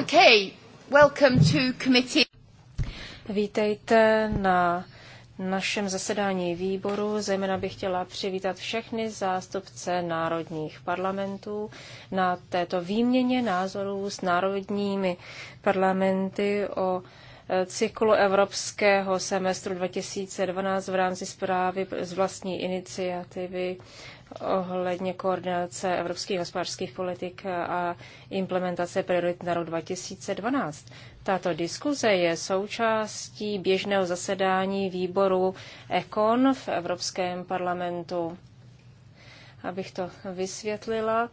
Okay, welcome to committee. Vítejte na našem zasedání výboru. Zejména bych chtěla přivítat všechny zástupce národních parlamentů na této výměně názorů s národními parlamenty o e, cyklu evropského semestru 2012 v rámci zprávy z vlastní iniciativy ohledně koordinace evropských hospodářských politik a implementace priorit na rok 2012. Tato diskuze je součástí běžného zasedání výboru ECON v Evropském parlamentu. Abych to vysvětlila.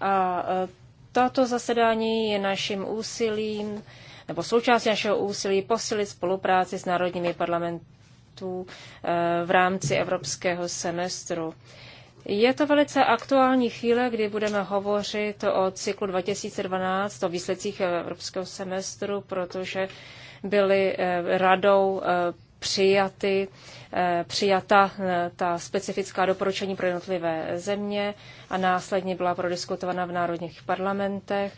A e, toto zasedání je naším úsilím, nebo součástí našeho úsilí posilit spolupráci s národními parlamentů e, v rámci evropského semestru. Je to velice aktuální chvíle, kdy budeme hovořit o cyklu 2012, o výsledcích evropského semestru, protože byly eh, radou eh, přijaty, eh, přijata ta specifická doporučení pro jednotlivé země a následně byla prodiskutována v národních parlamentech.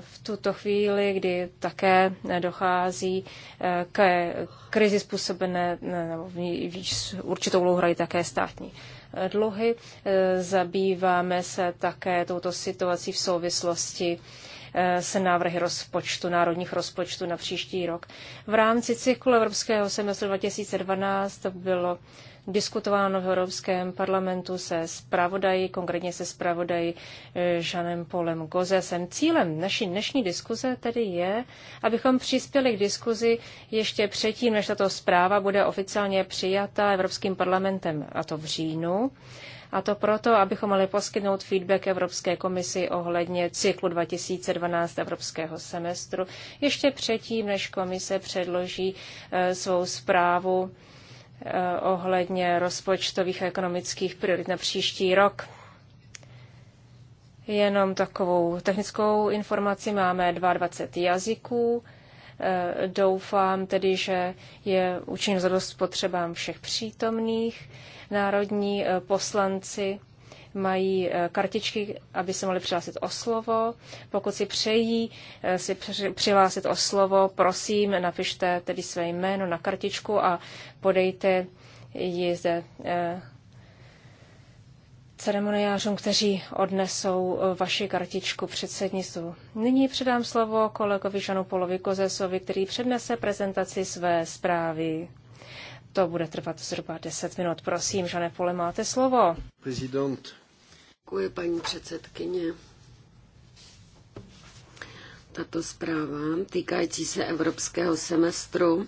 V tuto chvíli, kdy také dochází ke krizi způsobené, nebo v určitou úlohu hrají také státní dluhy. E, zabýváme se také touto situací v souvislosti e, se návrhy rozpočtu, národních rozpočtů na příští rok. V rámci cyklu Evropského semestru 2012 bylo diskutováno v Evropském parlamentu se zpravodají, konkrétně se zpravodají eh, Žanem Polem Gozesem. Cílem naší dnešní diskuze tedy je, abychom přispěli k diskuzi ještě předtím, než tato zpráva bude oficiálně přijata Evropským parlamentem, a to v říjnu. A to proto, abychom mohli poskytnout feedback Evropské komisi ohledně cyklu 2012 Evropského semestru, ještě předtím, než komise předloží eh, svou zprávu Eh, ohledně rozpočtových a ekonomických priorit na příští rok. Jenom takovou technickou informaci máme 22 jazyků. Eh, doufám tedy, že je účinnost dost potřebám všech přítomných. Národní eh, poslanci mají eh, kartičky, aby se mohli přihlásit o slovo. Pokud si přejí eh, si přihlásit o slovo, prosím, napište tedy své jméno na kartičku a podejte ji zde eh, ceremoniářům, kteří odnesou vaši kartičku předsednictvu. Nyní předám slovo kolegovi Žanu Polovi Kozesovi, který přednese prezentaci své zprávy. To bude trvat zhruba 10 minut. Prosím, Žane Pole, máte slovo. Prezident. Děkuji, paní předsedkyně. Tato zpráva týkající se evropského semestru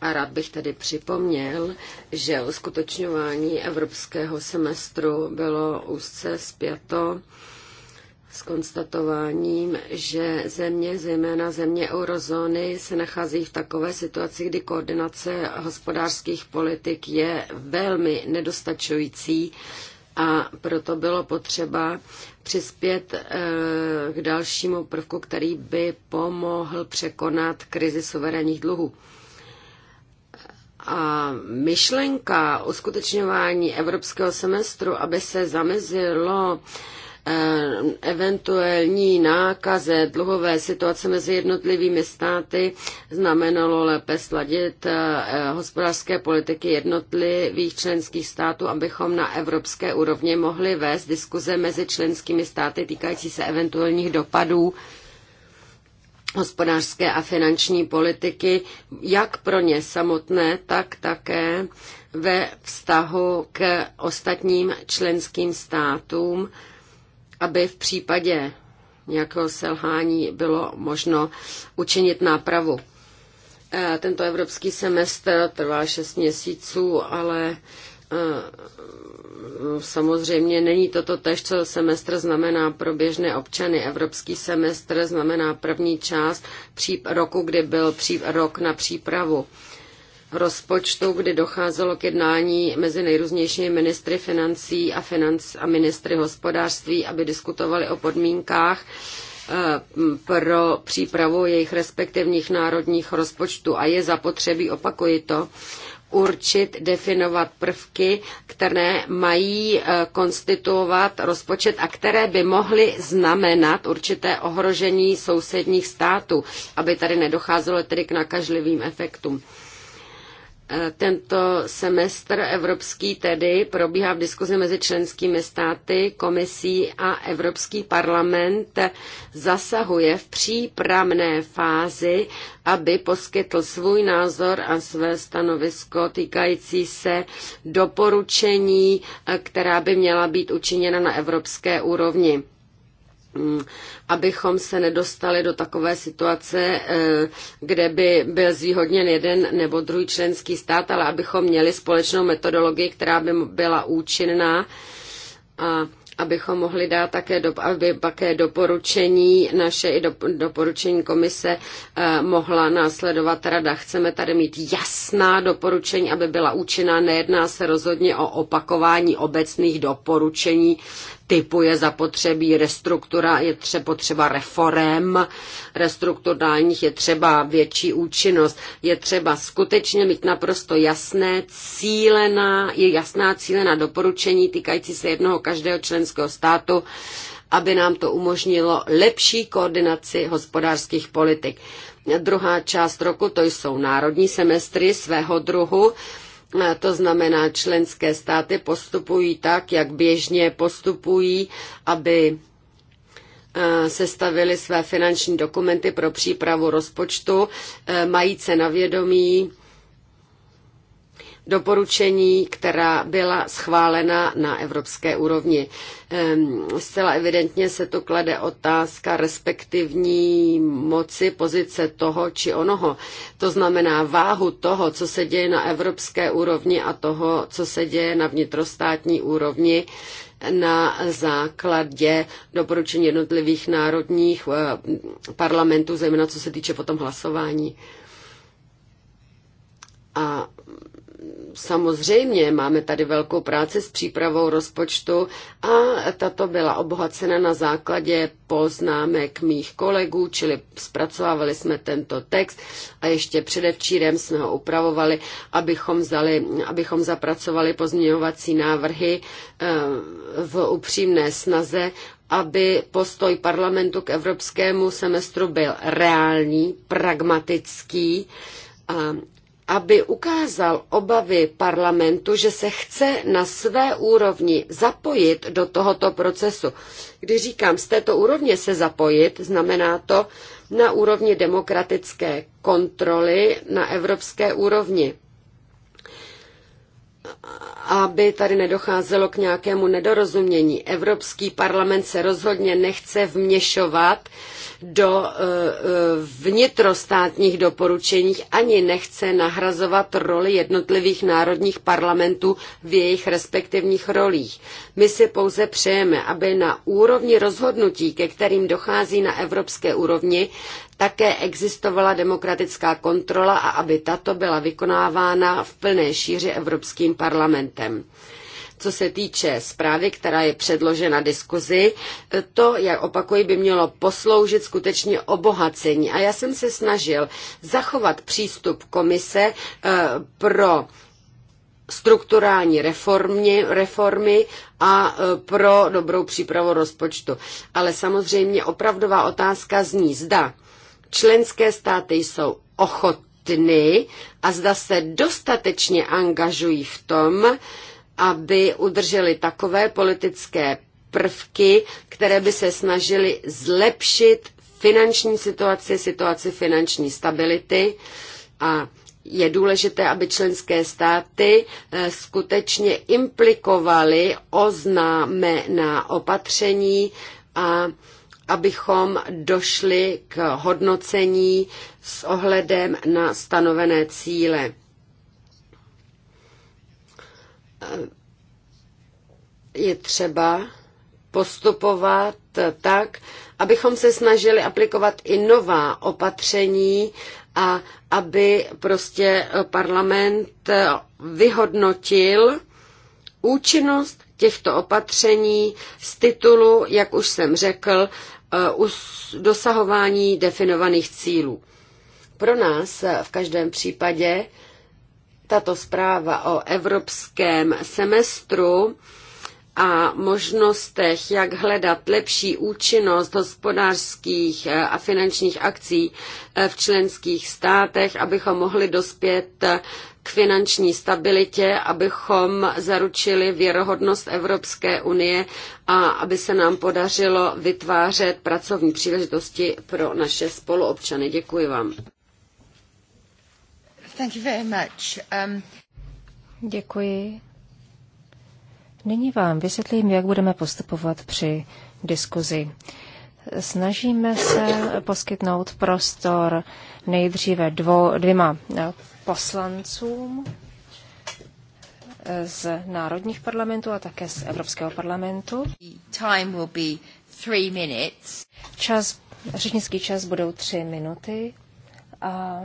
a rád bych tedy připomněl, že uskutečňování evropského semestru bylo úzce zpěto s konstatováním, že země, zejména země eurozóny, se nachází v takové situaci, kdy koordinace hospodářských politik je velmi nedostačující a proto bylo potřeba přispět eh, k dalšímu prvku, který by pomohl překonat krizi suverénních dluhů. A myšlenka uskutečňování evropského semestru, aby se zamezilo Eh, eventuální nákaze dluhové situace mezi jednotlivými státy znamenalo lépe sladit eh, hospodářské politiky jednotlivých členských států, abychom na evropské úrovni mohli vést diskuze mezi členskými státy týkající se eventuálních dopadů hospodářské a finanční politiky, jak pro ně samotné, tak také ve vztahu k ostatním členským státům aby v případě nějakého selhání bylo možno učinit nápravu. Eh, tento evropský semestr trvá 6 měsíců, ale eh, samozřejmě není toto tež, co semestr znamená pro běžné občany. Evropský semestr znamená první část roku, kdy byl rok na přípravu rozpočtu, kdy docházelo k jednání mezi nejrůznějšími ministry financí a, financ, a ministry hospodářství, aby diskutovali o podmínkách eh, pro přípravu jejich respektivních národních rozpočtů a je zapotřebí, opakuji to, určit, definovat prvky, které mají eh, konstituovat rozpočet a které by mohly znamenat určité ohrožení sousedních států, aby tady nedocházelo tedy k nakažlivým efektům. Eh, tento semestr evropský tedy probíhá v diskuzi mezi členskými státy, komisí a Evropský parlament zasahuje v přípravné fázi, aby poskytl svůj názor a své stanovisko týkající se doporučení, eh, která by měla být učiněna na evropské úrovni. Mm, abychom se nedostali do takové situace, eh, kde by byl zvýhodněn jeden nebo druhý členský stát, ale abychom měli společnou metodologii, která by byla účinná a abychom mohli dát také, do, aby také doporučení, naše i do, doporučení komise eh, mohla následovat rada. Chceme tady mít jasná doporučení, aby byla účinná. Nejedná se rozhodně o opakování obecných doporučení typu je zapotřebí restruktura, je třeba potřeba reform restrukturálních, je třeba větší účinnost, je třeba skutečně mít naprosto jasné cílená, je jasná cílená doporučení týkající se jednoho každého členského státu, aby nám to umožnilo lepší koordinaci hospodářských politik. Druhá část roku to jsou národní semestry svého druhu, to znamená, členské státy postupují tak, jak běžně postupují, aby e, sestavili své finanční dokumenty pro přípravu rozpočtu, e, mají se na vědomí doporučení, která byla schválena na evropské úrovni. Ehm, zcela evidentně se tu klade otázka respektivní moci pozice toho či onoho. To znamená váhu toho, co se děje na evropské úrovni a toho, co se děje na vnitrostátní úrovni na základě doporučení jednotlivých národních eh, parlamentů, zejména co se týče potom hlasování. A samozřejmě máme tady velkou práci s přípravou rozpočtu a tato byla obohacena na základě poznámek mých kolegů, čili zpracovávali jsme tento text a ještě předevčírem jsme ho upravovali, abychom, vzali, abychom zapracovali pozměňovací návrhy eh, v upřímné snaze, aby postoj parlamentu k evropskému semestru byl reálný, pragmatický a aby ukázal obavy parlamentu, že se chce na své úrovni zapojit do tohoto procesu. Když říkám z této úrovně se zapojit, znamená to na úrovni demokratické kontroly na evropské úrovni aby tady nedocházelo k nějakému nedorozumění. Evropský parlament se rozhodně nechce vměšovat do eh, eh, vnitrostátních doporučeních ani nechce nahrazovat roli jednotlivých národních parlamentů v jejich respektivních rolích. My si pouze přejeme, aby na úrovni rozhodnutí, ke kterým dochází na evropské úrovni, také existovala demokratická kontrola a aby tato byla vykonávána v plné šíři Evropským parlamentem. Co se týče zprávy, která je předložena diskuzi, to, jak opakuji, by mělo posloužit skutečně obohacení. A já jsem se snažil zachovat přístup komise eh, pro strukturální reformy, reformy a eh, pro dobrou přípravu rozpočtu. Ale samozřejmě opravdová otázka zní, zda členské státy jsou ochotny a zda se dostatečně angažují v tom, aby udrželi takové politické prvky, které by se snažily zlepšit finanční situaci, situaci finanční stability a je důležité, aby členské státy eh, skutečně implikovaly oznámená opatření a abychom došli k hodnocení s ohledem na stanovené cíle. Je třeba postupovat tak, abychom se snažili aplikovat i nová opatření a aby prostě parlament vyhodnotil účinnost těchto opatření z titulu, jak už jsem řekl, Eh, dosahování definovaných cílů. Pro nás eh, v každém případě tato zpráva o evropském semestru a možnostech, jak hledat lepší účinnost hospodářských eh, a finančních akcí v členských státech, abychom mohli dospět k finanční stabilitě, abychom zaručili věrohodnost Evropské unie a aby se nám podařilo vytvářet pracovní příležitosti pro naše spoluobčany. Děkuji vám. Thank you very much. Um... Děkuji. Nyní vám vysvětlím, jak budeme postupovat při diskuzi. Snažíme se poskytnout prostor nejdříve dvou, dvěma poslancům eh, z národních parlamentů a také z Evropského parlamentu. Time will be three minutes. Čas, řečnický čas budou tři minuty. A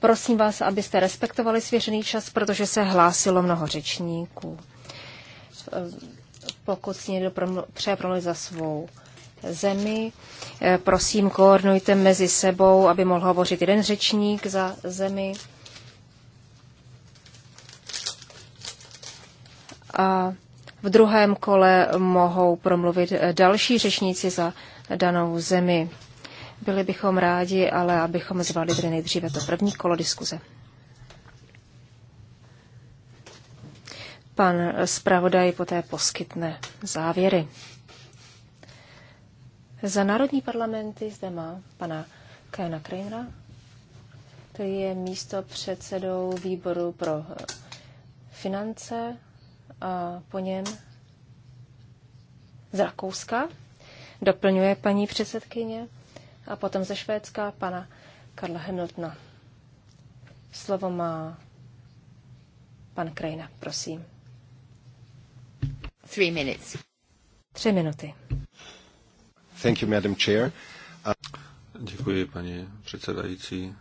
prosím vás, abyste respektovali svěřený čas, protože se hlásilo mnoho řečníků. Eh, pokud si někdo přeje promluvit za svou zemi, eh, prosím, koordinujte mezi sebou, aby mohl hovořit jeden řečník za zemi a v druhém kole mohou promluvit další řečníci za danou zemi. Byli bychom rádi, ale abychom zvládli tedy nejdříve to první kolo diskuze. Pan zpravodaj poté poskytne závěry. Za národní parlamenty zde má pana Kéna Krejnra, který je místo předsedou výboru pro finance po něm z Rakouska, doplňuje paní předsedkyně, a potom ze Švédska pana Karla Henotna. Slovo má pan Krajina, prosím. Three minutes. Tři minuty. Thank you, Madam Chair. Děkuji, paní předsedající.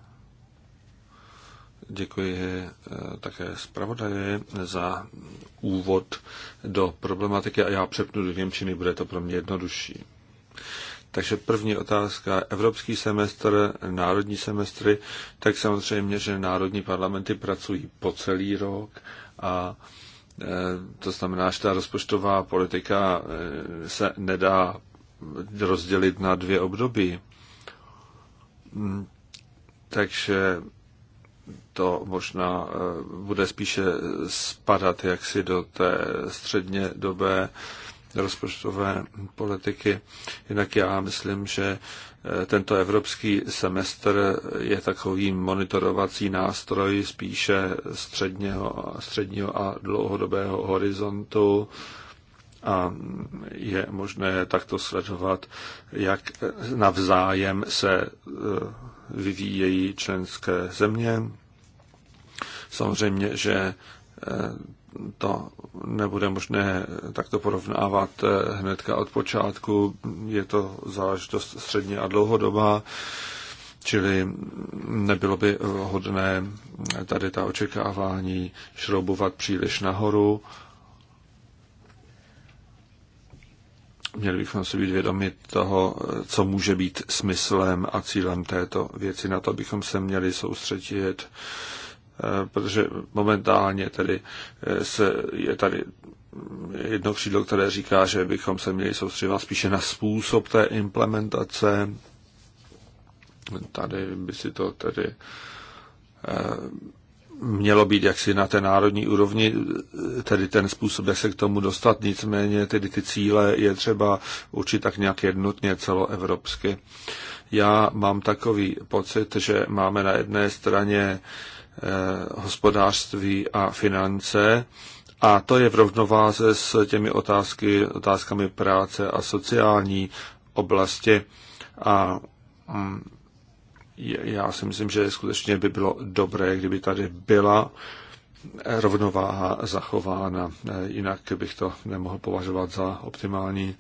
Děkuji eh, také zpravodaji za úvod do problematiky a já přepnu do Němčiny, bude to pro mě jednodušší. Takže první otázka, evropský semestr, národní semestry, tak samozřejmě, že národní parlamenty pracují po celý rok a eh, to znamená, že ta rozpočtová politika eh, se nedá rozdělit na dvě období. Hmm, takže to možná eh, bude spíše spadat jaksi do té středně dobé rozpočtové politiky. Jinak já myslím, že eh, tento evropský semestr je takový monitorovací nástroj spíše středního, středního a dlouhodobého horizontu a je možné takto sledovat, jak navzájem se eh, vyvíjejí členské země. Samozřejmě, že eh, to nebude možné takto porovnávat eh, hnedka od počátku. Je to záležitost středně a dlouhodobá, čili nebylo by hodné tady ta očekávání šroubovat příliš nahoru Měli bychom si být vědomi toho, co může být smyslem a cílem této věci. Na to bychom se měli soustředit, eh, protože momentálně tedy eh, se, je tady jedno křídlo, které říká, že bychom se měli soustředit spíše na způsob té implementace. Tady by si to tedy eh, mělo být jaksi na té národní úrovni, tedy ten způsob, jak se k tomu dostat, nicméně tedy ty cíle je třeba určit tak nějak jednotně celoevropsky. Já mám takový pocit, že máme na jedné straně eh, hospodářství a finance, a to je v rovnováze s těmi otázky, otázkami práce a sociální oblasti. A mm, já si myslím, že skutečně by bylo dobré, kdyby tady byla rovnováha zachována. Eh, jinak bych to nemohl považovat za optimální.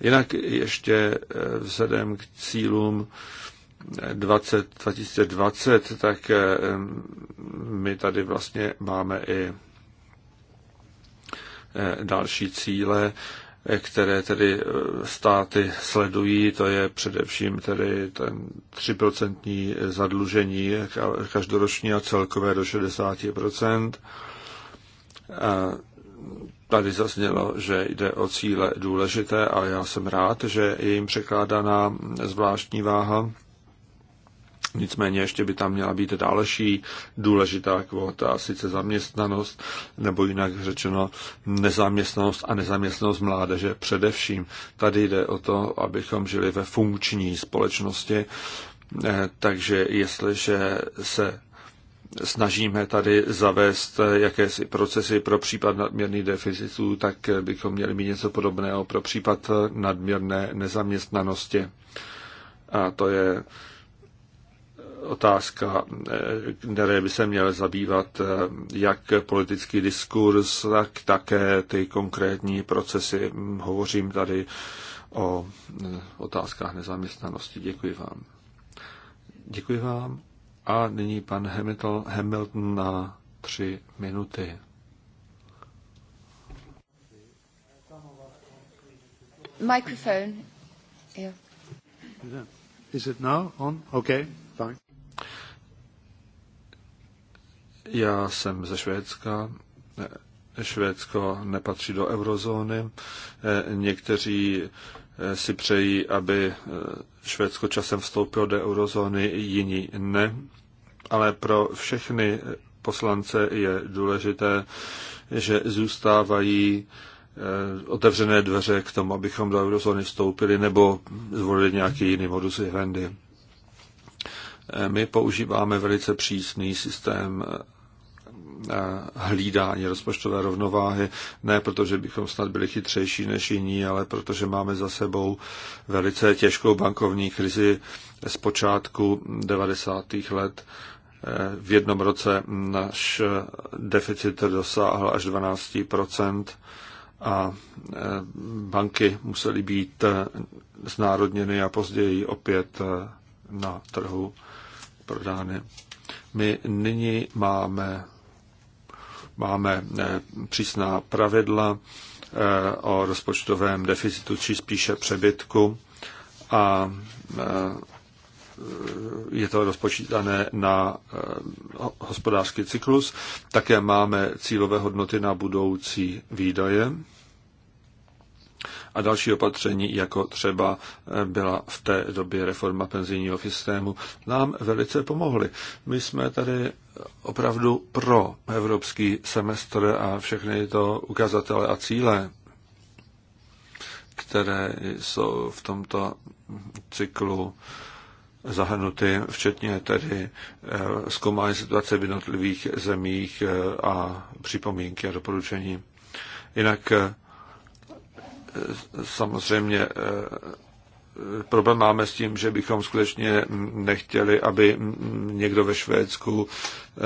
Jinak ještě eh, vzhledem k cílům 20, eh, 2020, tak mm, my tady vlastně máme i další cíle které tedy e, státy sledují, to je především tedy ten 3% zadlužení každoroční a celkové do 60%. A tady zaznělo, že jde o cíle důležité a já jsem rád, že je jim překládaná zvláštní váha. Nicméně ještě by tam měla být další důležitá kvota, sice zaměstnanost, nebo jinak řečeno nezaměstnanost a nezaměstnanost mládeže především. Tady jde o to, abychom žili ve funkční společnosti, eh, takže jestliže se snažíme tady zavést jakési procesy pro případ nadměrných deficitů, tak bychom měli mít něco podobného pro případ nadměrné nezaměstnanosti. A to je otázka, eh, které by se měly zabývat eh, jak politický diskurs, tak také ty konkrétní procesy. Hovořím tady o eh, otázkách nezaměstnanosti. Děkuji vám. Děkuji vám. A nyní pan Hamilton na tři minuty. Microphone. Yeah. Is it now on? Okay, fine. Já jsem ze Švédska. Švédsko nepatří do eurozóny. Někteří eh, si přejí, aby eh, Švédsko časem vstoupilo do eurozóny, jiní ne. Ale pro všechny poslance je důležité, že zůstávají eh, otevřené dveře k tomu, abychom do eurozóny vstoupili nebo zvolili nějaký jiný modus vivendi. My používáme velice přísný systém Eh, hlídání rozpočtové rovnováhy, ne protože bychom snad byli chytřejší než jiní, ale protože máme za sebou velice těžkou bankovní krizi z počátku 90. let. Eh, v jednom roce náš deficit dosáhl až 12 a eh, banky musely být znárodněny a později opět na trhu prodány. My nyní máme Máme eh, přísná pravidla eh, o rozpočtovém deficitu, či spíše přebytku a eh, je to rozpočítané na hospodářský cyklus. Také máme cílové hodnoty na budoucí výdaje a další opatření, jako třeba byla v té době reforma penzijního systému, nám velice pomohly. My jsme tady opravdu pro evropský semestr a všechny to ukazatele a cíle, které jsou v tomto cyklu zahrnuty, včetně tedy eh, zkoumání situace v jednotlivých zemích eh, a připomínky a doporučení. Jinak eh, samozřejmě problém máme s tím, že bychom skutečně nechtěli, aby někdo ve Švédsku eh,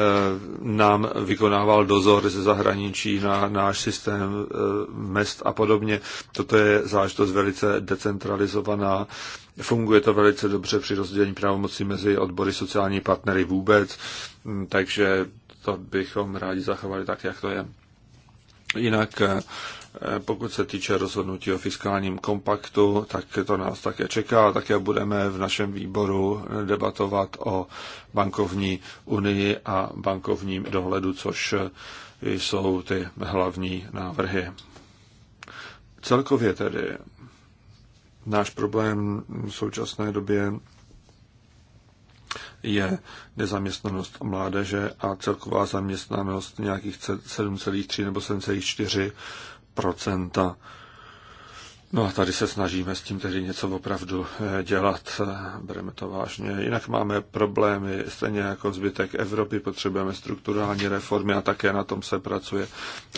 nám vykonával dozor ze zahraničí na náš systém eh, mest a podobně. Toto je záležitost velice decentralizovaná. Funguje to velice dobře při rozdělení pravomocí mezi odbory sociální partnery vůbec, hm, takže to bychom rádi zachovali tak, jak to je. Jinak eh, Eh, pokud se týče rozhodnutí o fiskálním kompaktu, tak to nás také čeká. Také budeme v našem výboru debatovat o bankovní unii a bankovním dohledu, což jsou ty hlavní návrhy. Celkově tedy náš problém v současné době je nezaměstnanost mládeže a celková zaměstnanost nějakých 7,3 nebo 7,4 procenta. No a tady se snažíme s tím tedy něco opravdu eh, dělat, eh, bereme to vážně. Jinak máme problémy, stejně jako zbytek Evropy, potřebujeme strukturální reformy a také na tom se pracuje.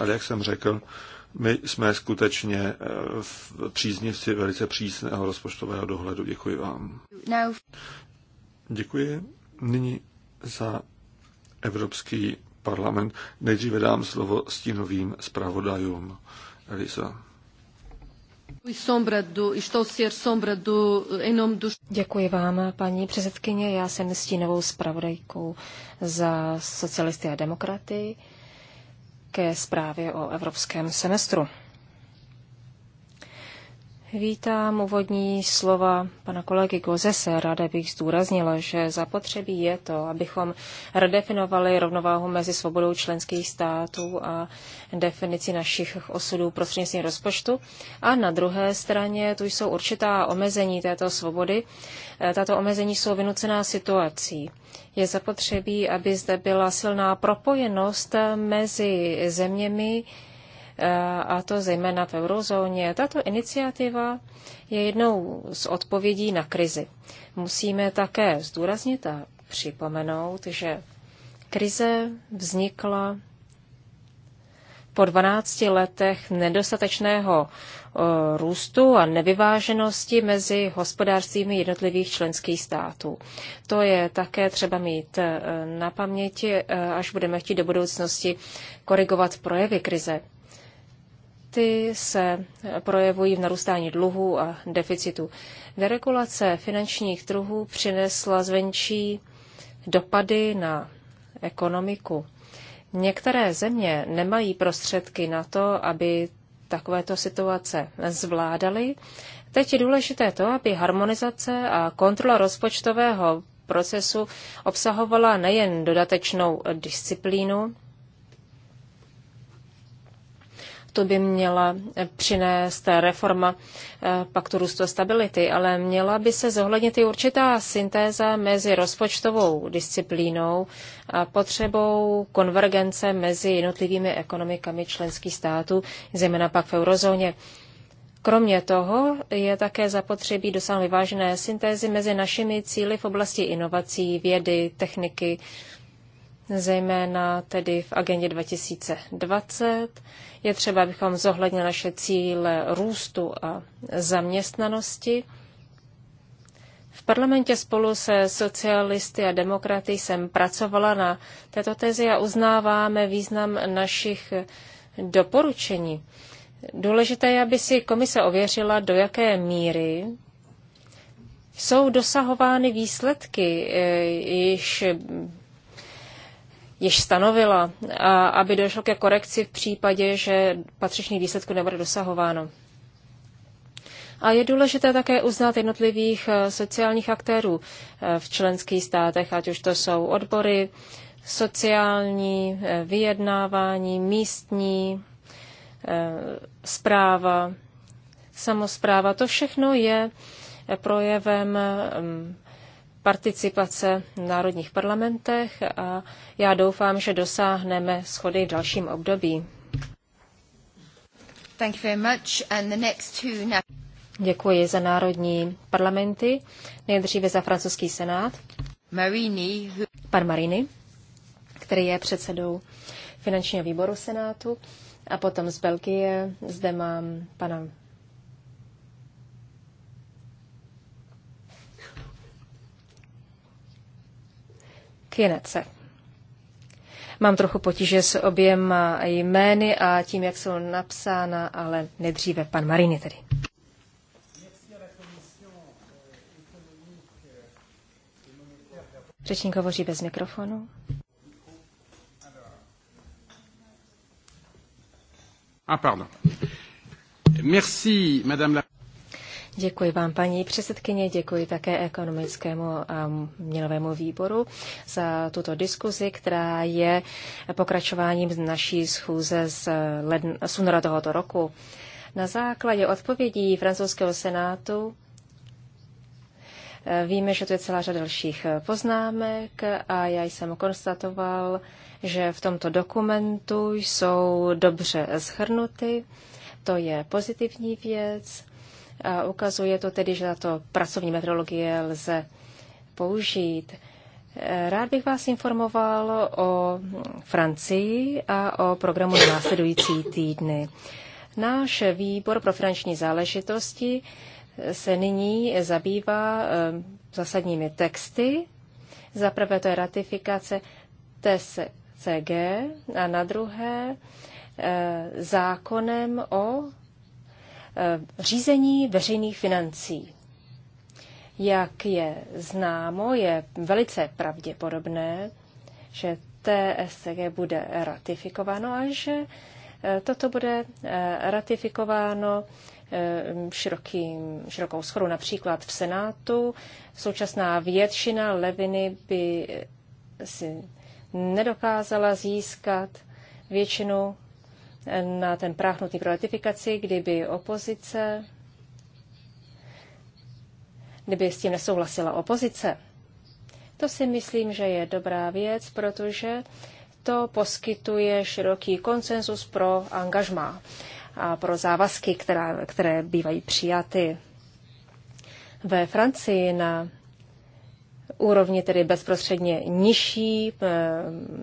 Ale jak jsem řekl, my jsme skutečně eh, v příznivci velice přísného rozpočtového dohledu. Děkuji vám. No. Děkuji. Nyní za Evropský parlament. Nejdříve dám slovo stínovým zpravodajům. Elisa. Děkuji vám, paní předsedkyně. Já jsem stínovou zpravodajkou za socialisty a demokraty ke zprávě o evropském semestru. Vítám úvodní slova pana kolegy Gozese. Ráda bych zdůraznila, že zapotřebí je to, abychom redefinovali rovnováhu mezi svobodou členských států a definici našich osudů prostřednictvím rozpočtu. A na druhé straně tu jsou určitá omezení této svobody. E, tato omezení jsou vynucená situací. Je zapotřebí, aby zde byla silná propojenost mezi zeměmi, Eh, a to zejména v eurozóně. Tato iniciativa je jednou z odpovědí na krizi. Musíme také zdůraznit a připomenout, že krize vznikla po 12 letech nedostatečného eh, růstu a nevyváženosti mezi hospodářstvími jednotlivých členských států. To je také třeba mít eh, na paměti, až budeme chtít do budoucnosti korigovat projevy krize efekty se projevují v narůstání dluhu a deficitu. Deregulace finančních trhů přinesla zvenčí dopady na ekonomiku. Některé země nemají prostředky na to, aby takovéto situace zvládaly. Teď je důležité to, aby harmonizace a kontrola rozpočtového procesu obsahovala nejen dodatečnou disciplínu, to by měla přinést reforma eh, paktu růstu a stability, ale měla by se zohlednit i určitá syntéza mezi rozpočtovou disciplínou a potřebou konvergence mezi jednotlivými ekonomikami členských států, zejména pak v eurozóně. Kromě toho je také zapotřebí dosáhnout vážné syntézy mezi našimi cíly v oblasti inovací, vědy, techniky, zejména tedy v agendě 2020. Je třeba, abychom zohlednili naše cíle růstu a zaměstnanosti. V parlamentě spolu se socialisty a demokraty jsem pracovala na této tezi a uznáváme význam našich doporučení. Důležité je, aby si komise ověřila, do jaké míry jsou dosahovány výsledky, eh, již již stanovila, a aby došlo ke korekci v případě, že patřičných výsledků nebude dosahováno. A je důležité také uznat jednotlivých eh, sociálních aktérů eh, v členských státech, ať už to jsou odbory, sociální, eh, vyjednávání, místní, zpráva, samozpráva. To všechno je projevem mm, participace v národních parlamentech a já doufám, že dosáhneme schody v dalším období. Thank you very much. And the next two Děkuji za národní parlamenty, nejdříve za francouzský senát. Marini, who... Pan Marini, který je předsedou finančního výboru senátu. A potom z Belgie zde mám pana Kinece. Mám trochu potíže s oběma jmény a tím, jak jsou napsána, ale nejdříve pan Marini tedy. Řečník hovoří bez mikrofonu. Ah, pardon. Merci, madame la... Děkuji vám, paní předsedkyně, děkuji také ekonomickému a měnovému výboru za tuto diskuzi, která je pokračováním naší schůze z, ledn, z února tohoto roku. Na základě odpovědí francouzského senátu eh, Víme, že tu je celá řada dalších poznámek a já jsem konstatoval, že v tomto dokumentu jsou dobře shrnuty. To je pozitivní věc. A ukazuje to tedy, že na to pracovní metrologie lze použít. Rád bych vás informoval o Francii a o programu na následující týdny. Náš výbor pro finanční záležitosti se nyní zabývá eh, zásadními texty. Za prvé to je ratifikace TSCG a na druhé eh, zákonem o Eh, řízení veřejných financí. Jak je známo, je velice pravděpodobné, že TSG bude ratifikováno a že eh, toto bude eh, ratifikováno širokým, širokou schodu například v Senátu. Současná většina Leviny by si nedokázala získat většinu na ten práh nutný pro ratifikaci, kdyby opozice, kdyby s tím nesouhlasila opozice. To si myslím, že je dobrá věc, protože to poskytuje široký konsenzus pro angažmá a pro závazky, která, které bývají přijaty. Ve Francii na úrovni tedy bezprostředně nižší, eh,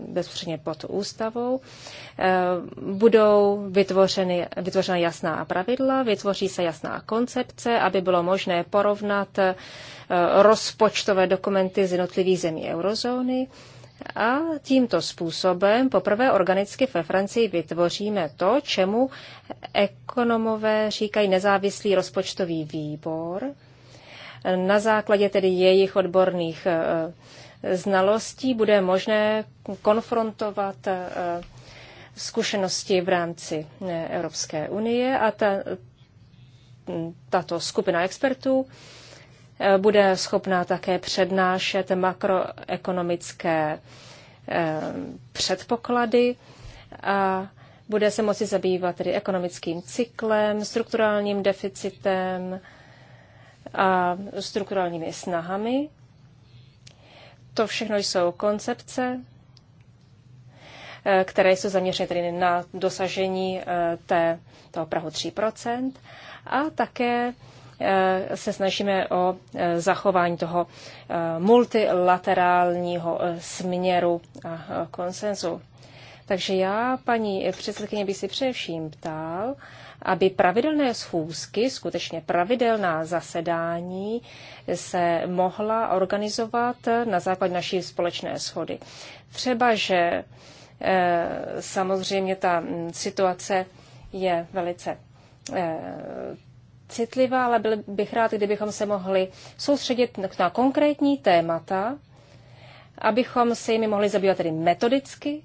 bezprostředně pod ústavou, eh, budou vytvořeny, vytvořena jasná pravidla, vytvoří se jasná koncepce, aby bylo možné porovnat eh, rozpočtové dokumenty z jednotlivých zemí eurozóny. A tímto způsobem poprvé organicky ve Francii vytvoříme to, čemu ekonomové říkají nezávislý rozpočtový výbor, na základě tedy jejich odborných eh, znalostí bude možné konfrontovat eh, zkušenosti v rámci eh, Evropské unie a ta, hm, tato skupina expertů bude schopná také přednášet makroekonomické předpoklady a bude se moci zabývat tedy ekonomickým cyklem, strukturálním deficitem, a strukturálními snahami. To všechno jsou koncepce, eh, které jsou zaměřeny tedy na dosažení eh, té, toho prahu 3 a také eh, se snažíme o zachování toho multilaterálního směru a konsenzu. Takže já, paní předsedkyně, bych si především ptal, aby pravidelné schůzky, skutečně pravidelná zasedání se mohla organizovat na základ naší společné schody. Třeba, že eh, samozřejmě ta hm, situace je velice eh, citlivá, ale byl bych rád, kdybychom se mohli soustředit na konkrétní témata, abychom se jimi mohli zabývat tedy metodicky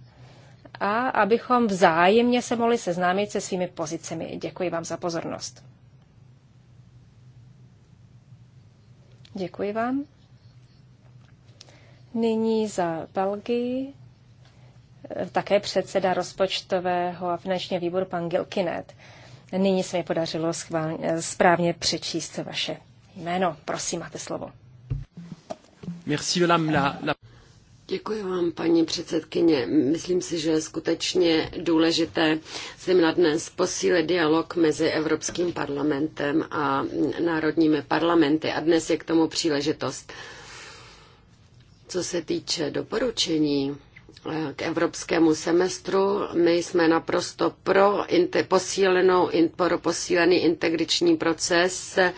a abychom vzájemně se mohli seznámit se svými pozicemi. Děkuji vám za pozornost. Děkuji vám. Nyní za Belgii eh, také předseda rozpočtového a finančního výboru pan Gilkinet. Nyní se mi podařilo schválně, eh, správně přečíst vaše jméno. Prosím, máte slovo. Merci, la, la... Děkuji vám, paní předsedkyně. Myslím si, že je skutečně důležité jsem na dnes posílit dialog mezi Evropským parlamentem a národními parlamenty. A dnes je k tomu příležitost. Co se týče doporučení eh, k evropskému semestru, my jsme naprosto pro, posílenou, pro posílený integriční proces eh,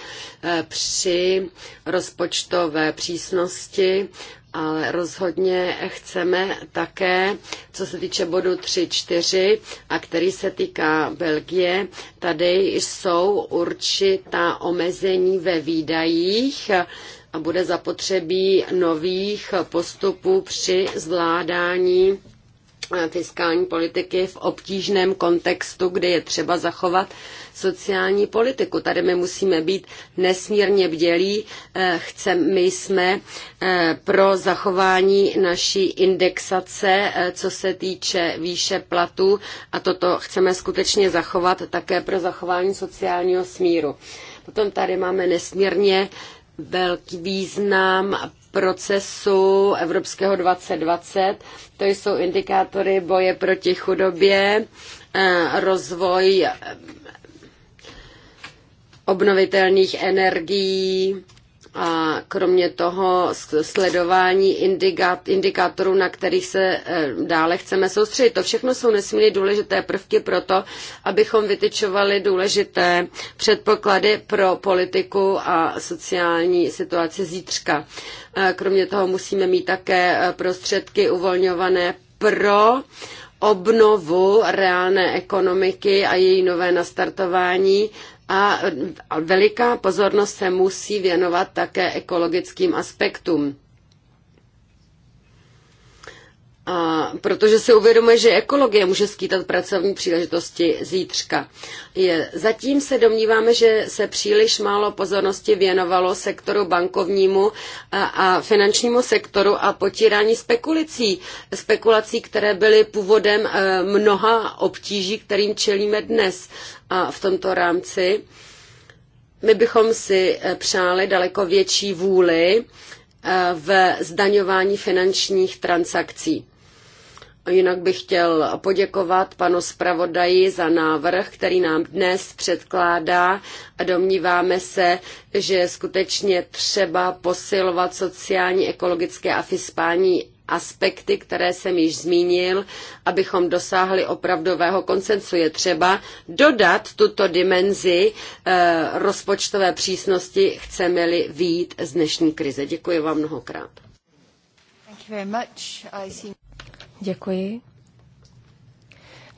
při rozpočtové přísnosti ale rozhodně chceme také, co se týče bodu 4, a který se týká Belgie, tady jsou určitá omezení ve výdajích a bude zapotřebí nových postupů při zvládání Eh, fiskální politiky v obtížném kontextu, kde je třeba zachovat sociální politiku. Tady my musíme být nesmírně bdělí. Eh, chcem, my jsme eh, pro zachování naší indexace, co se týče výše platů a toto chceme skutečně zachovat také pro zachování sociálního smíru. Potom tady máme nesmírně velký význam procesu Evropského 2020. To jsou indikátory boje proti chudobě, eh, rozvoj eh, obnovitelných energií, a kromě toho sledování indikátorů, na kterých se eh, dále chceme soustředit. To všechno jsou nesmírně důležité prvky pro to, abychom vytyčovali důležité předpoklady pro politiku a sociální situaci zítřka. Eh, kromě toho musíme mít také eh, prostředky uvolňované pro obnovu reálné ekonomiky a její nové nastartování a veliká pozornost se musí věnovat také ekologickým aspektům. A protože si uvědomuje, že ekologie může skýtat pracovní příležitosti zítřka. Je, zatím se domníváme, že se příliš málo pozornosti věnovalo sektoru bankovnímu a, a finančnímu sektoru a potírání spekulací, spekulací, které byly původem e, mnoha obtíží, kterým čelíme dnes. A v tomto rámci my bychom si e, přáli daleko větší vůli e, v zdaňování finančních transakcí. Jinak bych chtěl poděkovat panu zpravodaji za návrh, který nám dnes předkládá a domníváme se, že je skutečně třeba posilovat sociální, ekologické a fiskální aspekty, které jsem již zmínil, abychom dosáhli opravdového koncensu. Je třeba dodat tuto dimenzi eh, rozpočtové přísnosti, chceme-li výjít z dnešní krize. Děkuji vám mnohokrát. Thank you very much. I see... Děkuji.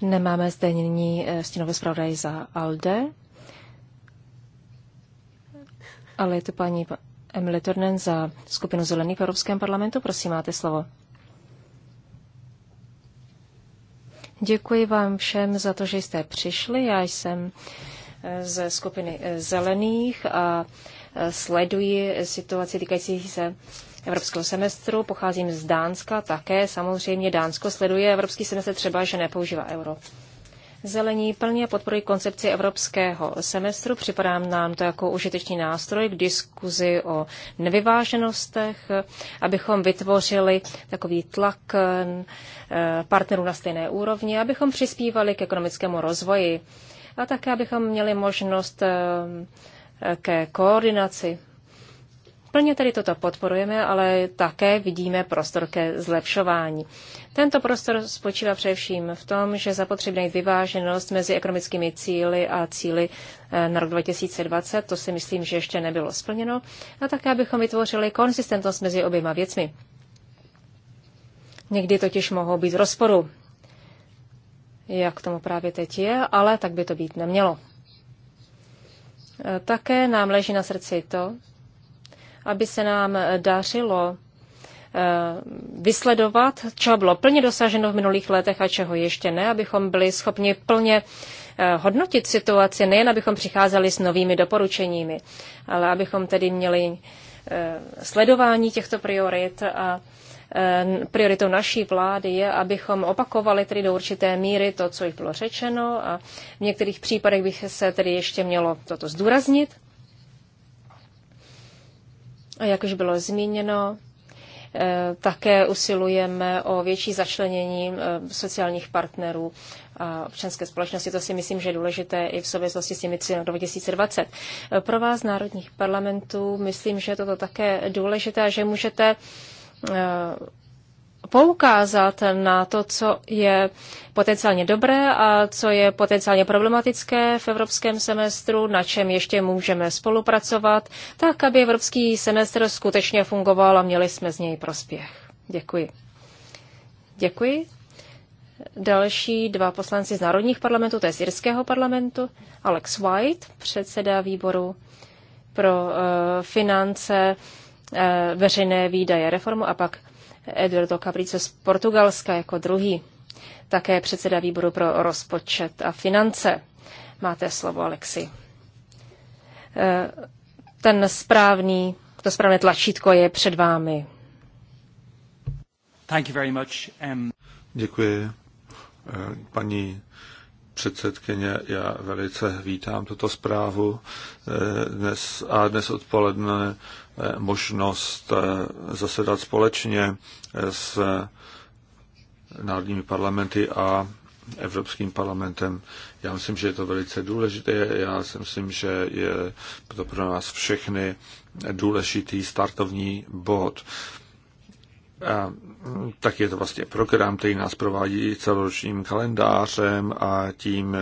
Nemáme zde nyní eh, stínové zpravodaj za ALDE, ale je to paní Emily Turnen za skupinu Zelených v Evropském parlamentu. Prosím, máte slovo. Děkuji vám všem za to, že jste přišli. Já jsem eh, ze skupiny eh, Zelených a sleduji situaci týkající se evropského semestru. Pocházím z Dánska také. Samozřejmě Dánsko sleduje evropský semestr třeba, že nepoužívá euro. Zelení plně podporují koncepci evropského semestru. Připadá nám to jako užitečný nástroj k diskuzi o nevyváženostech, abychom vytvořili takový tlak eh, partnerů na stejné úrovni, abychom přispívali k ekonomickému rozvoji a také abychom měli možnost eh, ke koordinaci Plně tedy toto podporujeme, ale také vidíme prostor ke zlepšování. Tento prostor spočívá především v tom, že zapotřebí najít vyváženost mezi ekonomickými cíly a cíly eh, na rok 2020. To si myslím, že ještě nebylo splněno. A také, abychom vytvořili konsistentnost mezi oběma věcmi. Někdy totiž mohou být v rozporu, jak tomu právě teď je, ale tak by to být nemělo. Eh, také nám leží na srdci to, aby se nám eh, dařilo eh, vysledovat, čeho bylo plně dosaženo v minulých letech a čeho ještě ne, abychom byli schopni plně eh, hodnotit situaci, nejen abychom přicházeli s novými doporučeními, ale abychom tedy měli sledování těchto priorit a prioritou naší vlády je, abychom opakovali tedy do určité míry to, co jich bylo řečeno a v některých případech bych se tedy ještě mělo toto zdůraznit. Jak už bylo zmíněno, eh, také usilujeme o větší začlenění eh, sociálních partnerů a občanské společnosti. To si myslím, že je důležité i v souvislosti s těmi 2020. Eh, pro vás, národních parlamentů, myslím, že je toto také důležité, že můžete poukázat na to, co je potenciálně dobré a co je potenciálně problematické v evropském semestru, na čem ještě můžeme spolupracovat, tak aby evropský semestr skutečně fungoval a měli jsme z něj prospěch. Děkuji. Děkuji. Další dva poslanci z národních parlamentů, to je z irského parlamentu, Alex White, předseda výboru pro uh, finance, uh, veřejné výdaje reformu a pak Eduardo Caprico z Portugalska jako druhý. Také předseda výboru pro rozpočet a finance. Máte slovo, Alexi. Eh, ten správný, to správné tlačítko je před vámi. Thank you very much. Um... Děkuji. Eh, paní předsedkyně, já velice vítám tuto zprávu eh, dnes a dnes odpoledne Eh, možnost eh, zasedat společně eh, s národními parlamenty a Evropským parlamentem. Já myslím, že je to velice důležité. Já si myslím, že je to pro nás všechny důležitý startovní bod. A mm, tak je to vlastně program, který nás provádí celoročním kalendářem a tím,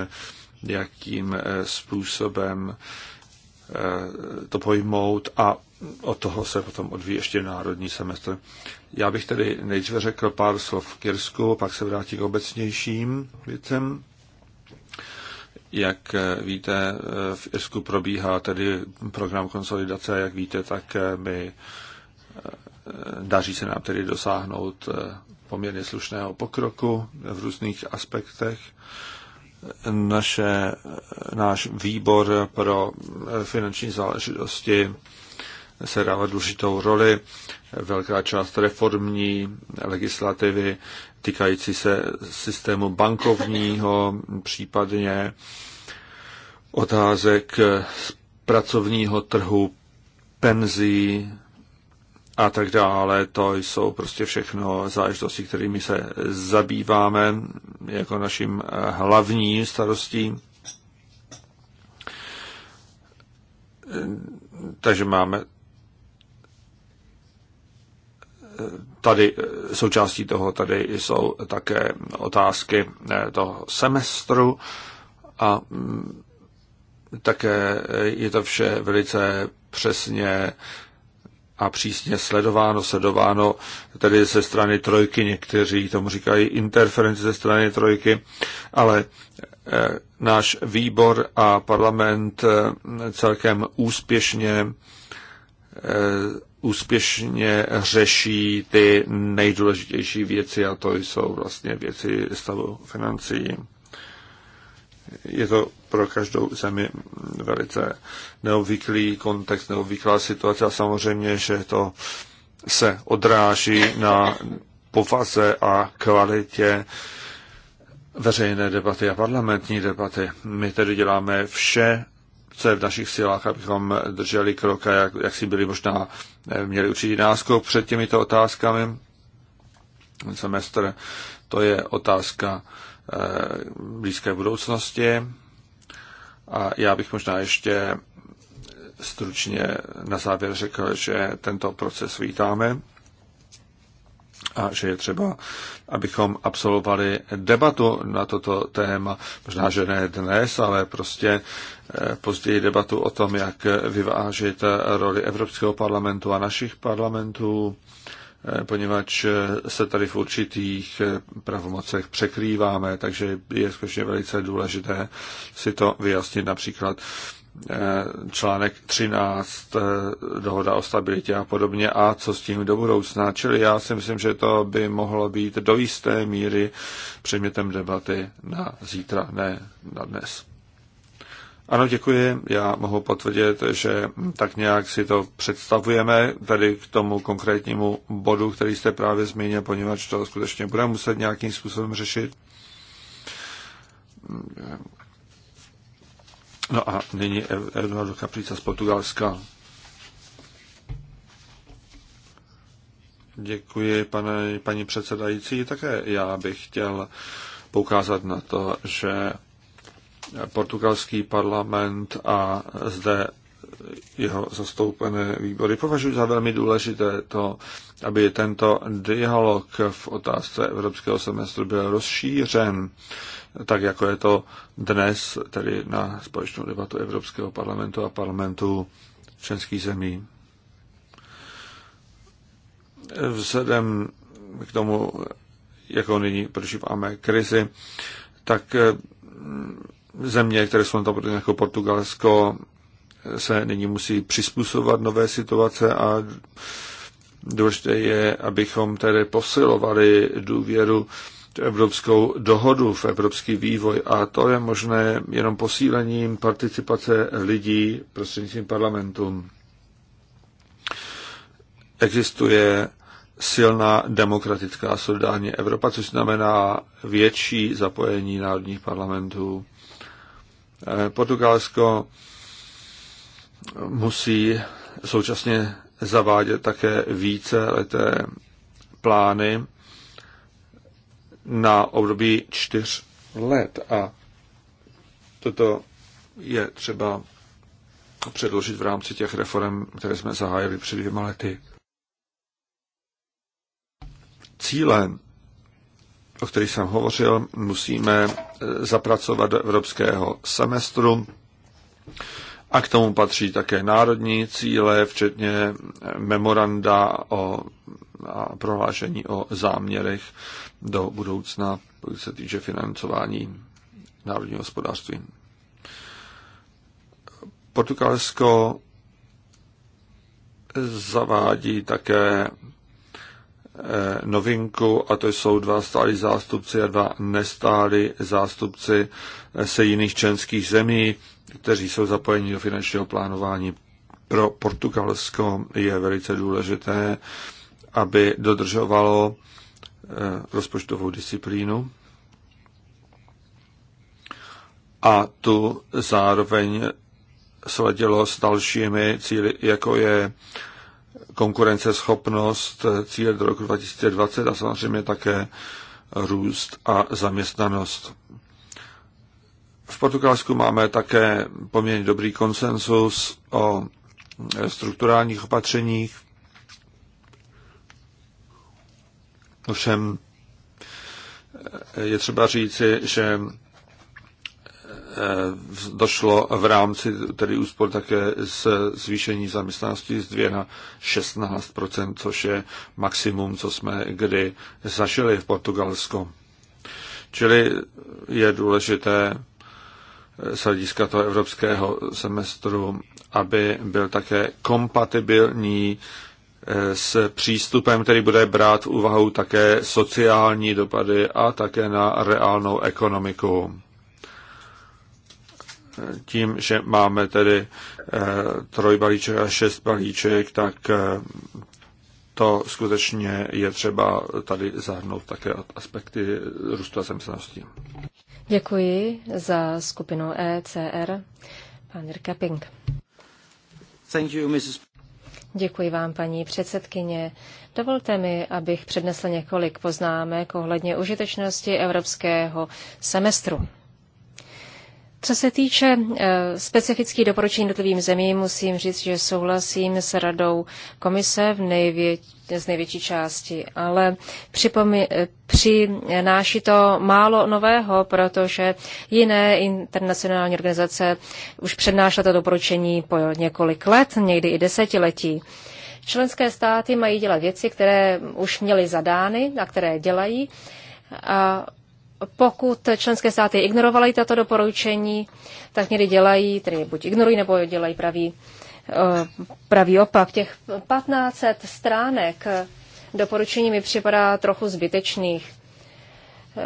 jakým způsobem Eh, to pojmout a od toho se potom odvíjí ještě národní semestr. Já bych tedy nejdříve řekl pár slov k Kirsku, pak se vrátím k obecnějším věcem. Jak eh, víte, eh, v Irsku probíhá tedy program konsolidace, jak víte, tak my daří se nám tedy dosáhnout poměrně slušného pokroku v různých aspektech naše, náš výbor pro finanční záležitosti se dává důležitou roli. Velká část reformní legislativy týkající se systému bankovního, případně otázek pracovního trhu, penzí, a tak dále. To jsou prostě všechno záležitosti, kterými se zabýváme jako naším hlavní starostí. Takže máme tady součástí toho tady jsou také otázky toho semestru a také je to vše velice přesně a přísně sledováno, sledováno tedy ze strany trojky, někteří tomu říkají interference ze strany trojky, ale e, náš výbor a parlament e, celkem úspěšně e, úspěšně řeší ty nejdůležitější věci a to jsou vlastně věci stavu financí je to pro každou zemi velice neobvyklý kontext, neobvyklá situace a samozřejmě, že to se odráží na povaze a kvalitě veřejné debaty a parlamentní debaty. My tedy děláme vše, co je v našich silách, abychom drželi krok a jak, jak si byli možná eh, měli určitý náskok před těmito otázkami. Semestr to je otázka Eh, blízké budoucnosti. A já bych možná ještě stručně na závěr řekl, že tento proces vítáme a že je třeba, abychom absolvovali debatu na toto téma. Možná, že ne dnes, ale prostě eh, později debatu o tom, jak vyvážit roli Evropského parlamentu a našich parlamentů Eh, poněvadž eh, se tady v určitých eh, pravomocech překrýváme, takže je skutečně velice důležité si to vyjasnit například článek 13, dohoda o stabilitě a podobně a co s tím do budoucna. Čili já si myslím, že to by mohlo být do jisté míry předmětem debaty na zítra, ne na dnes. Ano, děkuji. Já mohu potvrdit, že tak nějak si to představujeme tady k tomu konkrétnímu bodu, který jste právě zmínil, poněvadž to skutečně budeme muset nějakým způsobem řešit. No a nyní Eduardo Kaplica z Portugalska. Děkuji, pane, paní předsedající. Také já bych chtěl poukázat na to, že portugalský parlament a zde jeho zastoupené výbory. Považuji za velmi důležité to, aby tento dialog v otázce evropského semestru byl rozšířen, tak jako je to dnes, tedy na společnou debatu Evropského parlamentu a parlamentu členských zemí. Vzhledem k tomu, jako nyní prožíváme krizi, tak země, které jsou na jako Portugalsko, se nyní musí přizpůsobovat nové situace a důležité je, abychom tedy posilovali důvěru evropskou dohodu, v evropský vývoj a to je možné jenom posílením participace lidí prostřednictvím parlamentu. Existuje silná demokratická solidární Evropa, což znamená větší zapojení národních parlamentů. Eh, Portugalsko musí současně zavádět také více leté plány na období čtyř let a toto je třeba předložit v rámci těch reform, které jsme zahájili před dvěma lety. Cílem o kterých jsem hovořil, musíme e, zapracovat do evropského semestru. A k tomu patří také národní cíle, včetně e, memoranda o a prohlášení o záměrech do budoucna, pokud se týče financování národního hospodářství. Portugalsko zavádí také Eh, novinku, a to jsou dva stálí zástupci a dva nestálí zástupci eh, se jiných členských zemí, kteří jsou zapojeni do finančního plánování. Pro Portugalsko je velice důležité, aby dodržovalo eh, rozpočtovou disciplínu a tu zároveň sledilo s dalšími cíly, jako je konkurenceschopnost, eh, cíle do roku 2020 a samozřejmě také růst a zaměstnanost. V Portugalsku máme také poměrně dobrý konsensus o strukturálních opatřeních. Ovšem eh, je třeba říci, že Eh, došlo v rámci tedy úspor také z zvýšení zaměstnanosti z 2 na 16 což je maximum, co jsme kdy zažili v Portugalsku. Čili je důležité eh, z hlediska toho evropského semestru, aby byl také kompatibilní eh, s přístupem, který bude brát v úvahu také sociální dopady a také na reálnou ekonomiku tím, že máme tedy eh, trojbalíček a šest balíček, tak eh, to skutečně je třeba tady zahrnout také aspekty růstu a zaměstnanosti. Děkuji za skupinu ECR. Pan Jirka Pink. Thank you, Mrs. Děkuji vám, paní předsedkyně. Dovolte mi, abych přednesl několik poznámek ohledně užitečnosti evropského semestru. Co se týče eh, specifických doporučení jednotlivým zemím, musím říct, že souhlasím s radou komise v největ, z největší části, ale připomi, eh, přináší to málo nového, protože jiné internacionální organizace už přednášely to doporučení po několik let, někdy i desetiletí. Členské státy mají dělat věci, které už měly zadány a které dělají. A pokud členské státy ignorovaly tato doporučení, tak někdy dělají, tedy buď ignorují, nebo dělají pravý, eh, pravý opak. Těch 1500 stránek doporučení mi připadá trochu zbytečných.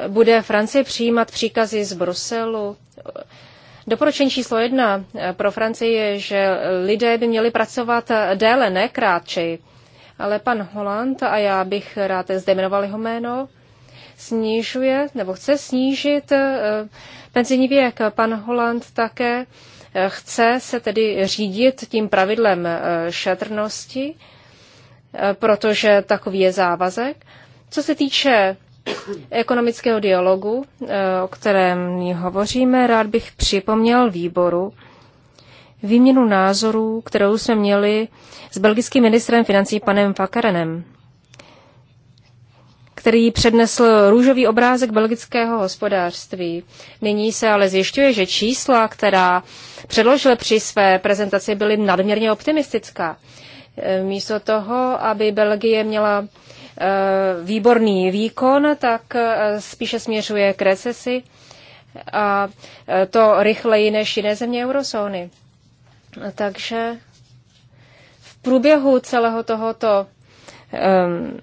Eh, bude Francie přijímat příkazy z Bruselu? Eh, doporučení číslo jedna pro Francii je, že lidé by měli pracovat déle, ne krátčej. Ale pan Holland, a já bych rád zde jmenoval jeho jméno, snižuje nebo chce snížit eh, penzijní věk. Pan Holland také eh, chce se tedy řídit tím pravidlem eh, šetrnosti, protože takový je závazek. Co se týče ekonomického dialogu, o kterém hovoříme, rád bych připomněl výboru výměnu názorů, kterou jsme měli s belgickým ministrem financí panem Fakarenem který přednesl růžový obrázek belgického hospodářství. Nyní se ale zjišťuje, že čísla, která předložil při své prezentaci, byly nadměrně optimistická. E, místo toho, aby Belgie měla e, výborný výkon, tak e, spíše směřuje k recesi a to rychleji než jiné země eurozóny. Takže v průběhu celého tohoto um,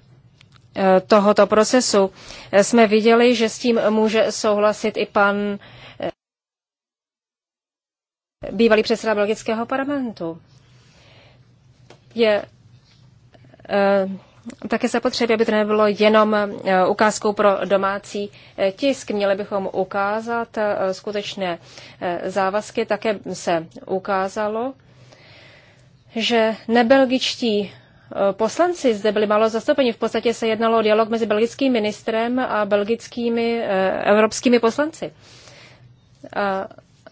Eh, tohoto procesu. Eh, jsme viděli, že s tím může souhlasit i pan eh, bývalý předseda belgického parlamentu. Je také zapotřebí, aby to nebylo jenom ukázkou pro domácí tisk. Měli bychom ukázat skutečné závazky. Také se ukázalo, že nebelgičtí Eh, poslanci zde byli málo zastoupeni. V podstatě se jednalo o dialog mezi belgickým ministrem a belgickými eh, evropskými poslanci. A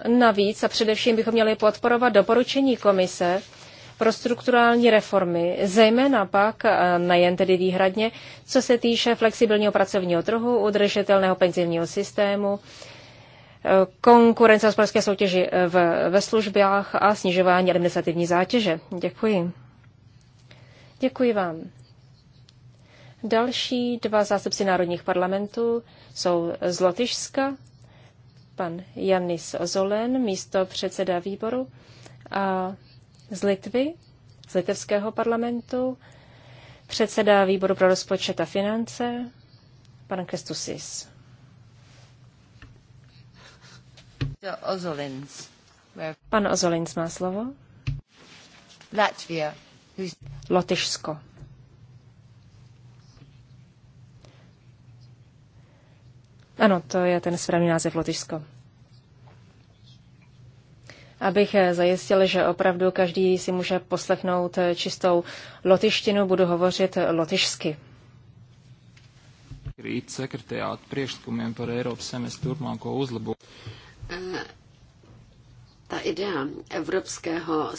navíc a především bychom měli podporovat doporučení komise pro strukturální reformy, zejména pak, eh, nejen tedy výhradně, co se týče flexibilního pracovního trhu, udržitelného penzijního systému, konkurence a soutěži v, ve službách a snižování administrativní zátěže. Děkuji. Děkuji vám. Další dva zástupci národních parlamentů jsou z Lotyšska, pan Janis Zolen, místo předseda výboru, a z Litvy, z litevského parlamentu, předseda výboru pro rozpočet a finance, pan Kestusis. Pan Ozolins má slovo. Latvia. Lotyšsko. Ano, to je ten správný název Lotyšsko. Abych zajistil, že opravdu každý si může poslechnout čistou lotyštinu, budu hovořit lotyšsky. Rīt sekretariāt priekšlikumiem par Eiropas semestru turpmāko jako uzlabošanu. Eh, ta idea evropského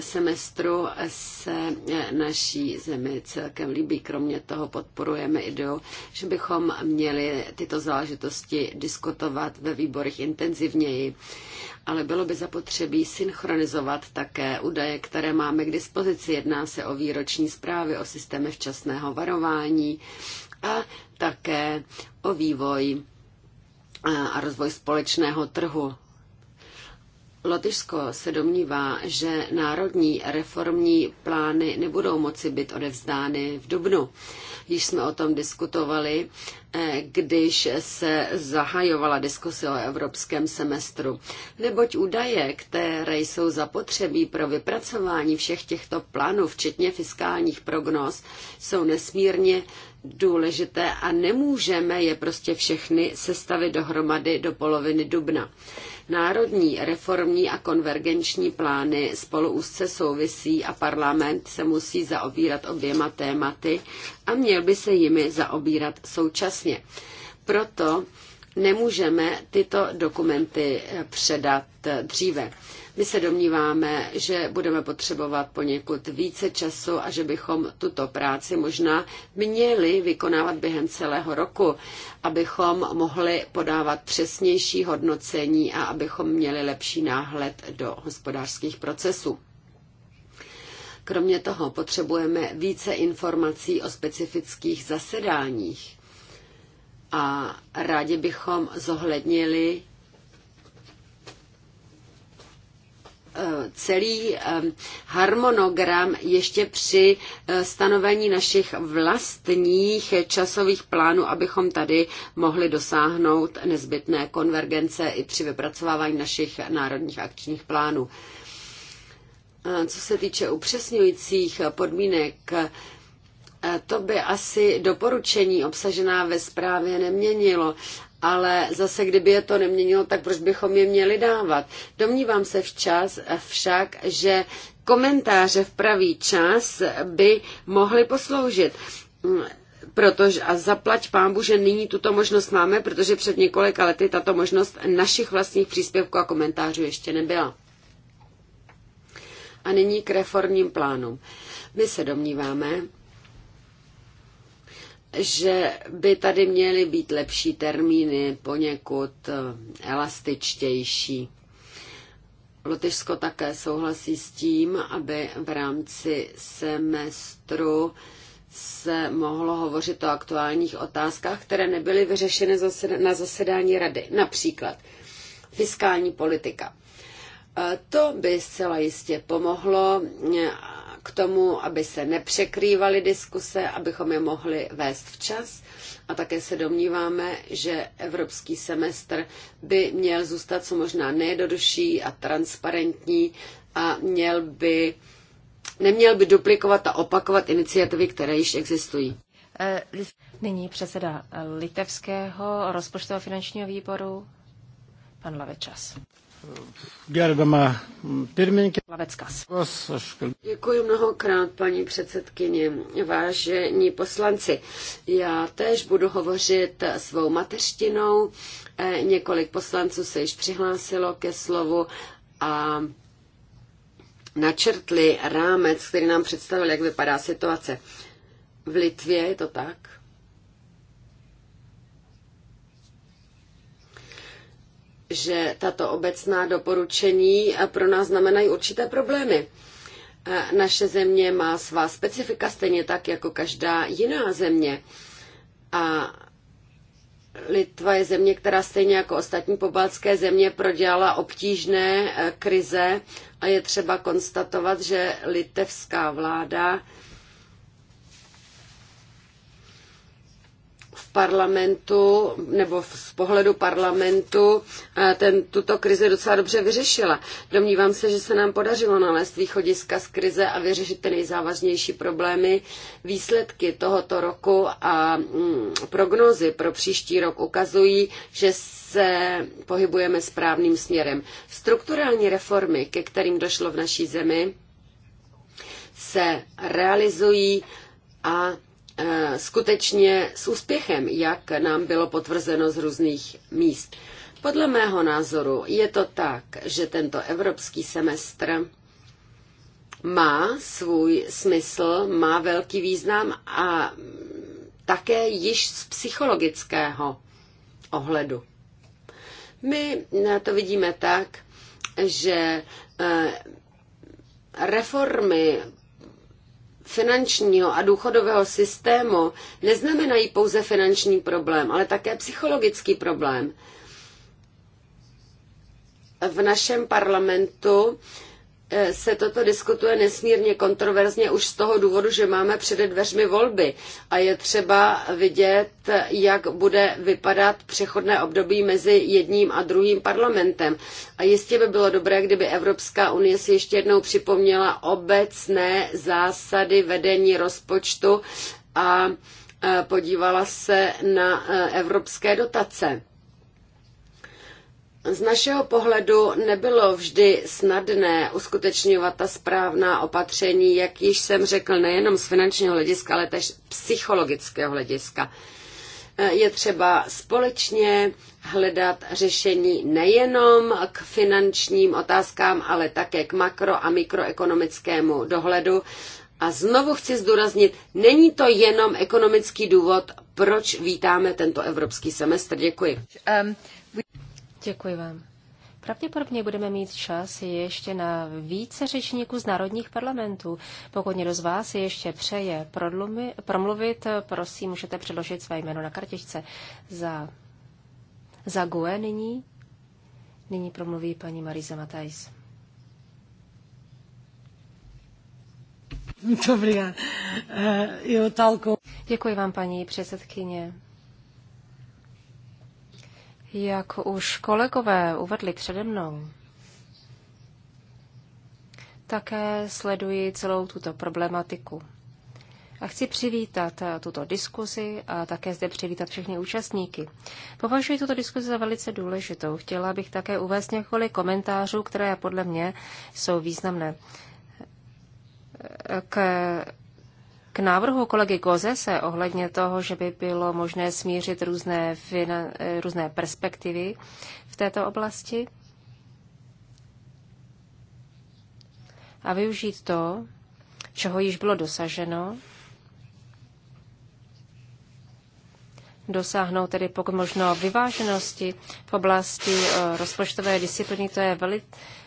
semestru se e, naší zemi celkem líbí. Kromě toho podporujeme ideu, že bychom měli tyto záležitosti diskutovat ve výborech intenzivněji, ale bylo by zapotřebí synchronizovat také údaje, které máme k dispozici. Jedná se o výroční zprávy, o systémy včasného varování a také o vývoj e, a rozvoj společného trhu Lotyšsko se domnívá, že národní reformní plány nebudou moci být odevzdány v Dubnu. Již jsme o tom diskutovali, eh, když se zahajovala diskuse o evropském semestru. Neboť údaje, které jsou zapotřebí pro vypracování všech těchto plánů, včetně fiskálních prognóz, jsou nesmírně důležité a nemůžeme je prostě všechny sestavit dohromady do poloviny dubna. Národní reformní a konvergenční plány spolu úzce souvisí a parlament se musí zaobírat oběma tématy a měl by se jimi zaobírat současně. Proto nemůžeme tyto dokumenty předat dříve. My se domníváme, že budeme potřebovat poněkud více času a že bychom tuto práci možná měli vykonávat během celého roku, abychom mohli podávat přesnější hodnocení a abychom měli lepší náhled do hospodářských procesů. Kromě toho potřebujeme více informací o specifických zasedáních a rádi bychom zohlednili Eh, celý eh, harmonogram ještě při eh, stanovení našich vlastních časových plánů, abychom tady mohli dosáhnout nezbytné konvergence i při vypracovávání našich národních akčních plánů. Co se týče upřesňujících podmínek, to by asi doporučení obsažená ve zprávě neměnilo, ale zase kdyby je to neměnilo, tak proč bychom je měli dávat? Domnívám se včas však, že komentáře v pravý čas by mohly posloužit protože a zaplať pámbu, že nyní tuto možnost máme, protože před několika lety tato možnost našich vlastních příspěvků a komentářů ještě nebyla. A nyní k reformním plánům. My se domníváme, že by tady měly být lepší termíny, poněkud eh, elastičtější. Lotyšsko také souhlasí s tím, aby v rámci semestru se mohlo hovořit o aktuálních otázkách, které nebyly vyřešeny na zasedání rady. Například fiskální politika. Eh, to by zcela jistě pomohlo eh, k tomu, aby se nepřekrývaly diskuse, abychom je mohli vést včas. A také se domníváme, že evropský semestr by měl zůstat co možná nejjednodušší a transparentní a měl by, neměl by duplikovat a opakovat iniciativy, které již existují. Nyní předseda Litevského rozpočtového finančního výboru, pan Lavečas. Gerbama pirmininkė. Děkuji mnohokrát, paní předsedkyně. Vážení poslanci, já též budu hovořit svou mateřštinou. Eh, několik poslanců se již přihlásilo ke slovu a načrtli rámec, který nám představil, jak vypadá situace. V Litvě je to tak? že tato obecná doporučení pro nás znamenají určité problémy. Naše země má svá specifika stejně tak jako každá jiná země. A Litva je země, která stejně jako ostatní pobaltské země prodělala obtížné eh, krize a je třeba konstatovat, že litevská vláda parlamentu nebo z pohledu parlamentu eh, ten, tuto krizi docela dobře vyřešila. Domnívám se, že se nám podařilo nalézt východiska z krize a vyřešit ty nejzávažnější problémy. Výsledky tohoto roku a mm, prognózy pro příští rok ukazují, že se pohybujeme správným směrem. Strukturální reformy, ke kterým došlo v naší zemi, se realizují a Eh, skutečně s úspěchem, jak nám bylo potvrzeno z různých míst. Podle mého názoru je to tak, že tento evropský semestr má svůj smysl, má velký význam a také již z psychologického ohledu. My to vidíme tak, že eh, reformy finančního a důchodového systému neznamenají pouze finanční problém, ale také psychologický problém. V našem parlamentu Eh, se toto diskutuje nesmírně kontroverzně už z toho důvodu, že máme před dveřmi volby a je třeba vidět, jak bude vypadat přechodné období mezi jedním a druhým parlamentem. A jistě by bylo dobré, kdyby Evropská unie si ještě jednou připomněla obecné zásady vedení rozpočtu a eh, podívala se na eh, evropské dotace z našeho pohledu nebylo vždy snadné uskutečňovat ta správná opatření, jak již jsem řekl, nejenom z finančního hlediska, ale též psychologického hlediska. E, je třeba společně hledat řešení nejenom k finančním otázkám, ale také k makro- a mikroekonomickému dohledu. A znovu chci zdůraznit, není to jenom ekonomický důvod, proč vítáme tento evropský semestr. Děkuji. Um, Děkuji vám. Pravděpodobně budeme mít čas ještě na více řečníků z národních parlamentů. Pokud někdo z vás ještě přeje prodlumi, promluvit, prosím, můžete předložit své jméno na kartičce. Za, za GUE nyní, nyní promluví paní Marisa Matajs. Eh, Děkuji vám, paní předsedkyně. Jak už kolegové uvedli přede mnou, také sleduji celou tuto problematiku. A chci přivítat tuto diskuzi a také zde přivítat všechny účastníky. Považuji tuto diskuzi za velice důležitou. Chtěla bych také uvést několik komentářů, které podle mě jsou významné k k návrhu kolegy se ohledně toho, že by bylo možné smířit různé, eh, různé perspektivy v této oblasti a využít to, čeho již bylo dosaženo, dosáhnout tedy pokud možno vyváženosti v oblasti eh, rozpočtové disciplíny. To je veli,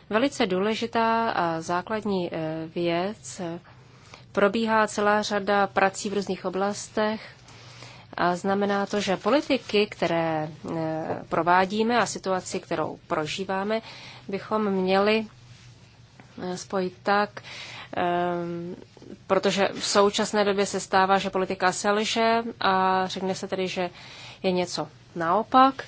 velice důležitá a základní eh, věc probíhá celá řada prací v různých oblastech a znamená to, že politiky, které e, provádíme a situaci, kterou prožíváme, bychom měli e, spojit tak, e, protože v současné době se stává, že politika selže a řekne se tedy, že je něco naopak.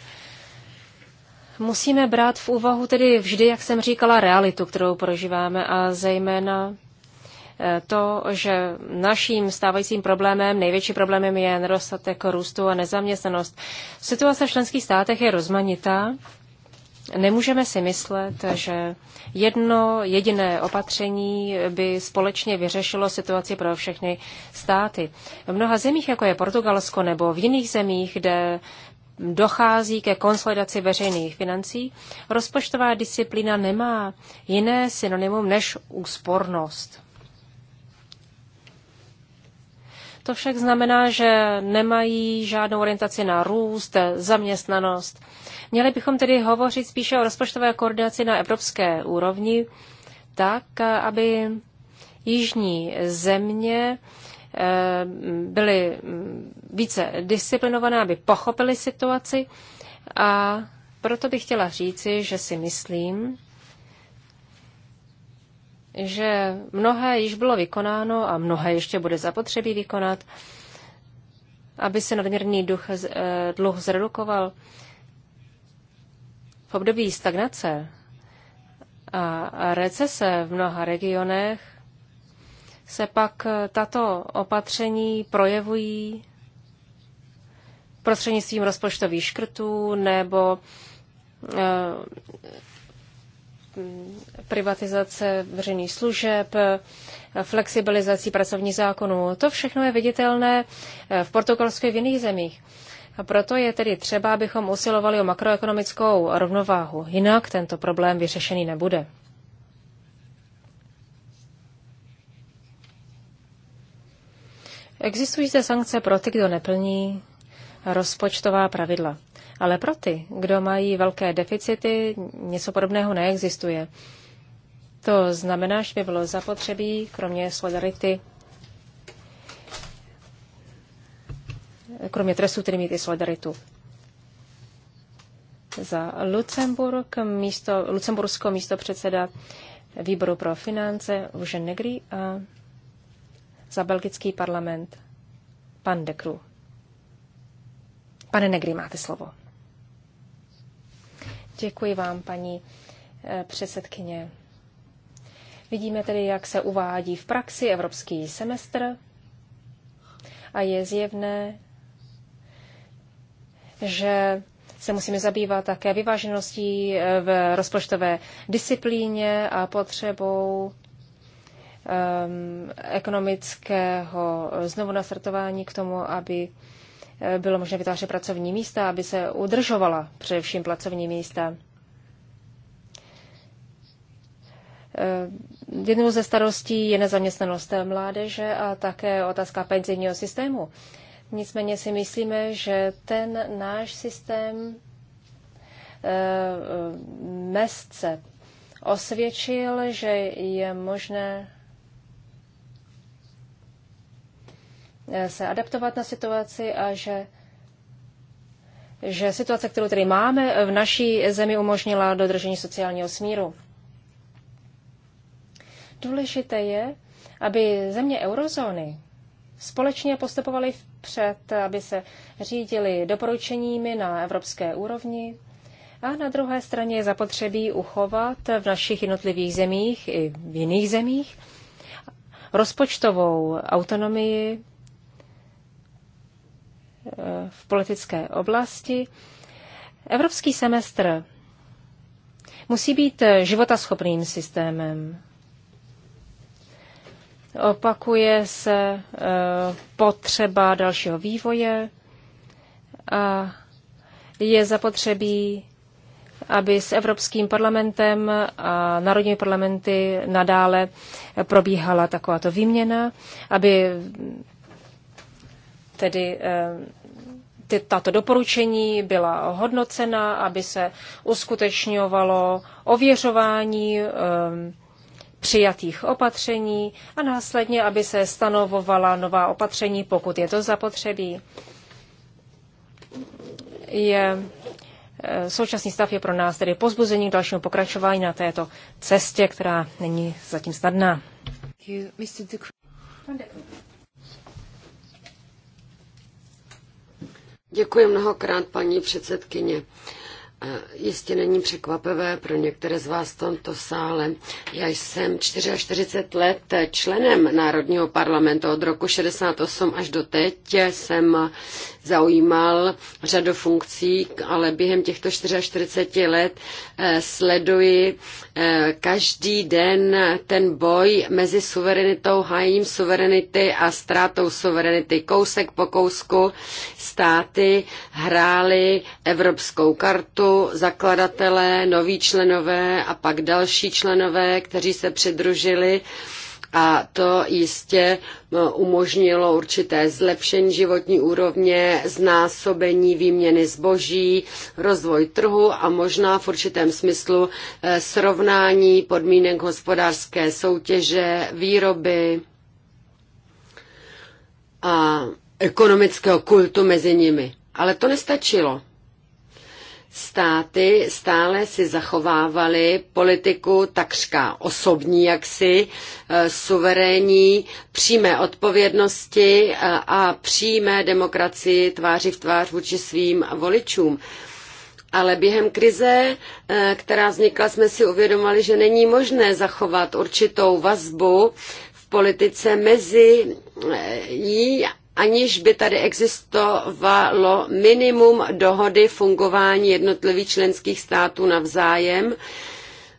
Musíme brát v úvahu tedy vždy, jak jsem říkala, realitu, kterou prožíváme a zejména to, že naším stávajícím problémem, největší problémem je nedostatek růstu a nezaměstnanost. Situace v členských státech je rozmanitá. Nemůžeme si myslet, že jedno jediné opatření by společně vyřešilo situaci pro všechny státy. V mnoha zemích, jako je Portugalsko nebo v jiných zemích, kde dochází ke konsolidaci veřejných financí, rozpočtová disciplína nemá jiné synonymum než úspornost. To však znamená, že nemají žádnou orientaci na růst, zaměstnanost. Měli bychom tedy hovořit spíše o rozpočtové koordinaci na evropské úrovni, tak, aby jižní země eh, byly mm, více disciplinované, aby pochopili situaci. A proto bych chtěla říci, že si myslím, že mnohé již bylo vykonáno a mnohé ještě bude zapotřebí vykonat, aby se nadměrný duch, eh, dluh zredukoval. V období stagnace a recese v mnoha regionech se pak eh, tato opatření projevují prostřednictvím rozpočtových škrtů nebo eh, privatizace veřejných služeb, flexibilizací pracovních zákonů. To všechno je viditelné eh, v Portugalsku i v jiných zemích. A proto je tedy třeba, abychom usilovali o makroekonomickou rovnováhu. Jinak tento problém vyřešený nebude. Existují zde sankce pro ty, kdo neplní rozpočtová pravidla. Ale pro ty, kdo mají velké deficity, něco podobného neexistuje. To znamená, že by bylo zapotřebí, kromě solidarity, kromě trestů, tedy mít i solidaritu. Za Lucemburg, místo, Lucembursko místo předseda výboru pro finance Užen Negri a za belgický parlament pan Dekru. Pane Negri, máte slovo. Děkuji vám, paní eh, předsedkyně. Vidíme tedy, jak se uvádí v praxi evropský semestr a je zjevné, že se musíme zabývat také vyvážeností eh, v rozpočtové disciplíně a potřebou um, ekonomického znovu nastartování k tomu, aby bylo možné vytvářet pracovní místa, aby se udržovala především pracovní místa. Eh, jednou ze starostí je nezaměstnanost mládeže a také otázka penzijního systému. Nicméně si myslíme, že ten náš systém eh, eh, mestce osvědčil, že je možné Eh, se adaptovat na situaci a že že situace, kterou tady máme, eh, v naší zemi umožnila dodržení sociálního smíru. Důležité je, aby země eurozóny společně postupovaly vpřed, aby se řídili doporučeními na evropské úrovni. A na druhé straně je zapotřebí uchovat v našich jednotlivých zemích i v jiných zemích rozpočtovou autonomii Eh, v politické oblasti. Evropský semestr musí být životaschopným systémem. Opakuje se eh, potřeba dalšího vývoje a je zapotřebí, aby s Evropským parlamentem a národními parlamenty nadále probíhala takováto výměna, aby tedy eh, ty, tato doporučení byla hodnocena, aby se uskutečňovalo ověřování ehm, přijatých opatření a následně, aby se stanovovala nová opatření, pokud je to zapotřebí. Je, eh, současný stav je pro nás tedy pozbuzení k dalšímu pokračování na této cestě, která není zatím snadná. Děkuji mnohokrát, paní předsedkyně. Jistě není překvapivé pro některé z vás v tomto sále. Já jsem 44 let členem Národního parlamentu. Od roku 68 až do teď jsem zaujímal řadu funkcí, ale během těchto 44 let eh, sleduji Eh, každý den ten boj mezi suverenitou, hájením suverenity a ztrátou suverenity. Kousek po kousku státy hrály evropskou kartu, zakladatelé, noví členové a pak další členové, kteří se přidružili a to jistě umožnilo určité zlepšení životní úrovně, znásobení výměny zboží, rozvoj trhu a možná v určitém smyslu e, srovnání podmínek hospodářské soutěže, výroby a ekonomického kultu mezi nimi. Ale to nestačilo státy stále si zachovávaly politiku takřka osobní jaksi, eh, suverénní, přímé odpovědnosti eh, a přímé demokracii tváři v tvář vůči svým voličům. Ale během krize, eh, která vznikla, jsme si uvědomili, že není možné zachovat určitou vazbu v politice mezi jí aniž by tady existovalo minimum dohody fungování jednotlivých členských států navzájem.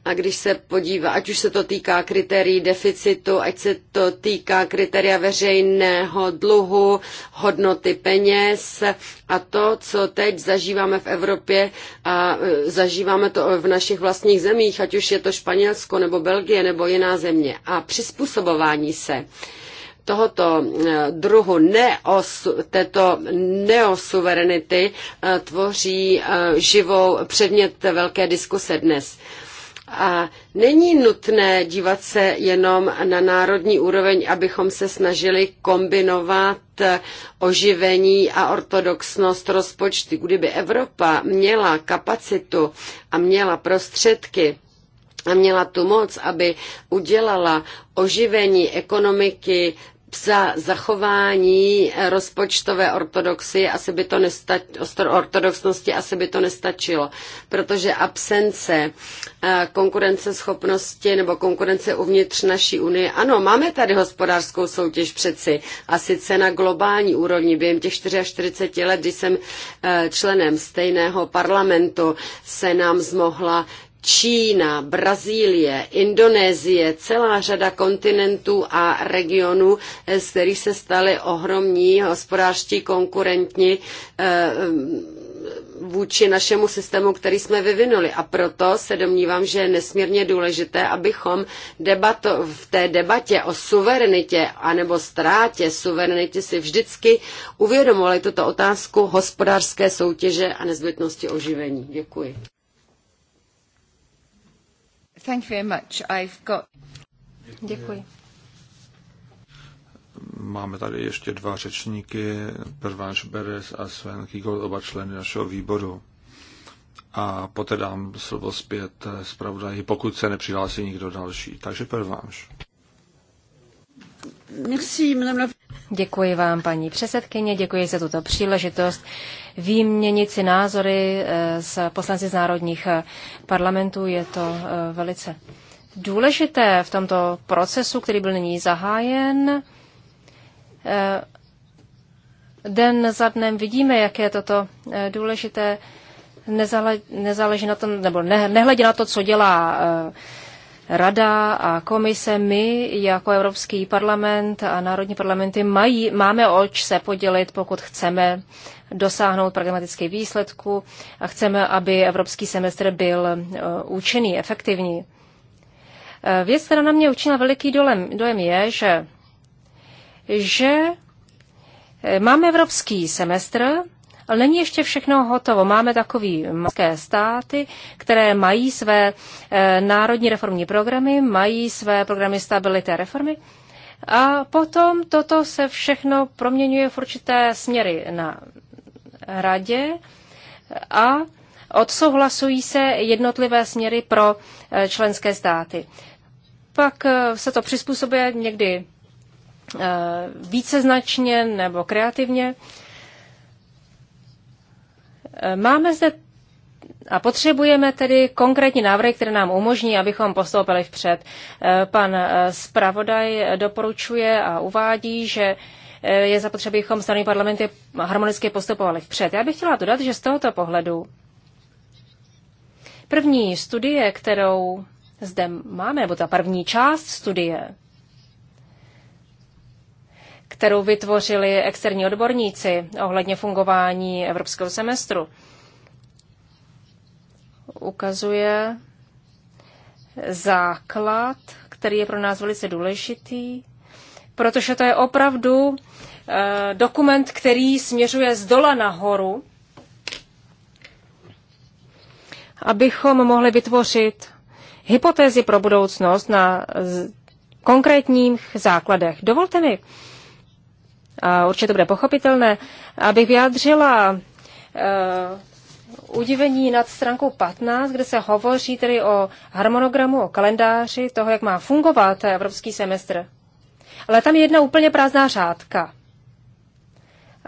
A když se podívá, ať už se to týká kritérií deficitu, ať se to týká kritéria veřejného dluhu, hodnoty peněz a to, co teď zažíváme v Evropě a e, zažíváme to v našich vlastních zemích, ať už je to Španělsko nebo Belgie nebo jiná země. A přizpůsobování se. Uh, tohoto eh, druhu neos, této neosuverenity eh, tvoří eh, živou předmět velké diskuse dnes. A není nutné dívat se jenom na národní úroveň, abychom se snažili kombinovat oživení a ortodoxnost rozpočty. Kdyby Evropa měla kapacitu a měla prostředky, a měla tu moc, aby udělala oživení ekonomiky za zachování rozpočtové ortodoxie asi by to nesta- ortodoxnosti asi by to nestačilo, protože absence eh, konkurenceschopnosti nebo konkurence uvnitř naší unie, ano, máme tady hospodářskou soutěž přeci a sice na globální úrovni během těch 44 let, kdy jsem eh, členem stejného parlamentu, se nám zmohla Čína, Brazílie, Indonésie, celá řada kontinentů a regionů, eh, z kterých se staly ohromní hospodářští konkurentní eh, vůči našemu systému, který jsme vyvinuli. A proto se domnívám, že je nesmírně důležité, abychom debato, v té debatě o suverenitě anebo ztrátě suverenity si vždycky uvědomovali tuto otázku hospodářské soutěže a nezbytnosti oživení. Děkuji. Thank you very much. I've got... Děkuji. Máme tady ještě dva řečníky, Pervanš Beres a Sven Kigol, oba členy našeho výboru. A poté dám slovo zpět zpravodaji, pokud se nepřihlásí nikdo další. Takže Pervanš. Děkuji vám, paní předsedkyně, děkuji za tuto příležitost výměnit si názory eh, s poslanci z národních eh, parlamentů. Je to eh, velice důležité v tomto procesu, který byl nyní zahájen. Den za dnem vidíme, jak je toto důležité. nezáleží na tom, nebo nehledě na to, co dělá Rada a komise, my jako Evropský parlament a národní parlamenty mají, máme oč se podělit, pokud chceme dosáhnout pragmatických výsledku. a chceme, aby evropský semestr byl eh, účinný, efektivní. Eh, věc, která na mě učinila veliký dolem, dojem, je, že, že eh, máme evropský semestr, ale není ještě všechno hotovo. Máme takové maské státy, které mají své národní reformní programy, mají své programy stability a reformy. A potom toto se všechno proměňuje v určité směry na radě a odsouhlasují se jednotlivé směry pro e, členské státy. Pak e, se to přizpůsobuje někdy e, víceznačně nebo kreativně. Máme zde a potřebujeme tedy konkrétní návrhy, které nám umožní, abychom postoupili vpřed. Pan zpravodaj doporučuje a uvádí, že je zapotřebí, abychom starý parlamenty harmonicky postupovali vpřed. Já bych chtěla dodat, že z tohoto pohledu první studie, kterou zde máme, nebo ta první část studie, kterou vytvořili externí odborníci ohledně fungování evropského semestru, ukazuje základ, který je pro nás velice důležitý, protože to je opravdu Eh, dokument, který směřuje z dola nahoru, abychom mohli vytvořit hypotézy pro budoucnost na konkrétních základech. Dovolte mi, a určitě to bude pochopitelné, abych vyjádřila uh, udivení nad stránkou 15, kde se hovoří tedy o harmonogramu, o kalendáři toho, jak má fungovat evropský semestr. Ale tam je jedna úplně prázdná řádka.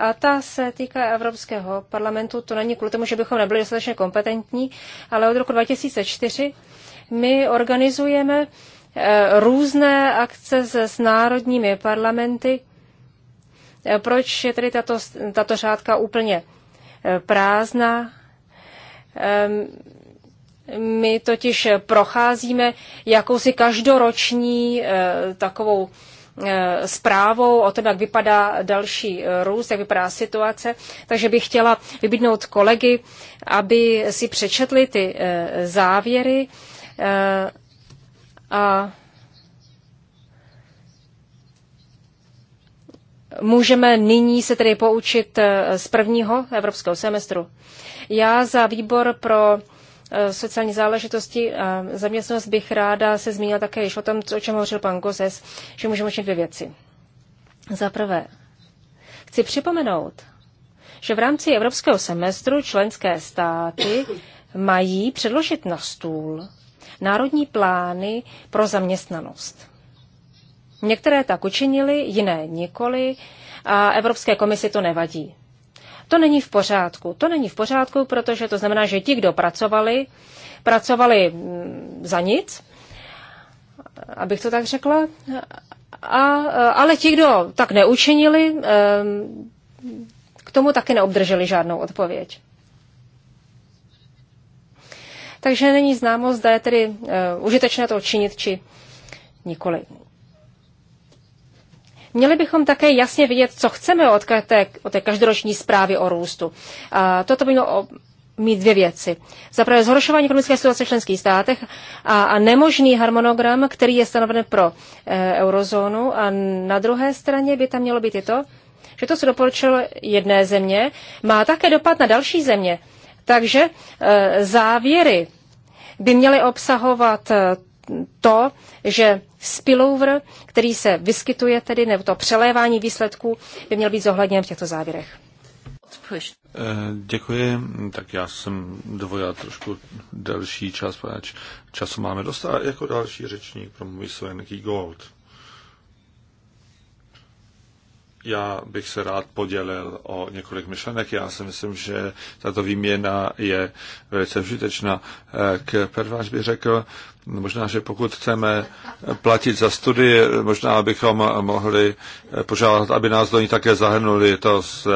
A ta se týká Evropského parlamentu. To není kvůli tomu, že bychom nebyli dostatečně kompetentní, ale od roku 2004 my organizujeme eh, různé akce s, s národními parlamenty. Eh, proč je tedy tato, tato řádka úplně eh, prázdná? Ehm, my totiž procházíme jakousi každoroční takovou Eh, zprávou o tom, jak vypadá další eh, růst, jak vypadá situace. Takže bych chtěla vybídnout kolegy, aby si přečetli ty eh, závěry a Můžeme nyní se tedy poučit z prvního evropského semestru. Já za výbor pro Eh, sociální záležitosti a zaměstnanost bych ráda se zmínila také již o tom, o čem hovořil pan Gozes, že můžeme učit dvě věci. Za prvé, chci připomenout, že v rámci evropského semestru členské státy mají předložit na stůl národní plány pro zaměstnanost. Některé tak učinili, jiné nikoli a Evropské komisi to nevadí. To není v pořádku. To není v pořádku, protože to znamená, že ti, kdo pracovali, pracovali mm, za nic, abych to tak řekla, a, e, ale ti, kdo tak neučinili, e, k tomu taky neobdrželi žádnou odpověď. Takže není známo, zda je tedy uh, užitečné to činit či nikoli. Měli bychom také jasně vidět, co chceme od té, od té každoroční zprávy o růstu. A toto by mělo mít dvě věci. Za prvé zhoršování ekonomické situace v členských státech a, a nemožný harmonogram, který je stanoven pro e, eurozónu. A na druhé straně by tam mělo být i to, že to, co doporučil jedné země, má také dopad na další země. Takže e, závěry by měly obsahovat e, to, že spillover, který se vyskytuje, tedy nebo to přelévání výsledků, by měl být zohledněn v těchto závěrech. Eh, děkuji, tak já jsem dovojil trošku delší čas, protože času máme dost a jako další řečník promluví Sven Gold já bych se rád podělil o několik myšlenek. Já si myslím, že tato výměna je velice užitečná. K Perváš bych řekl, možná, že pokud chceme platit za studie, možná bychom mohli požádat, aby nás do ní také zahrnuli. To s,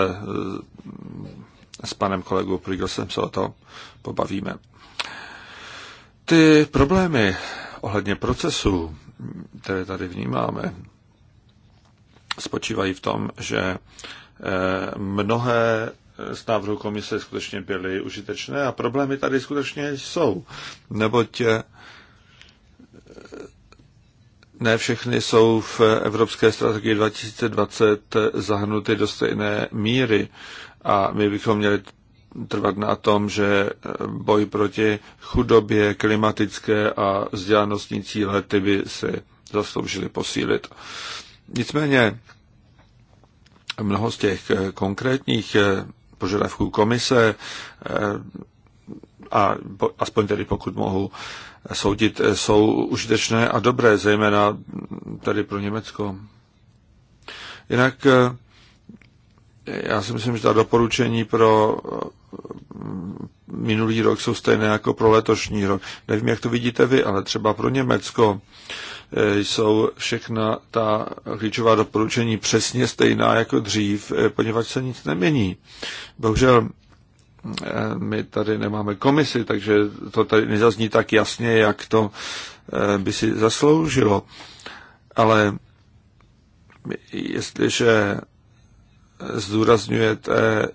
s panem kolegou Prigosem se o to pobavíme. Ty problémy ohledně procesů, které tady vnímáme, spočívají v tom, že eh, mnohé z návrhu komise skutečně byly užitečné a problémy tady skutečně jsou, neboť eh, ne všechny jsou v Evropské strategii 2020 zahrnuty do stejné míry a my bychom měli trvat na tom, že eh, boj proti chudobě, klimatické a vzdělanostní cíle ty by si zasloužili posílit. Nicméně mnoho z těch eh, konkrétních eh, požadavků komise eh, a aspoň tedy pokud mohu soudit, jsou užitečné a dobré, zejména tady pro Německo. Jinak já si myslím, že ta doporučení pro minulý rok jsou stejné jako pro letošní rok. Nevím, jak to vidíte vy, ale třeba pro Německo Eh, jsou všechna ta klíčová doporučení přesně stejná jako dřív, eh, poněvadž se nic nemění. Bohužel eh, my tady nemáme komisi, takže to tady nezazní tak jasně, jak to by si zasloužilo. Ale jestliže zdůrazňujete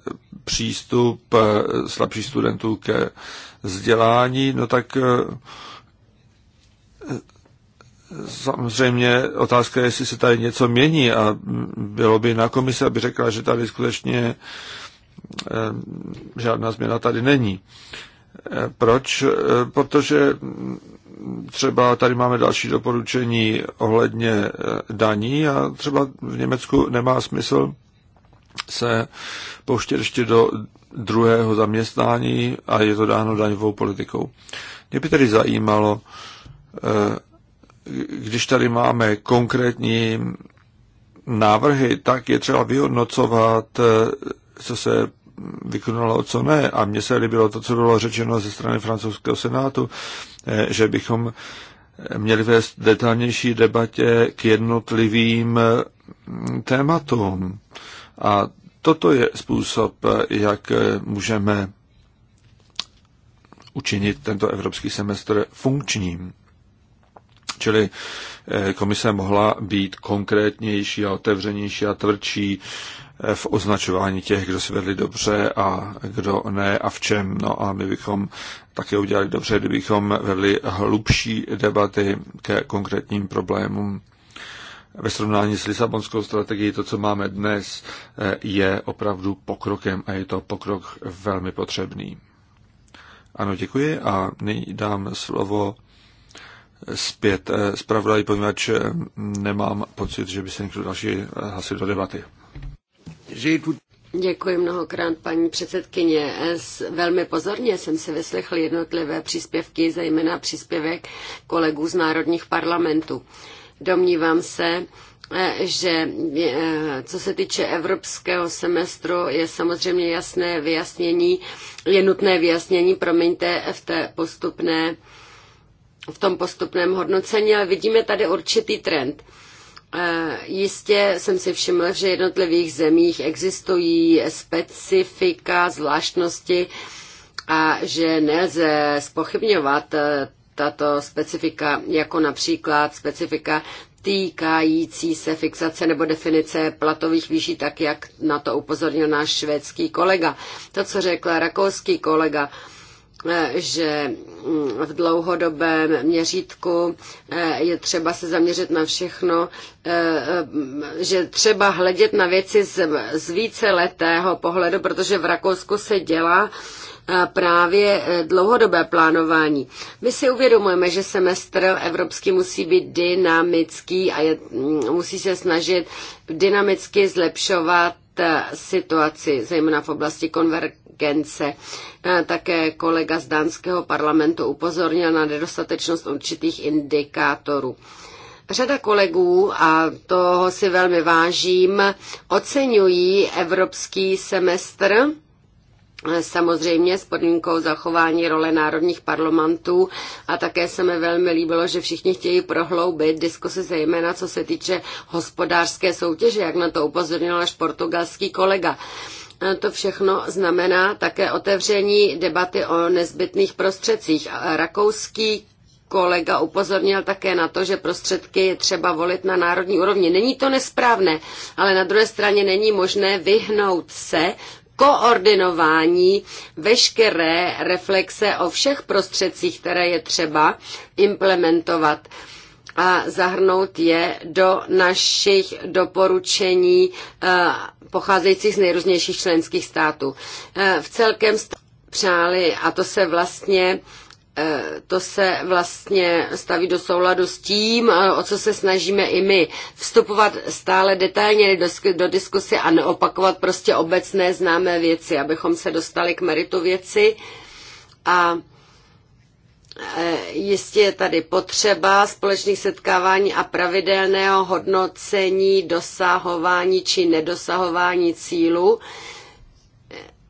přístup slabších studentů ke vzdělání, no tak Samozřejmě otázka je, jestli se tady něco mění a bylo by na komise, aby řekla, že tady skutečně eh, žádná změna tady není. Eh, proč? Eh, protože mm, třeba tady máme další doporučení ohledně daní a třeba v Německu nemá smysl se pouštět ještě do druhého zaměstnání a je to dáno daňovou politikou. Mě by tedy zajímalo, když tady máme konkrétní návrhy, tak je třeba vyhodnocovat, eh, co se vykonalo, co ne. A mně se líbilo to, co bylo řečeno ze strany francouzského senátu, eh, že bychom měli vést detailnější debatě k jednotlivým eh, tématům. A toto je způsob, jak můžeme učinit tento evropský semestr funkčním. Čili eh, komise mohla být konkrétnější a otevřenější a tvrdší eh, v označování těch, kdo si vedli dobře a kdo ne a v čem. No a my bychom také udělali dobře, kdybychom vedli hlubší debaty ke konkrétním problémům. Ve srovnání s Lisabonskou strategií to, co máme dnes, eh, je opravdu pokrokem a je to pokrok velmi potřebný. Ano, děkuji a nyní dám slovo zpět eh, zpravodaj, poněvadž eh, nemám pocit, že by se někdo další eh, hlasil do debaty. Děkuji mnohokrát, paní předsedkyně. Velmi pozorně jsem si vyslechl jednotlivé příspěvky, zejména příspěvek kolegů z národních parlamentů. Domnívám se, že co se týče evropského semestru, je samozřejmě jasné vyjasnění, je nutné vyjasnění, promiňte, v té postupné v tom postupném hodnocení, ale vidíme tady určitý trend. E, jistě jsem si všiml, že v jednotlivých zemích existují specifika, zvláštnosti a že nelze spochybňovat e, tato specifika, jako například specifika týkající se fixace nebo definice platových výší, tak jak na to upozornil náš švédský kolega. To, co řekl rakouský kolega, že mm, v dlouhodobém měřítku eh, je třeba se zaměřit na všechno, eh, eh, že třeba hledět na věci z, z více letého pohledu, protože v Rakousku se dělá právě dlouhodobé plánování. My si uvědomujeme, že semestr evropský musí být dynamický a je, mm, musí se snažit dynamicky zlepšovat situaci, zejména v oblasti konver- konvergence. Také kolega z dánského parlamentu upozornil na nedostatečnost určitých indikátorů. Řada kolegů, a toho si velmi vážím, oceňují evropský semestr, samozřejmě s podmínkou zachování role národních parlamentů a také se mi velmi líbilo, že všichni chtějí prohloubit diskuse zejména co se týče hospodářské soutěže, jak na to upozornil náš portugalský kolega. To všechno znamená také otevření debaty o nezbytných prostředcích. Rakouský kolega upozornil také na to, že prostředky je třeba volit na národní úrovni. Není to nesprávné, ale na druhé straně není možné vyhnout se koordinování veškeré reflexe o všech prostředcích, které je třeba implementovat. Uh, a zahrnout je do našich doporučení eh, pocházejících z nejrůznějších členských států. Eh, v celkem přáli, a to se vlastně eh, to se vlastně staví do souladu s tím, o co se snažíme i my. Vstupovat stále detailně do, do diskusy a neopakovat prostě obecné známé věci, abychom se dostali k meritu věci a E, jistě je tady potřeba společných setkávání a pravidelného hodnocení dosahování či nedosahování cílu.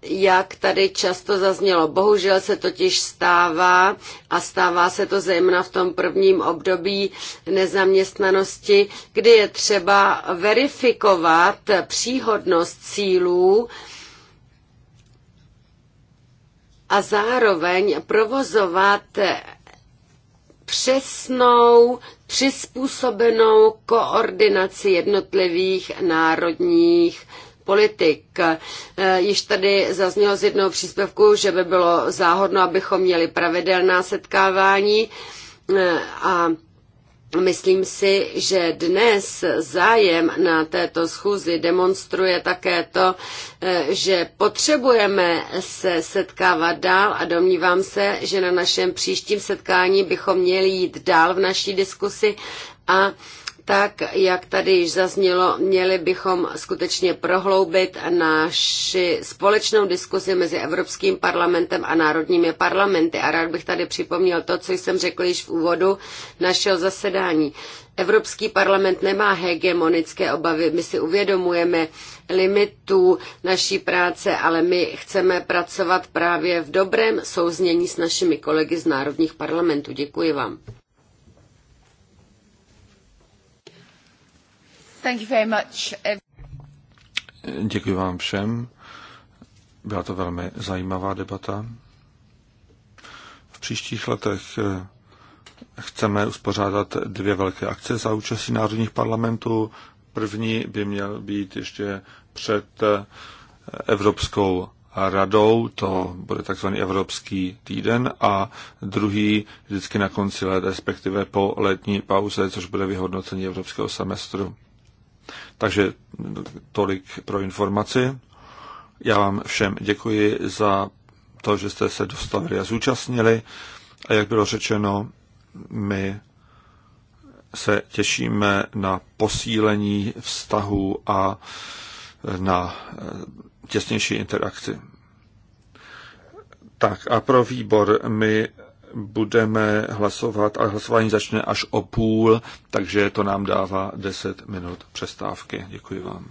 Jak tady často zaznělo, bohužel se totiž stává a stává se to zejména v tom prvním období nezaměstnanosti, kdy je třeba verifikovat příhodnost cílů, a zároveň provozovat přesnou, přizpůsobenou koordinaci jednotlivých národních politik. E, již tady zaznělo z jednoho příspěvku, že by bylo záhodno, abychom měli pravidelná setkávání e, a Myslím si, že dnes zájem na této schůzi demonstruje také to, eh, že potřebujeme se setkávat dál a domnívám se, že na našem příštím setkání bychom měli jít dál v naší diskusi a tak jak tady již zaznělo, měli bychom skutečně prohloubit naši společnou diskuzi mezi Evropským parlamentem a národními parlamenty. A rád bych tady připomněl to, co jsem řekl již v úvodu našeho zasedání. Evropský parlament nemá hegemonické obavy. My si uvědomujeme limitů naší práce, ale my chceme pracovat právě v dobrém souznění s našimi kolegy z národních parlamentů. Děkuji vám. Děkuji vám všem. Byla to velmi zajímavá debata. V příštích letech eh, chceme uspořádat dvě velké akce za účastí národních parlamentů. První by měl být ještě před eh, Evropskou radou, to bude takzvaný Evropský týden, a druhý vždycky na konci let, respektive po letní pauze, což bude vyhodnocení Evropského semestru. Takže tolik pro informaci. Já vám všem děkuji za to, že jste se dostavili a zúčastnili. A jak bylo řečeno, my se těšíme na posílení vztahu a na těsnější interakci. Tak a pro výbor my budeme hlasovat a hlasování začne až o půl, takže to nám dává 10 minut přestávky. Děkuji vám.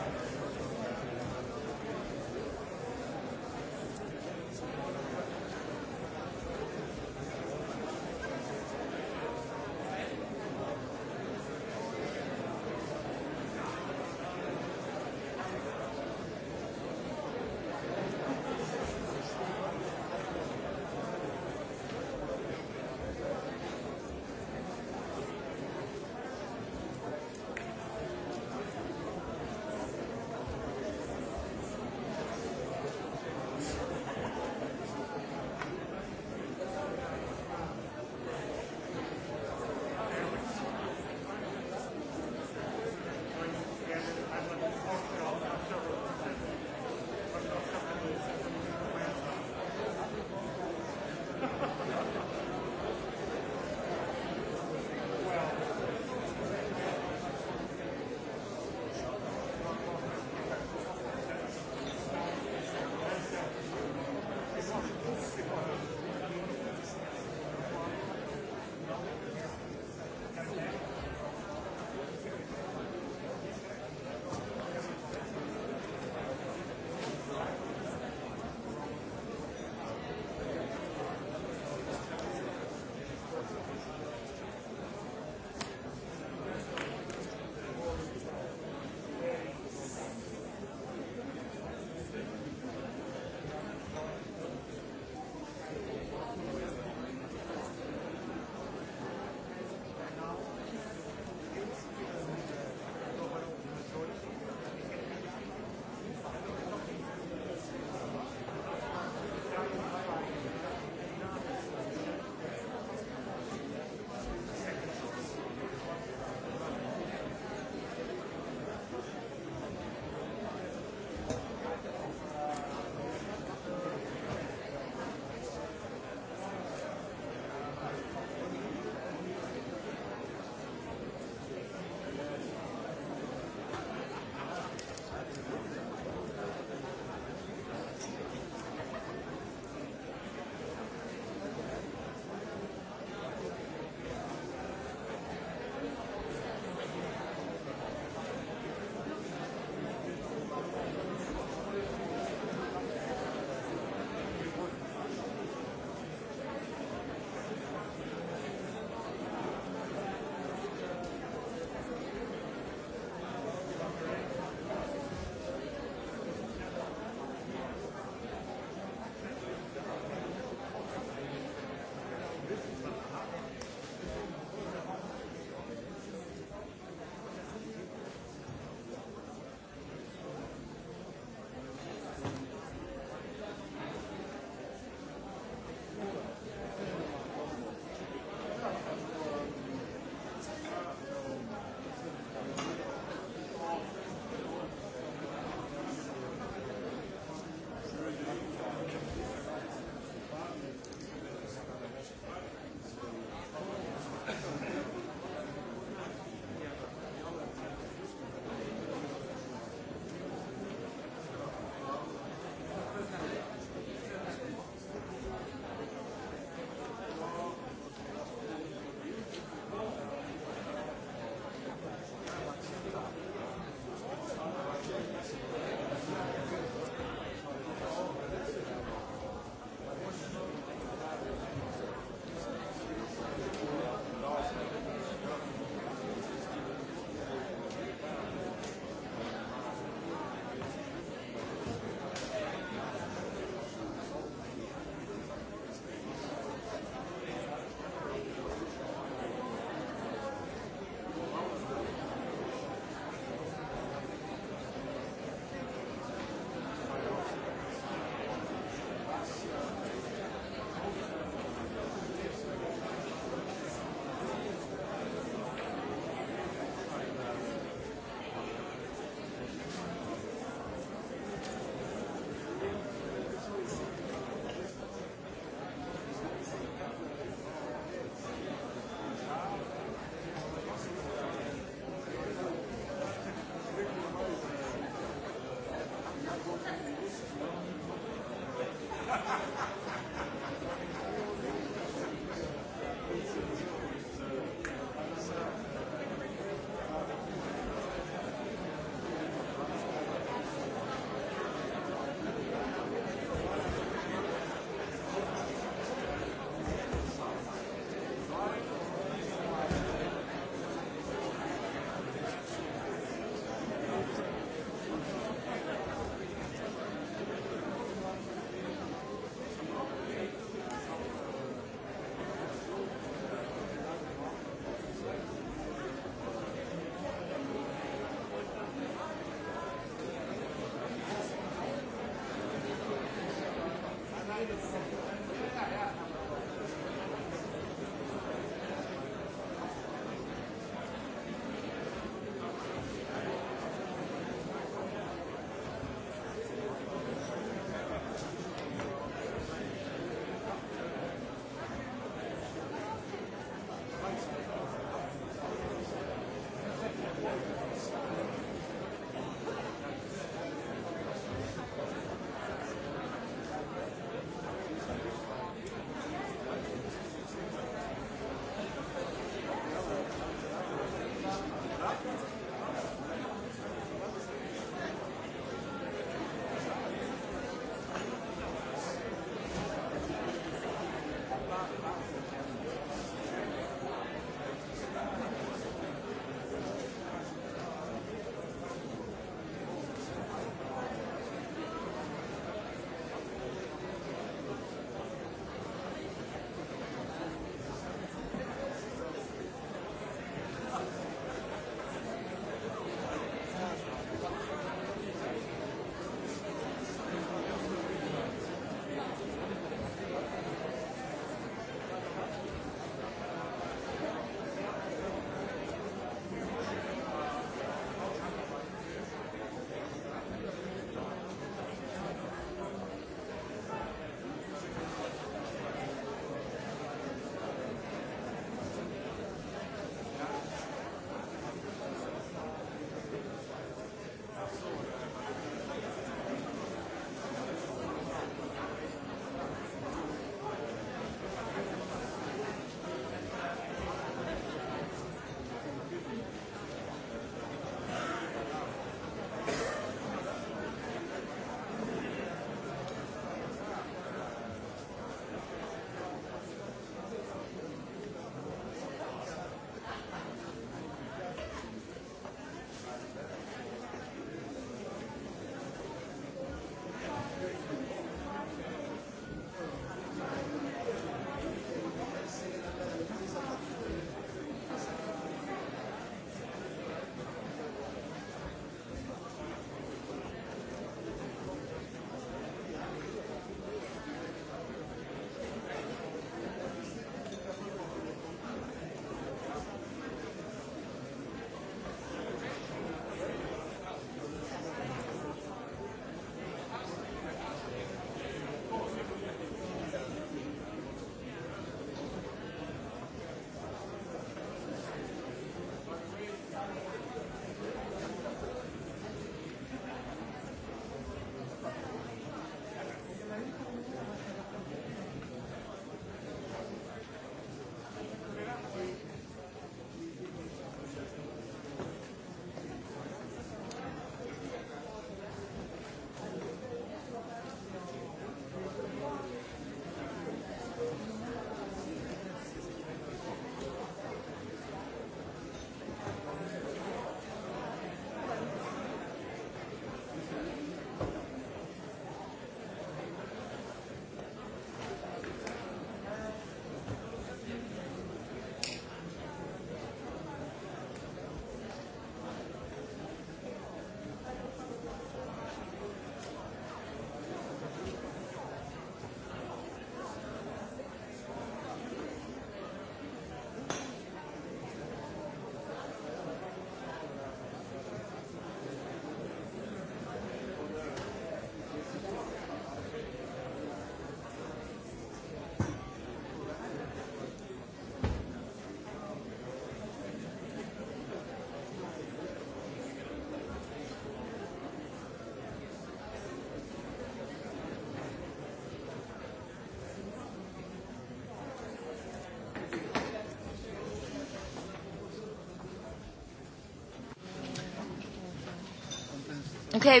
Okay,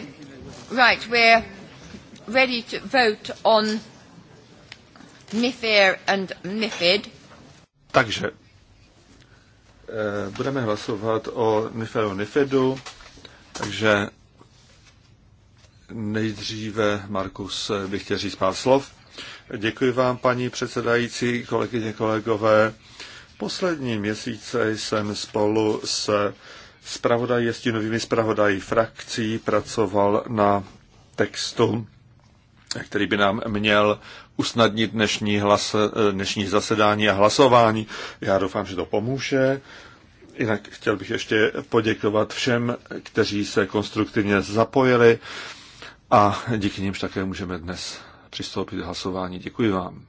right, we're ready to vote on MIFIR and MIFID. Takže eh, budeme hlasovat o MIFIRu MIFIDu, takže nejdříve Markus bych chtěl říct pár slov. Děkuji vám, paní předsedající, kolegyně, kolegové. Poslední měsíce jsem spolu s Spravodaj je s novými spravodají frakcí, pracoval na textu, který by nám měl usnadnit dnešní, hlas, eh, dnešní zasedání a hlasování. Já doufám, že to pomůže. Jinak chtěl bych ještě poděkovat všem, kteří se konstruktivně zapojili a díky nimž také můžeme dnes přistoupit k hlasování. Děkuji vám.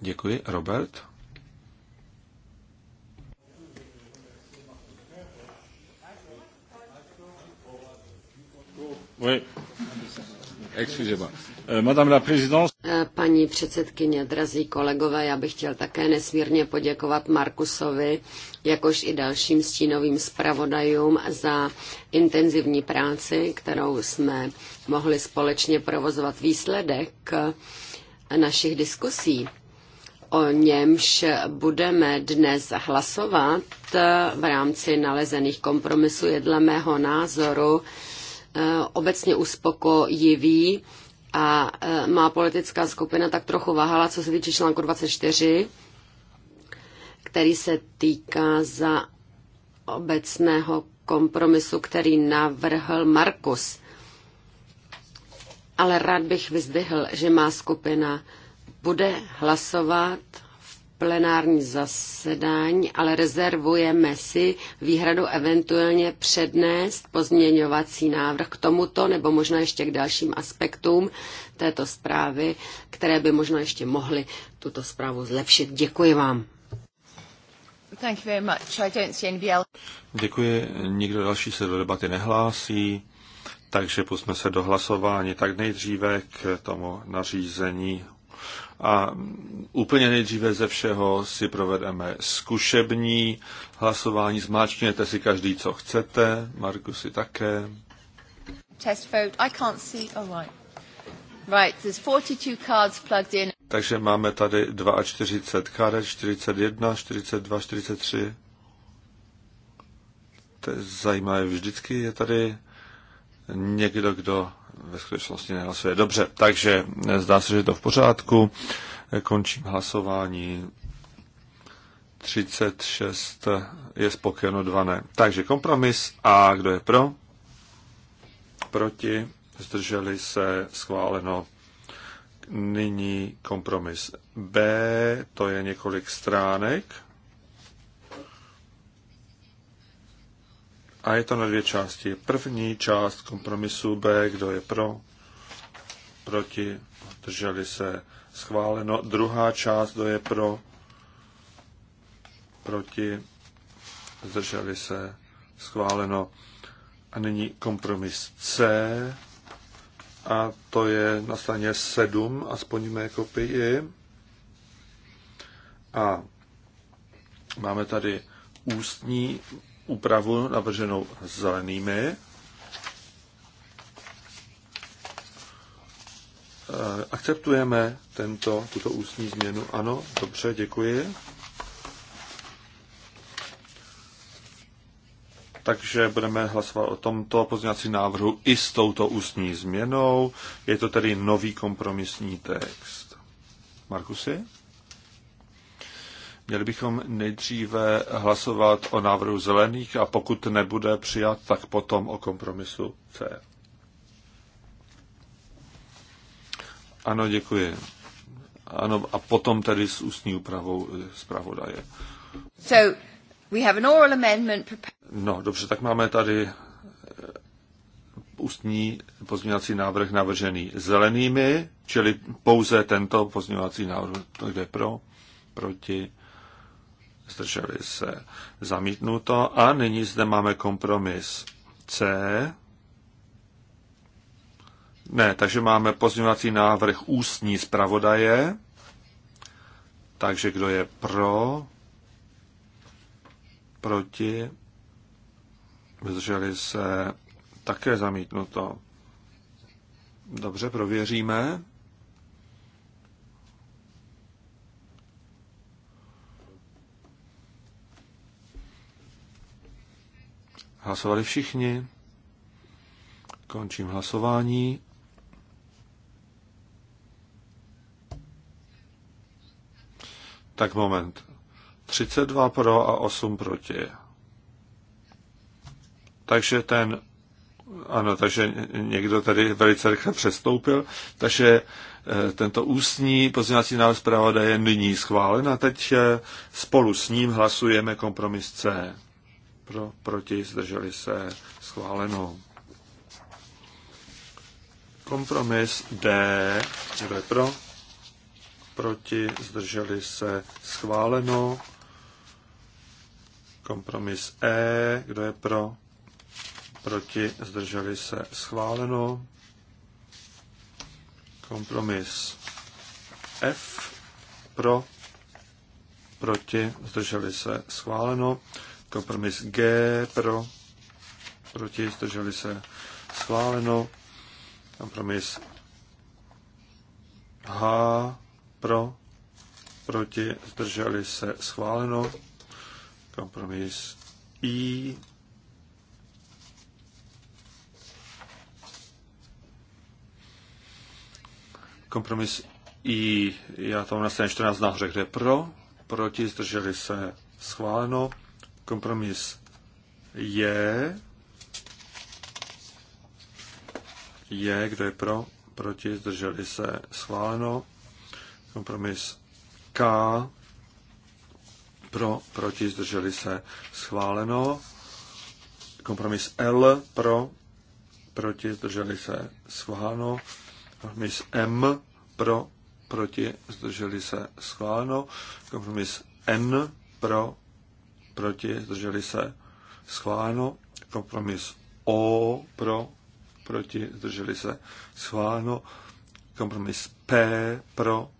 Děkuji, Robert. Euh, eh, paní předsedkyně, drazí kolegové, já bych chtěl také nesmírně poděkovat Markusovi, jakož i dalším stínovým zpravodajům za intenzivní práci, kterou jsme mohli společně provozovat výsledek eh, našich diskusí. O němž budeme dnes hlasovat eh, v rámci nalezených kompromisů je dle mého názoru Eh, obecně uspokojivý a eh, má politická skupina tak trochu váhala, co se týče článku 24, který se týká za obecného kompromisu, který navrhl Markus. Ale rád bych vyzdvihl, že má skupina bude hlasovat plenární zasedání, ale rezervujeme si výhradu eventuálně přednést pozměňovací návrh k tomuto nebo možná ještě k dalším aspektům této zprávy, které by možná ještě mohly tuto zprávu zlepšit. Děkuji vám. Thank you very much. I don't see anybody else. Děkuji. Nikdo další se do debaty nehlásí, takže pusme se do hlasování. Tak nejdříve k tomu nařízení a úplně nejdříve ze všeho si provedeme zkušební hlasování. Zmáčkněte si každý, co chcete. Marku si také. Test vote. I can't see. Oh, right. Right, there's 42 cards plugged in. Takže máme tady 42 karet, 41, 42, 43. To je zajímavé. Vždycky je tady někdo, kdo ve skutečnosti nehlasuje. Dobře, takže zdá se, že je to v pořádku. Končím hlasování. 36 je spokojeno, 2 ne. Takže kompromis A, kdo je pro? Proti, zdrželi se, schváleno. Nyní kompromis B, to je několik stránek. A je to na dvě části. První část kompromisu B, kdo je pro, proti, drželi se schváleno. Druhá část, kdo je pro, proti, zdrželi se schváleno. A nyní kompromis C, a to je na straně 7, aspoň mé kopii. A máme tady ústní úpravu navrženou zelenými. Eh, akceptujeme tento, tuto ústní změnu? Ano, dobře, děkuji. takže budeme hlasovat o tomto pozměňovacím návrhu i s touto ústní změnou. Je to tedy nový kompromisní text. Markusy? Měli bychom nejdříve hlasovat o návrhu zelených a pokud nebude přijat, tak potom o kompromisu C. Ano, děkuji. Ano, a potom tedy s ústní úpravou zpravodaje. So, we have an oral amendment. No, dobře, tak máme tady eh, ústní pozměňovací návrh navržený zelenými, čili pouze tento pozměňovací návrh, jde pro, proti, zdrželi se zamítnuto. A nyní zde máme kompromis C. Ne, takže máme pozměňovací návrh ústní zpravodaje. Takže kdo je pro, proti, zdrželi se také zamítnuto. Dobře, prověříme. Hlasovali všichni. Končím hlasování. Tak moment. 32 pro a 8 proti. Takže ten, ano, takže někdo tady velice rychle přestoupil, takže eh, tento ústní pozměňovací návrh zpravodaje je nyní schválen a teď eh, spolu s ním hlasujeme kompromis C pro, proti, zdrželi se, schváleno. Kompromis D, kdo je pro, proti, zdrželi se, schváleno. Kompromis E, kdo je pro, proti, zdrželi se, schváleno. Kompromis F, pro, proti, zdrželi se, schváleno. Kompromis G pro, proti, zdrželi se schváleno. Kompromis H pro, proti, zdrželi se schváleno. Kompromis I kompromis I, já tam na straně 14 nahoře, kde pro, proti, zdrželi se schváleno. Kompromis je, je, kdo je pro, proti, zdrželi se, schváleno. Kompromis K, pro, proti, zdrželi se, schváleno. Kompromis L, pro, proti, zdrželi se, schváleno. Kompromis M, pro, proti, zdrželi se, schváleno. Kompromis N, pro, proti, zdrželi se, schváleno. Kompromis O pro, proti, zdrželi se, schváleno. Kompromis P pro,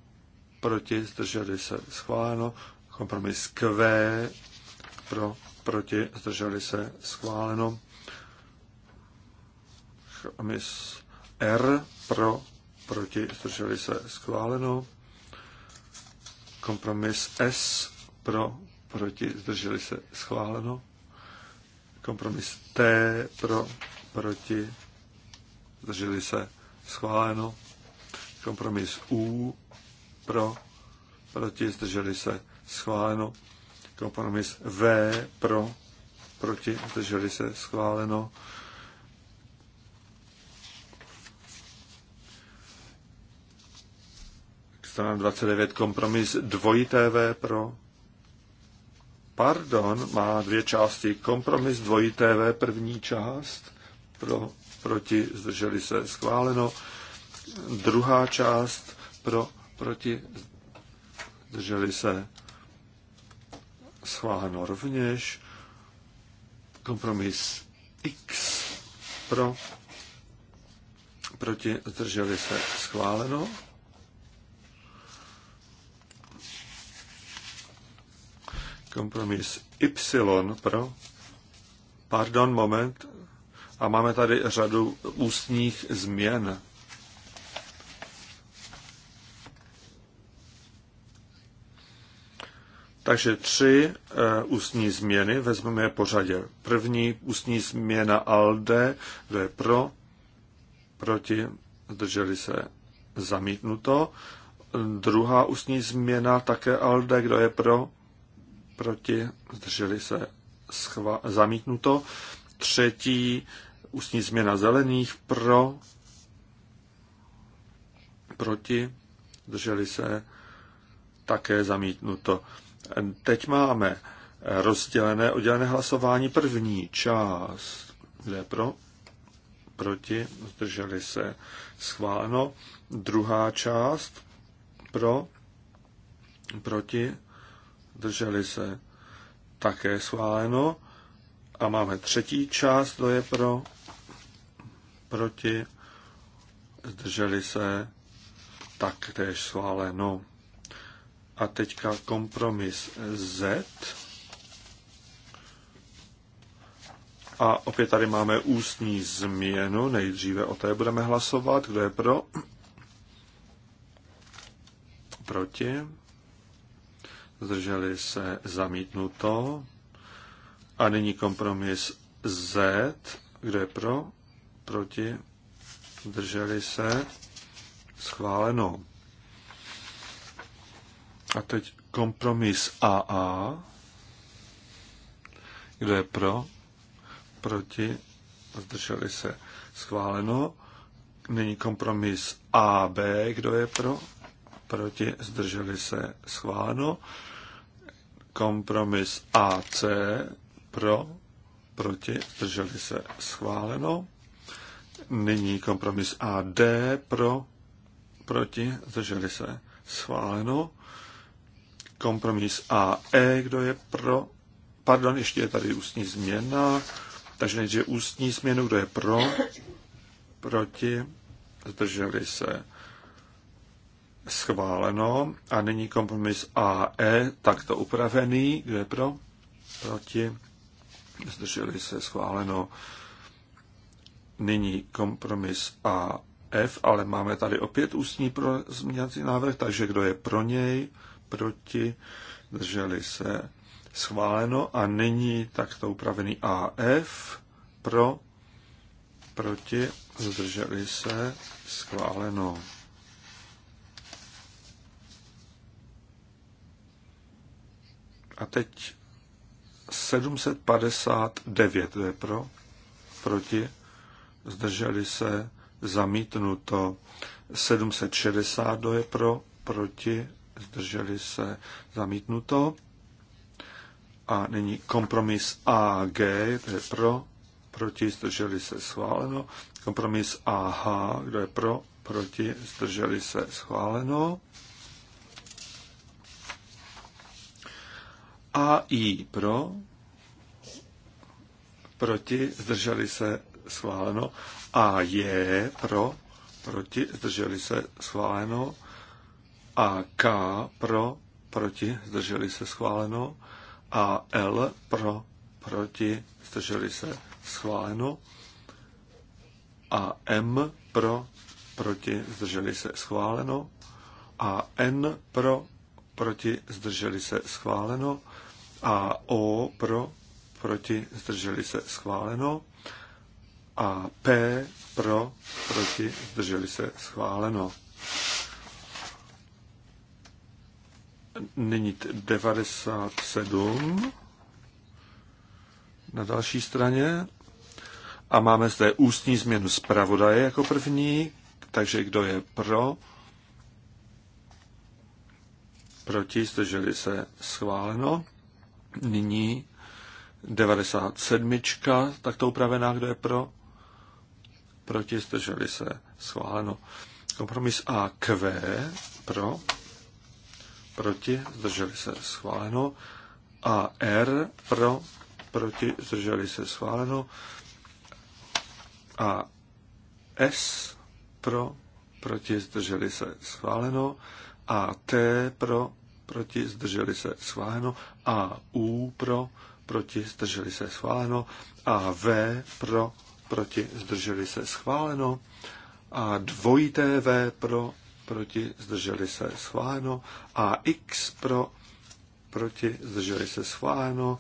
proti, zdrželi se, schváleno. Kompromis Q pro, proti, zdrželi se, schváleno. Kompromis R pro, proti, zdrželi se, schváleno. Kompromis S pro, proti, zdrželi se, schváleno. Kompromis T pro, proti, zdrželi se, schváleno. Kompromis U pro, proti, zdrželi se, schváleno. Kompromis V pro, proti, zdrželi se, schváleno. Strana 29, kompromis dvojité V pro, Pardon má dvě části. Kompromis dvojí TV, první část pro, proti, zdrželi se, schváleno. Druhá část pro, proti, zdrželi se, schváleno rovněž. Kompromis X pro, proti, zdrželi se, schváleno. Kompromis Y pro. Pardon, moment. A máme tady řadu ústních změn. Takže tři e, ústní změny, vezmeme je po řadě. První ústní změna ALDE, kdo je pro, proti, zdrželi se zamítnuto. Druhá ústní změna také ALDE, kdo je pro, proti, zdrželi se schva- zamítnuto. Třetí ústní změna zelených pro, proti, zdrželi se také zamítnuto. Teď máme rozdělené, oddělené hlasování první část. Kde pro? Proti, zdrželi se schváleno. Druhá část pro, proti, drželi se, také schváleno. A máme třetí část, to je pro, proti, zdrželi se, taktéž schváleno. A teďka kompromis Z. A opět tady máme ústní změnu, nejdříve o té budeme hlasovat. Kdo je pro? Proti? zdrželi se zamítnuto. A nyní kompromis Z, kdo je pro, proti, zdrželi se schváleno. A teď kompromis AA, kdo je pro, proti, zdrželi se schváleno. Nyní kompromis AB, kdo je pro, proti, zdrželi se schváleno. Kompromis AC pro, proti, zdrželi se schváleno. Nyní kompromis AD pro, proti, zdrželi se schváleno. Kompromis AE, kdo je pro, pardon, ještě je tady ústní změna, takže nejdříve ústní změnu, kdo je pro, proti, zdrželi se schváleno a nyní kompromis AE, takto upravený, je pro, proti, zdrželi se schváleno. Nyní kompromis AF, ale máme tady opět ústní pro změnací návrh, takže kdo je pro něj, proti, zdrželi se schváleno a nyní takto upravený AF pro, proti, zdrželi se schváleno. A teď 759 je pro, proti, zdrželi se, zamítnuto. 760 je pro, proti, zdrželi se, zamítnuto. A nyní kompromis AG, to je pro, proti, zdrželi se, schváleno. Kompromis AH, kdo je pro, proti, zdrželi se, schváleno. A i pro, proti, zdrželi se, schváleno. A je pro, proti, zdrželi se, schváleno. A K pro, proti, zdrželi se, schváleno. A L pro, proti, zdrželi se, schváleno. A M pro, proti, zdrželi se, schváleno. A N pro, proti, zdrželi se, schváleno. A O pro, proti, zdrželi se, schváleno. A P pro, proti, zdrželi se, schváleno. Nyní 97 na další straně. A máme zde ústní změnu zpravodaje jako první, takže kdo je pro, proti, zdrželi se schváleno. Nyní 97. takto upravená, kdo je pro, proti, zdrželi se, schváleno. Kompromis AQ pro, proti, zdrželi se, schváleno. AR pro, proti, zdrželi se, schváleno. A S pro, proti, zdrželi se, schváleno. A T pro, proti, zdrželi se, schváleno. A, U, pro, proti, zdrželi se, schváleno. A, V, pro, proti, zdrželi se, schváleno. A dvojité V pro, proti, zdrželi se, schváleno. A X pro, proti, zdrželi se, schváleno.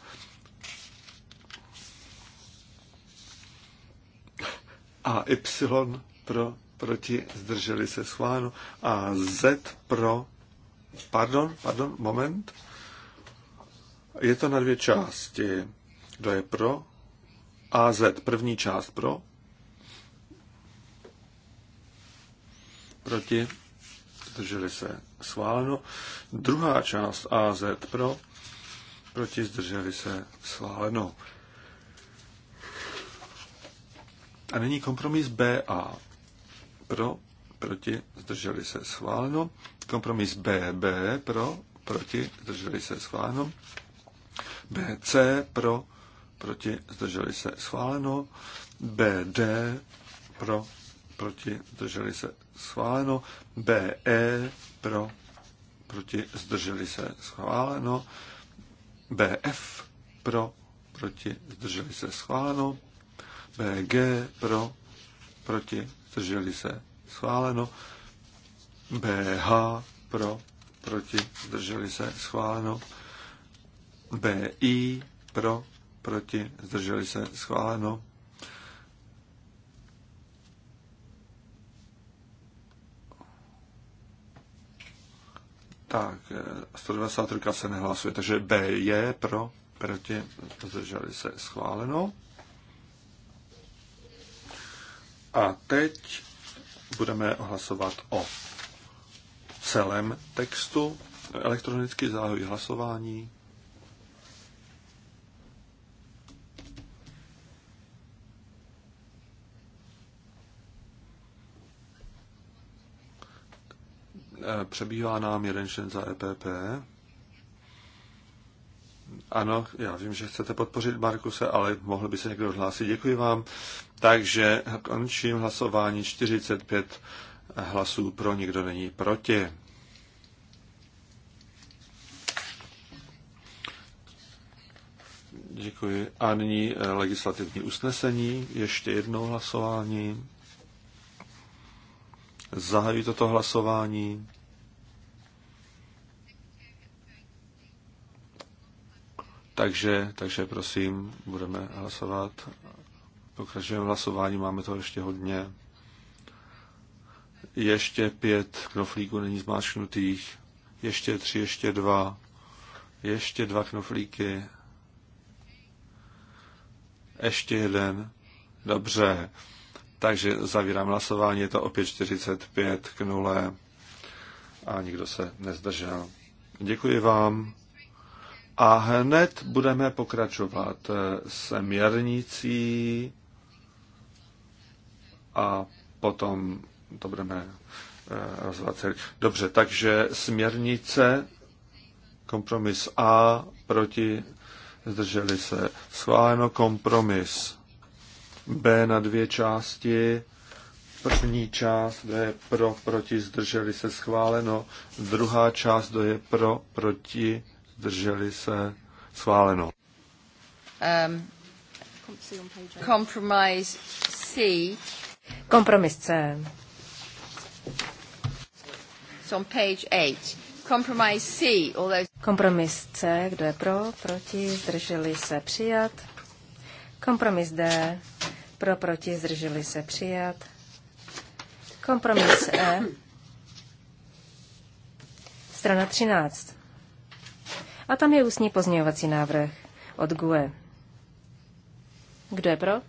A Y pro, proti, zdrželi se, schváleno. A Z pro, Pardon, pardon, moment. Je to na dvě části. Kdo je pro? AZ, první část pro. Proti. Zdrželi se. sváleno. Druhá část AZ pro. Proti. Zdrželi se. sváleno. A nyní kompromis BA. Pro, proti, zdrželi se, sváleno. Kompromis BB pro, proti, zdrželi se schváleno. BC pro, proti, zdrželi se schváleno. BD pro, proti, zdrželi se schváleno. BE pro, proti, zdrželi se schváleno. BF pro, proti, zdrželi se schváleno. BG pro, proti, zdrželi se schváleno. BH pro, proti, zdrželi se, schváleno. BI pro, proti, zdrželi se, schváleno. Tak, 123 eh, se nehlasuje, takže B je pro, proti, zdrželi se, schváleno. A teď budeme hlasovat o celém textu. Elektronicky zahajuji hlasování. E, přebývá nám jeden člen za EPP. Ano, já vím, že chcete podpořit Markuse, ale mohl by se někdo hlásit. Děkuji vám. Takže končím hlasování 45 hlasů pro, nikdo není proti. Děkuji. A nyní eh, legislativní usnesení. Ještě jednou hlasování. Zahajuji toto hlasování. Takže, takže prosím, budeme hlasovat. Pokračujeme hlasování, máme to ještě hodně ještě pět knoflíků není zmáčknutých, ještě tři, ještě dva, ještě dva knoflíky, ještě jeden, dobře. Takže zavírám hlasování, je to opět 45 k nule a nikdo se nezdržel. Děkuji vám. A hned budeme pokračovat eh, se měrnicí a potom to budeme eh, rozvat celý. Dobře, takže směrnice, kompromis A proti, zdrželi se. Schváleno kompromis B na dvě části. První část, kdo je pro, proti, zdrželi se, schváleno. Druhá část, kdo je pro, proti, zdrželi se, schváleno. Um, C. Kompromis C. Kompromis C, kdo je pro, proti, zdrželi se přijat. Kompromis D, pro, proti, zdrželi se přijat. Kompromis E, strana 13. A tam je ústní pozměňovací návrh od GUE. Kdo je pro?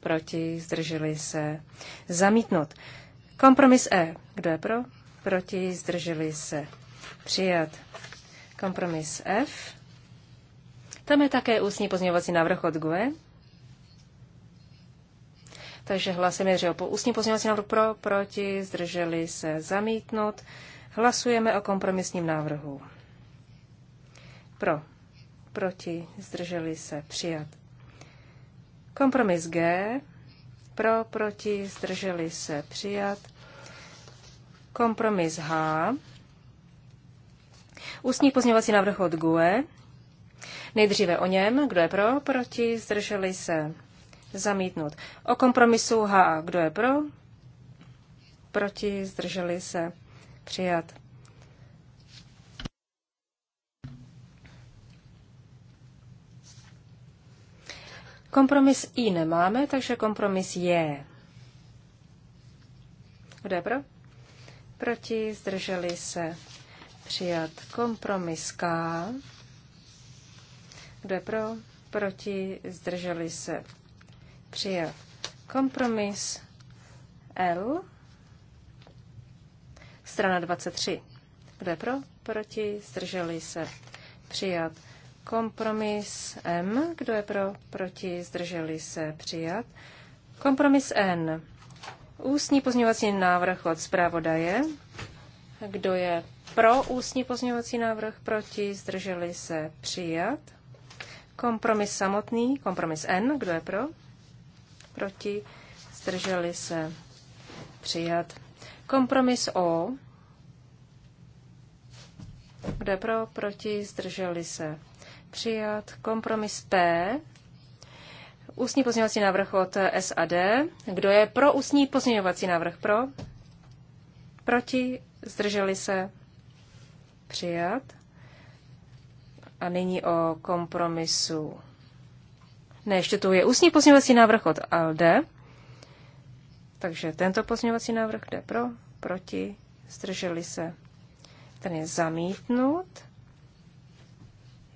Proti, zdrželi se. zamítnout. Kompromis E. Kdo je pro? proti, zdrželi se. Přijat. Kompromis F. Tam je také ústní pozměňovací návrh od GUE. Takže hlasujeme že po ústní pozměňovací návrh pro, proti, zdrželi se zamítnout. Hlasujeme o kompromisním návrhu. Pro, proti, zdrželi se přijat. Kompromis G. Pro, proti, zdrželi se přijat. Kompromis H. Ústní pozměňovací návrh od GUE. Nejdříve o něm, kdo je pro, proti, zdrželi se, zamítnut. O kompromisu H, kdo je pro, proti, zdrželi se, přijat. Kompromis I nemáme, takže kompromis je. Kdo je pro? proti, zdrželi se přijat kompromis K. Kdo je pro, proti, zdrželi se přijat kompromis L. Strana 23. Kdo je pro, proti, zdrželi se přijat kompromis M. Kdo je pro, proti, zdrželi se přijat kompromis N. Ústní pozměňovací návrh od zpravodaje. Kdo je pro ústní pozměňovací návrh, proti, zdrželi se přijat. Kompromis samotný, kompromis N, kdo je pro? Proti, zdrželi se přijat. Kompromis O, kdo je pro, proti, zdrželi se přijat. Kompromis P, Ústní pozměňovací návrh od SAD. Kdo je pro ústní pozměňovací návrh? Pro? Proti? Zdrželi se? Přijat. A nyní o kompromisu. Ne, ještě tu je ústní pozměňovací návrh od ALD. Takže tento pozměňovací návrh jde pro, proti, zdrželi se. Ten je zamítnut.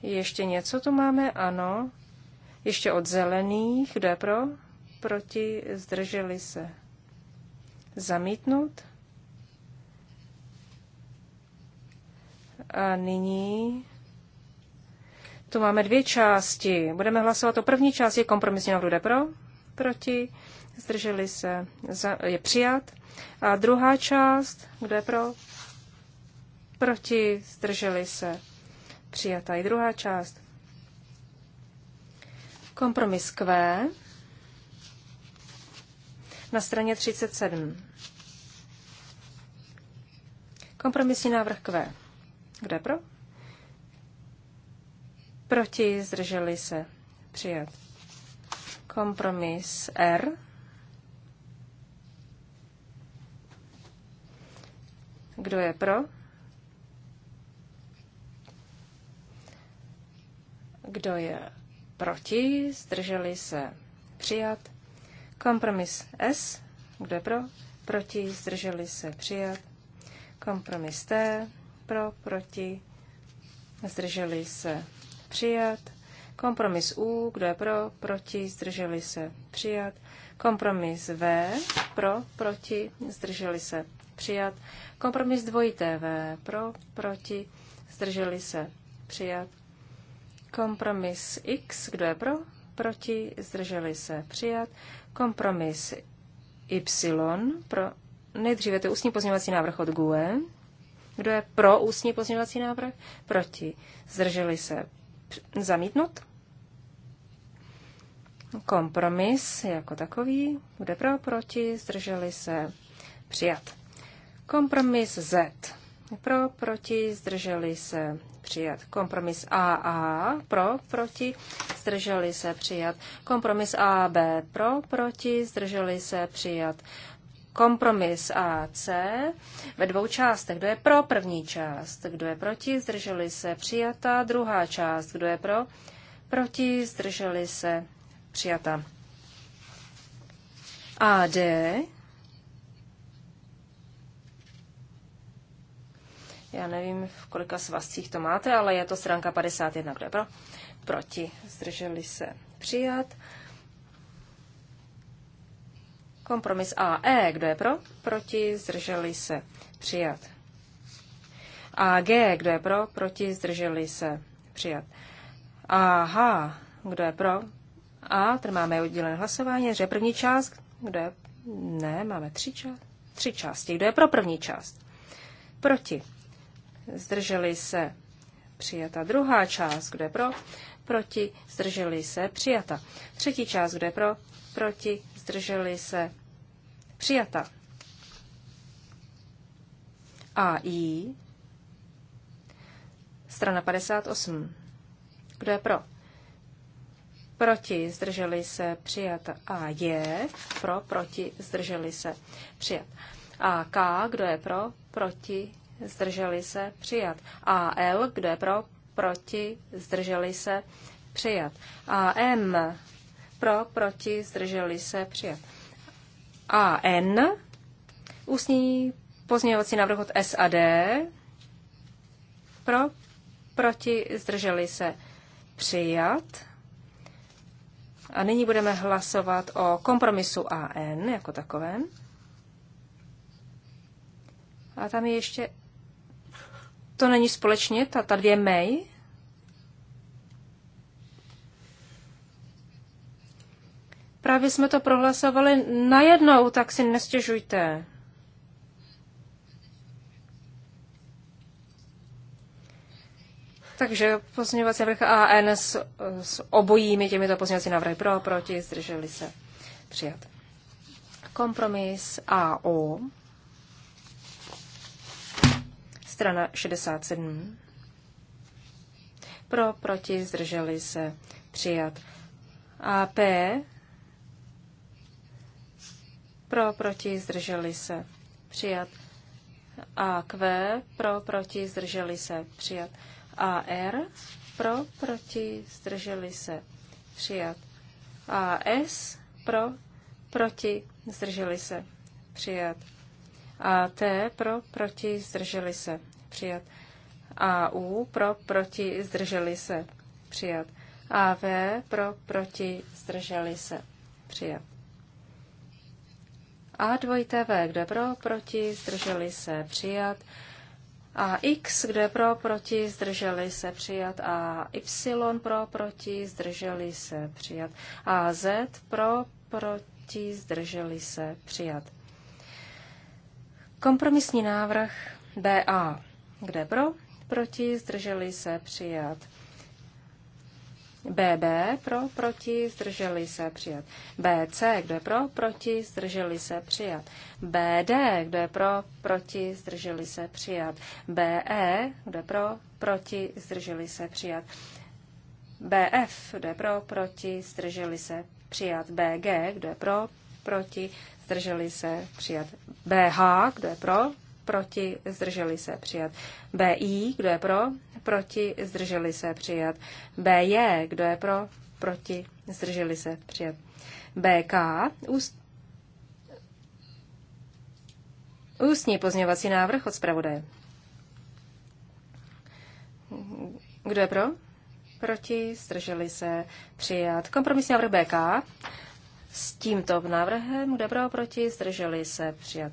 Ještě něco tu máme? Ano. Ještě od zelených. Kdo je pro? Proti? Zdrželi se. Zamítnout. A nyní tu máme dvě části. Budeme hlasovat o první části kompromisní návrhu. pro? Proti? Zdrželi se. Za, je přijat. A druhá část. Kdo je pro? Proti? Zdrželi se. Přijata i druhá část. Kompromis Q na straně 37. Kompromisní návrh Q. Kde pro? Proti zdrželi se. Přijat. Kompromis R. Kdo je pro? Kdo je proti, zdrželi se přijat. Kompromis S, kdo je pro, proti, zdrželi se přijat. Kompromis T, pro, proti, zdrželi se přijat. Kompromis U, kdo je pro, proti, zdrželi se přijat. Kompromis V, pro, proti, zdrželi se přijat. Kompromis dvojité V, pro, proti, zdrželi se přijat. Kompromis X, kdo je pro? Proti, zdrželi se přijat. Kompromis Y, pro, nejdříve to je ústní pozměňovací návrh od GUE. Kdo je pro ústní pozměňovací návrh? Proti, zdrželi se zamítnut. Kompromis jako takový, kdo je pro, proti, zdrželi se přijat. Kompromis Z. Pro, proti, zdrželi se přijat. Kompromis AA, pro, proti, zdrželi se přijat. Kompromis AB, pro, proti, zdrželi se přijat. Kompromis AC ve dvou částech. Kdo je pro první část? Kdo je proti? Zdrželi se přijata. Druhá část. Kdo je pro? Proti? Zdrželi se přijata. AD Já nevím, v kolika svazcích to máte, ale je to stránka 51. kde pro? Proti. Zdrželi se. Přijat. Kompromis AE. Kdo je pro? Proti. Zdrželi se. Přijat. AG. E. Kdo je pro? Proti. Zdrželi se. Přijat. AH. Kdo je pro? A, tady máme oddělené hlasování, že první část, kdo je, ne, máme tři, část, tři části. Kdo je pro první část? Proti zdrželi se, přijata. Druhá část, kde pro, proti, zdrželi se, přijata. Třetí část, kde pro, proti, zdrželi se, přijata. A I, strana 58. Kdo je pro? Proti, zdrželi se, přijat. A je, pro, proti, zdrželi se, přijat. A K, kdo je pro? Proti, zdrželi se, přijat. L, kdo je pro, proti, zdrželi se, přijat. M pro, proti, zdrželi se, přijat. N, ústní pozměňovací návrh od D pro, proti, zdrželi se, přijat. A nyní budeme hlasovat o kompromisu AN jako takovém. A tam je ještě to není společně, ta, ta dvě May? Právě jsme to prohlasovali najednou, tak si nestěžujte. Takže pozměňovací návrh AN s, s obojími těmito pozměňovací návrhy pro a proti zdrželi se přijat. Kompromis AO strana 67. Pro, proti, zdrželi se, přijat. AP. Pro, proti, zdrželi se, přijat. AQ. Pro, proti, zdrželi se, přijat. AR. Pro, proti, zdrželi se, přijat. AS. Pro, proti, zdrželi se, přijat. AT. Pro, proti, zdrželi se, přijat. AU pro, proti, zdrželi se, přijat. AV pro, proti, zdrželi se, přijat. A dvojité V, kde pro, proti, zdrželi se, přijat. A X, kde pro, proti, zdrželi se, přijat. A Y pro, proti, zdrželi se, přijat. A Z pro, proti, zdrželi se, přijat. Kompromisní návrh BA. Kde pro? Proti, zdrželi se přijat. BB pro, proti, zdrželi se přijat. BC, kdo je pro, proti, zdrželi se přijat. BD, kdo je pro, proti, zdrželi se přijat. BE, kdo je pro, proti, zdrželi se přijat. BF, kdo je pro, proti, zdrželi se přijat. BG, kdo je pro, proti, zdrželi se přijat. BH, kdo je pro, proti, zdrželi se přijat. BI, kdo je pro, proti, zdrželi se přijat. BJ, kdo je pro, proti, zdrželi se přijat. BK, úst... ústní pozměňovací návrh od zpravodaje. Kdo je pro? Proti, zdrželi se přijat. Kompromisní návrh BK. S tímto návrhem, kdo je pro, proti, zdrželi se přijat.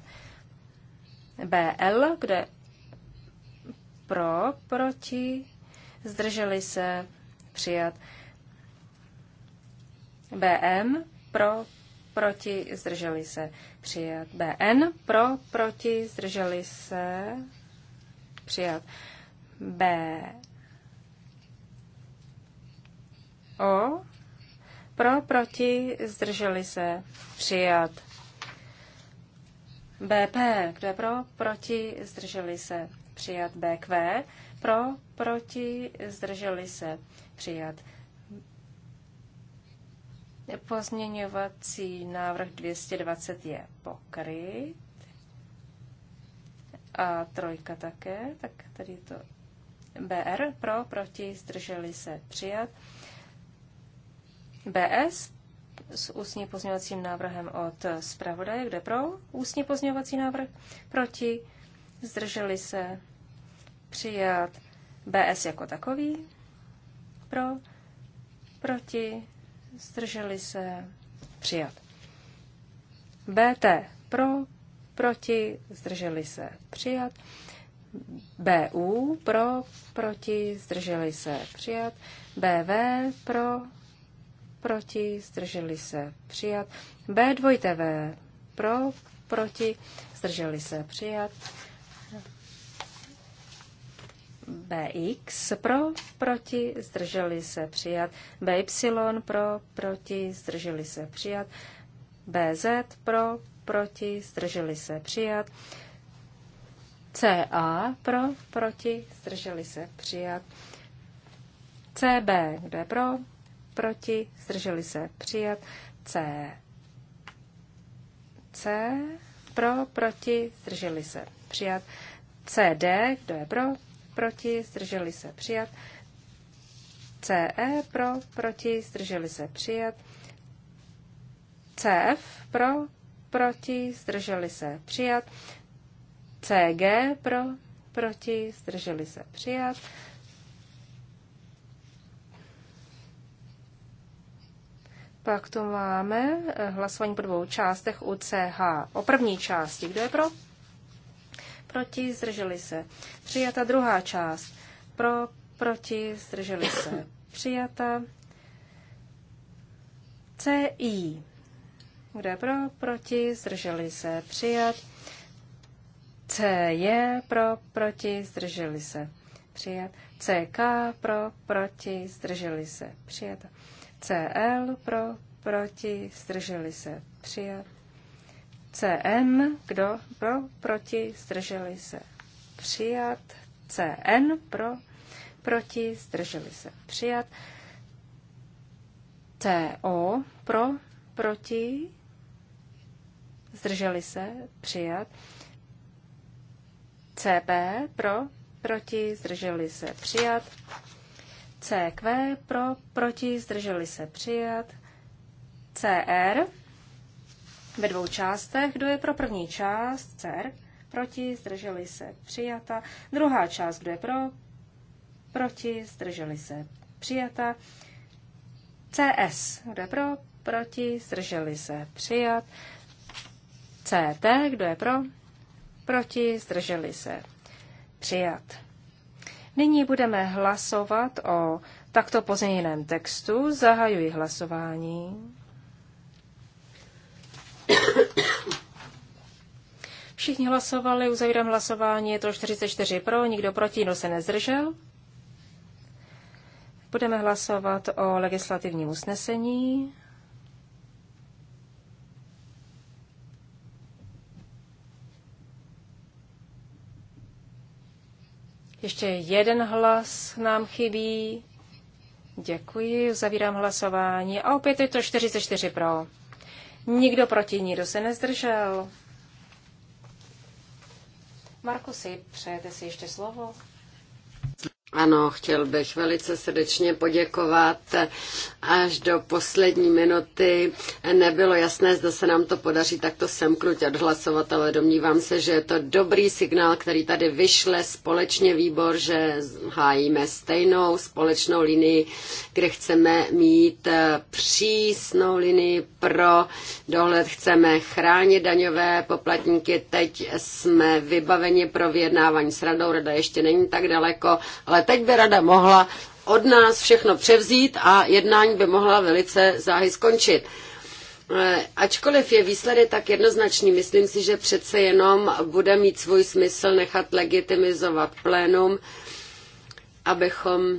BL, kde pro, proti, zdrželi se, přijat. BM, pro, proti, zdrželi se, přijat. BN, pro, proti, zdrželi se, přijat. B, O, pro, proti, zdrželi se, přijat. BP, kdo je pro, proti, zdrželi se, přijat BQ, pro, proti, zdrželi se, přijat. Pozměňovací návrh 220 je pokryt a trojka také, tak tady to BR pro, proti, zdrželi se, přijat. BS s ústní pozměňovacím návrhem od zpravodaje. Kde pro? Ústní pozměňovací návrh. Proti? Zdrželi se? Přijat. BS jako takový? Pro? Proti? Zdrželi se? Přijat. BT pro? Proti? Zdrželi se? Přijat. BU pro, proti, zdrželi se přijat. BV pro, proti, zdrželi se přijat. B2V pro, proti, zdrželi se přijat. BX pro, proti, zdrželi se přijat. BY pro, proti, zdrželi se přijat. BZ pro, proti, zdrželi se přijat. CA pro, proti, zdrželi se přijat. CB, kde pro, proti, zdrželi se přijat, C. C, pro, proti, zdrželi se přijat, CD, kdo je pro, proti, zdrželi se přijat, CE, pro, proti, zdrželi se přijat, CF, pro, proti, zdrželi se přijat, CG, pro, proti, zdrželi se přijat, Pak tu máme eh, hlasování po dvou částech u CH. O první části, kdo je pro? Proti, zdrželi se. Přijata druhá část. Pro, proti, zdrželi se. Přijata. CI. Kdo je pro, proti, zdrželi se. Přijat. C je pro, proti, zdrželi se. Přijat. CK pro, proti, zdrželi se. Přijat. CL pro, proti, zdrželi se, přijat. CM, kdo pro, proti, zdrželi se, přijat. CN pro, proti, zdrželi se, přijat. CO pro, proti, zdrželi se, přijat. CP pro, proti, zdrželi se, přijat. CQ pro, proti, zdrželi se přijat. CR ve dvou částech. Kdo je pro první část? CR proti, zdrželi se přijata. Druhá část, kdo je pro? Proti, zdrželi se přijata. CS, kdo je pro? Proti, zdrželi se přijat. CT, kdo je pro? Proti, zdrželi se přijat. Nyní budeme hlasovat o takto pozměněném textu. Zahajuji hlasování. Všichni hlasovali, uzavírám hlasování, je to 44 pro, nikdo proti, no se nezdržel. Budeme hlasovat o legislativním usnesení. Ještě jeden hlas nám chybí. Děkuji, zavírám hlasování. A opět je to 44 pro. Nikdo proti, nikdo se nezdržel. Marku, si přejete si ještě slovo? Ano, chtěl bych velice srdečně poděkovat. Až do poslední minuty nebylo jasné, zda se nám to podaří takto semknout a odhlasovat, ale domnívám se, že je to dobrý signál, který tady vyšle společně výbor, že hájíme stejnou společnou linii, kde chceme mít přísnou linii pro dohled, chceme chránit daňové poplatníky. Teď jsme vybaveni pro vyjednávání s radou, rada ještě není tak daleko, ale Teď by rada mohla od nás všechno převzít a jednání by mohla velice záhy skončit. Eh, ačkoliv je výsledek tak jednoznačný, myslím si, že přece jenom bude mít svůj smysl nechat legitimizovat plénum, abychom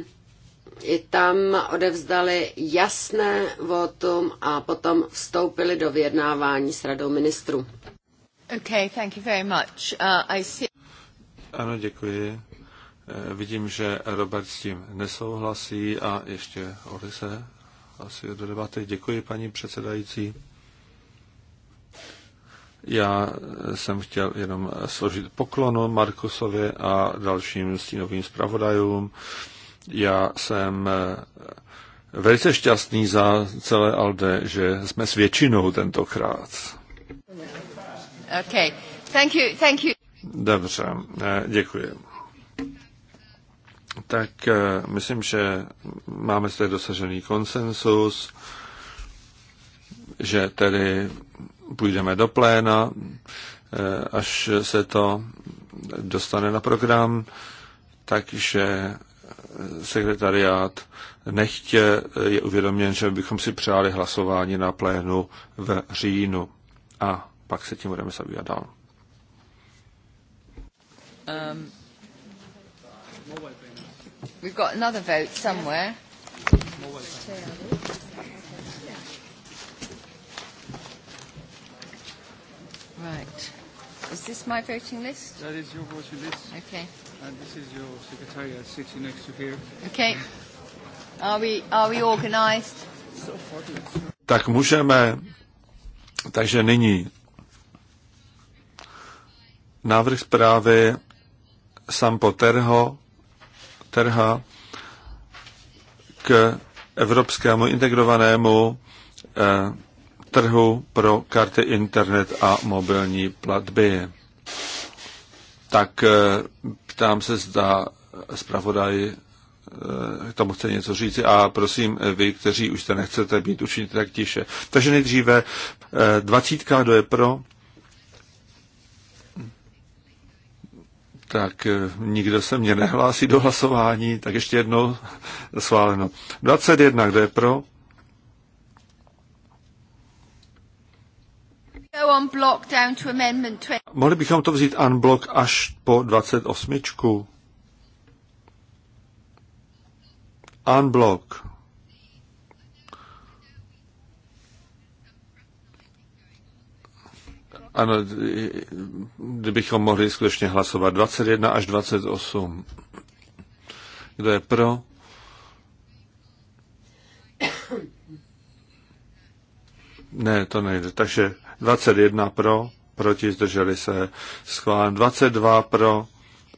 i tam odevzdali jasné votum a potom vstoupili do vyjednávání s radou ministrů. Okay, thank you very much. Uh, I see... Ano, děkuji. Eh, vidím, že Robert s tím nesouhlasí a ještě Olise asi do debaty. Děkuji, paní předsedající. Já jsem chtěl jenom složit poklonu Markusovi a dalším stínovým zpravodajům. Já jsem eh, velice šťastný za celé Alde, že jsme s většinou tentokrát. Okay. Thank you, thank you. Dobře, eh, děkuji tak eh, myslím, že máme zde dosažený konsensus, že tedy půjdeme do pléna, eh, až se to dostane na program, takže sekretariát nechtě eh, je uvědoměn, že bychom si přáli hlasování na plénu v říjnu a pak se tím budeme zabývat dál. Um. We've got another vote somewhere. Right. Is this my voting list? That is your voting list. Okay. And this is your secretariat uh, sitting next to here. Okay. Are we, are we organized? Tak můžeme. Takže nyní návrh zprávy Sampo Terho trha k evropskému integrovanému eh, trhu pro karty internet a mobilní platby. Tak eh, ptám se, zda zpravodaj eh, k tomu chce něco říct a prosím vy, kteří už to nechcete být, učiněte tak tiše. Takže nejdříve dvacítka, kdo je pro, Tak eh, nikdo se mě nehlásí do hlasování, tak ještě jedno sváleno. 21, kdo je pro? Mohli bychom to vzít unblock až po 28. Unblock. Ano, kdybychom mohli skutečně hlasovat 21 až 28. Kdo je pro? Ne, to nejde. Takže 21 pro, proti zdrželi se schválen 22 pro,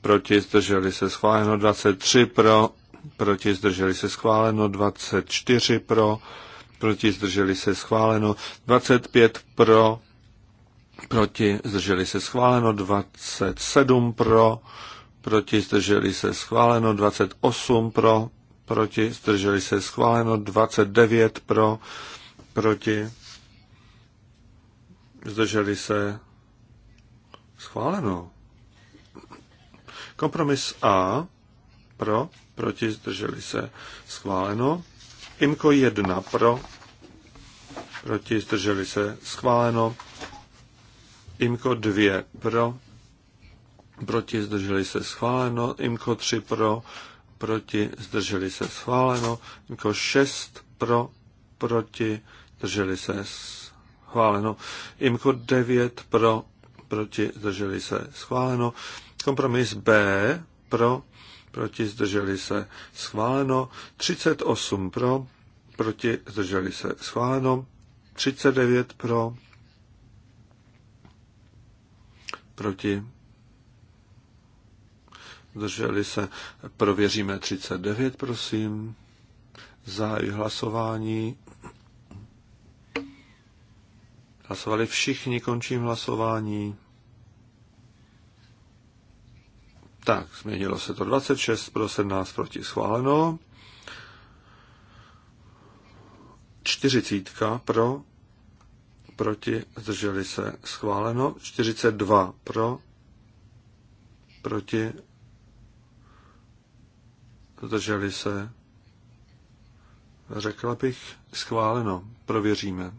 proti zdrželi se schváleno 23 pro, proti zdrželi se schváleno 24 pro, proti zdrželi se schváleno 25 pro, proti, zdrželi se schváleno 27 pro, proti, zdrželi se schváleno 28 pro, proti, zdrželi se schváleno 29 pro, proti, zdrželi se schváleno. Kompromis A pro, proti, zdrželi se schváleno. IMKO 1 pro, proti, zdrželi se schváleno. IMKO 2 pro, proti zdrželi se schváleno, IMKO 3 pro, proti zdrželi se schváleno, IMKO 6 pro, proti zdrželi se schváleno, IMKO 9 pro, proti zdrželi se schváleno, kompromis B pro, proti zdrželi se schváleno, 38 pro, proti zdrželi se schváleno, 39 pro, proti, zdrželi se, prověříme 39, prosím, zahájí hlasování. Hlasovali všichni, končím hlasování. Tak, změnilo se to 26 pro 17 proti schváleno. 40 pro proti, zdrželi se, schváleno. 42 pro, proti, zdrželi se, řekla bych, schváleno. Prověříme.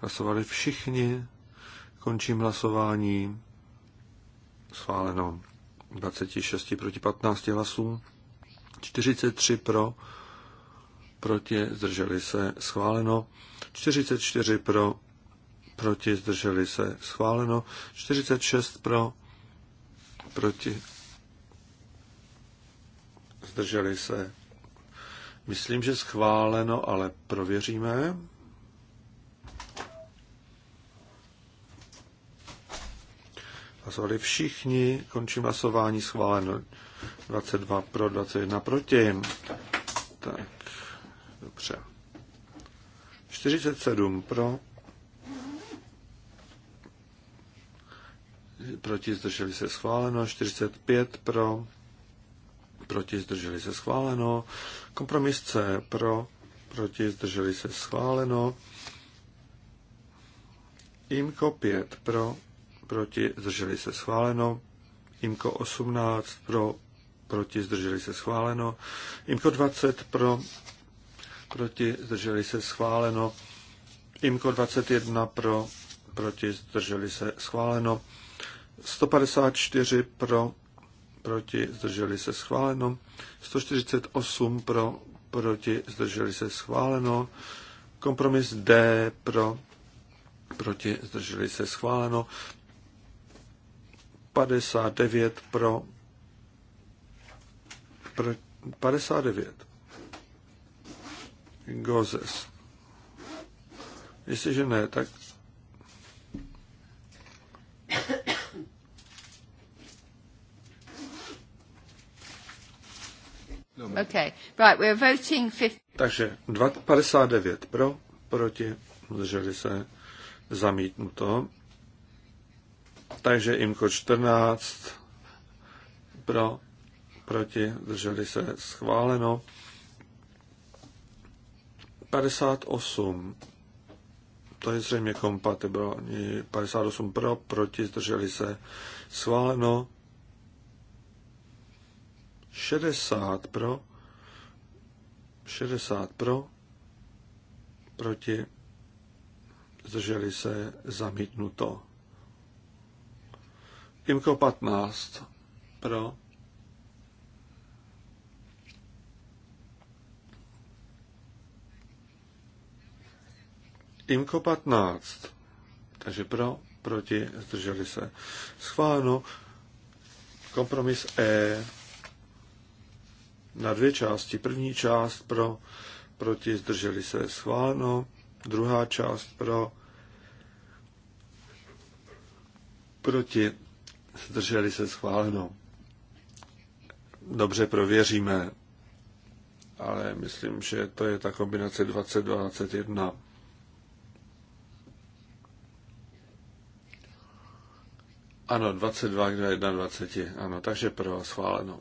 Hlasovali všichni. Končím hlasování. Schváleno 26 proti 15 hlasů. 43 pro, proti, zdrželi se, schváleno. 44 pro, proti, zdrželi se, schváleno. 46 pro, proti, zdrželi se. Myslím, že schváleno, ale prověříme. Hlasovali všichni, končím hlasování, schváleno 22 pro, 21 proti. Tak. Dobře. 47 pro. Proti zdrželi se schváleno. 45 pro. Proti zdrželi se schváleno. Kompromis C pro. Proti zdrželi se schváleno. IMKO 5 pro. Proti zdrželi se schváleno. IMKO 18 pro. Proti zdrželi se schváleno. IMKO 20 pro proti, zdrželi se schváleno. IMKO 21 pro, proti, zdrželi se schváleno. 154 pro, proti, zdrželi se schváleno. 148 pro, proti, zdrželi se schváleno. Kompromis D pro, proti, zdrželi se schváleno. 59 pro, pro 59 Gozes. Jestliže ne, tak Okay. Right, we're voting 50... Takže 59 pro, proti, drželi se, zamítnuto. Takže IMKO 14 pro, proti, drželi se, schváleno. 58. To je zřejmě kompatibilní. 58 pro, proti, zdrželi se. Schváleno. 60 pro. 60 pro. Proti. Zdrželi se. Zamítnuto. Imko 15 pro Imko 15. Takže pro, proti, zdrželi se. Schváleno kompromis E na dvě části. První část pro, proti, zdrželi se. Schváleno. Druhá část pro, proti, zdrželi se. Schváleno. Dobře prověříme ale myslím, že to je ta kombinace 2021. Ano, 22 k 21. Ano, takže pro schváleno.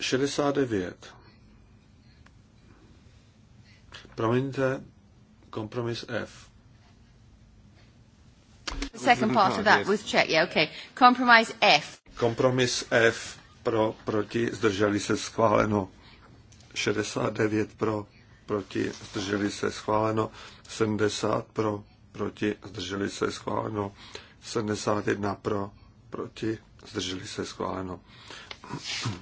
69. Promiňte, kompromis F. The second part of that was check, yeah, okay. Compromise F. Kompromis F pro, proti, zdrželi se schváleno. 69 pro, proti, zdrželi se schváleno. 70 pro, proti, zdrželi se, schváleno. 71 pro, proti, zdrželi se, schváleno.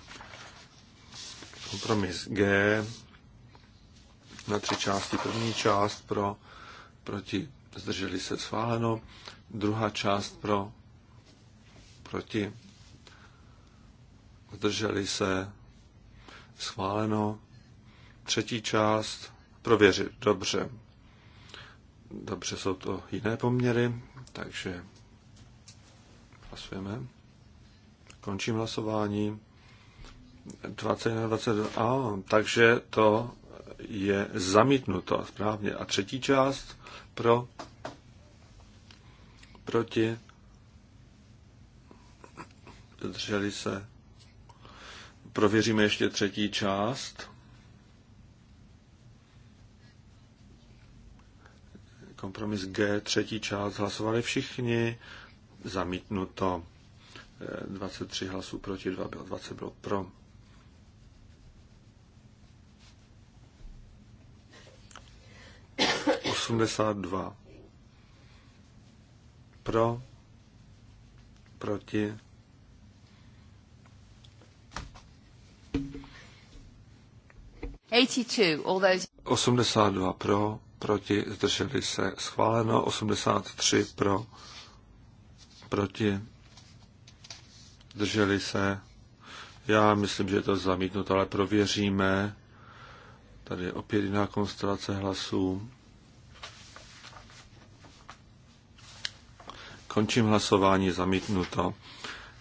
Kompromis G na tři části. První část pro, proti, zdrželi se, schváleno. Druhá část pro, proti, zdrželi se, schváleno. Třetí část prověřit. Dobře. Dobře, jsou to jiné poměry, takže hlasujeme. Končím hlasování. 21, 22. 20. A, takže to je zamítnuto správně. A třetí část pro proti drželi se. Prověříme ještě třetí část. Kompromis G, třetí část, hlasovali všichni, zamítnuto 23 e, hlasů proti, 2 bylo, 20 bylo pro. Osmdesát dva pro, proti, Osmdesát dva 82 pro, proti, zdrželi se schváleno, 83 pro, proti, zdrželi se. Já myslím, že je to zamítnuto, ale prověříme. Tady je opět jiná konstelace hlasů. Končím hlasování, zamítnuto.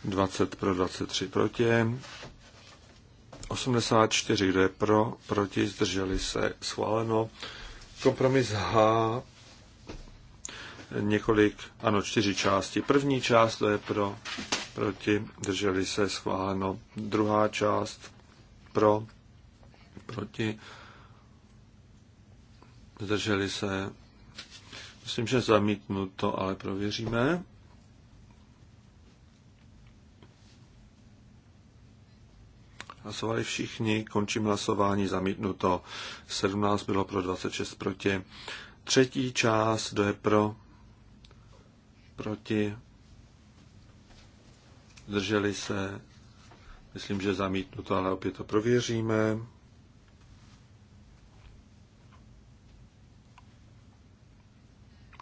20 pro, 23 proti. 84, kdo je pro, proti, zdrželi se, schváleno. Kompromis H, několik, ano, čtyři části. První část to je pro, proti, drželi se, schváleno. Druhá část pro, proti, zdrželi se. Myslím, že zamítnuto, ale prověříme. Hlasovali všichni, končím hlasování, zamítnuto. 17 bylo pro, 26 proti. Třetí část, kdo je pro, proti, zdrželi se, myslím, že zamítnuto, ale opět to prověříme.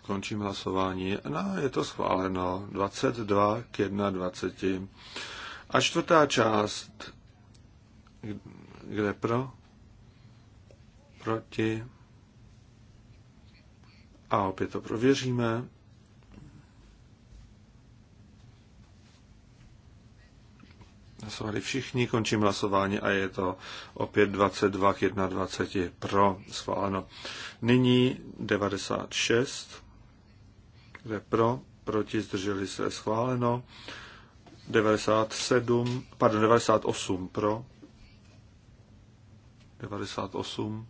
Končím hlasování. No, je to schváleno. 22 k 21. A čtvrtá část kde pro? Proti. A opět to prověříme. Hlasovali všichni, končím hlasování a je to opět 22 k 21 pro schváleno. Nyní 96, kde pro, proti, zdrželi se schváleno. 97, pardon, 98 pro, 98.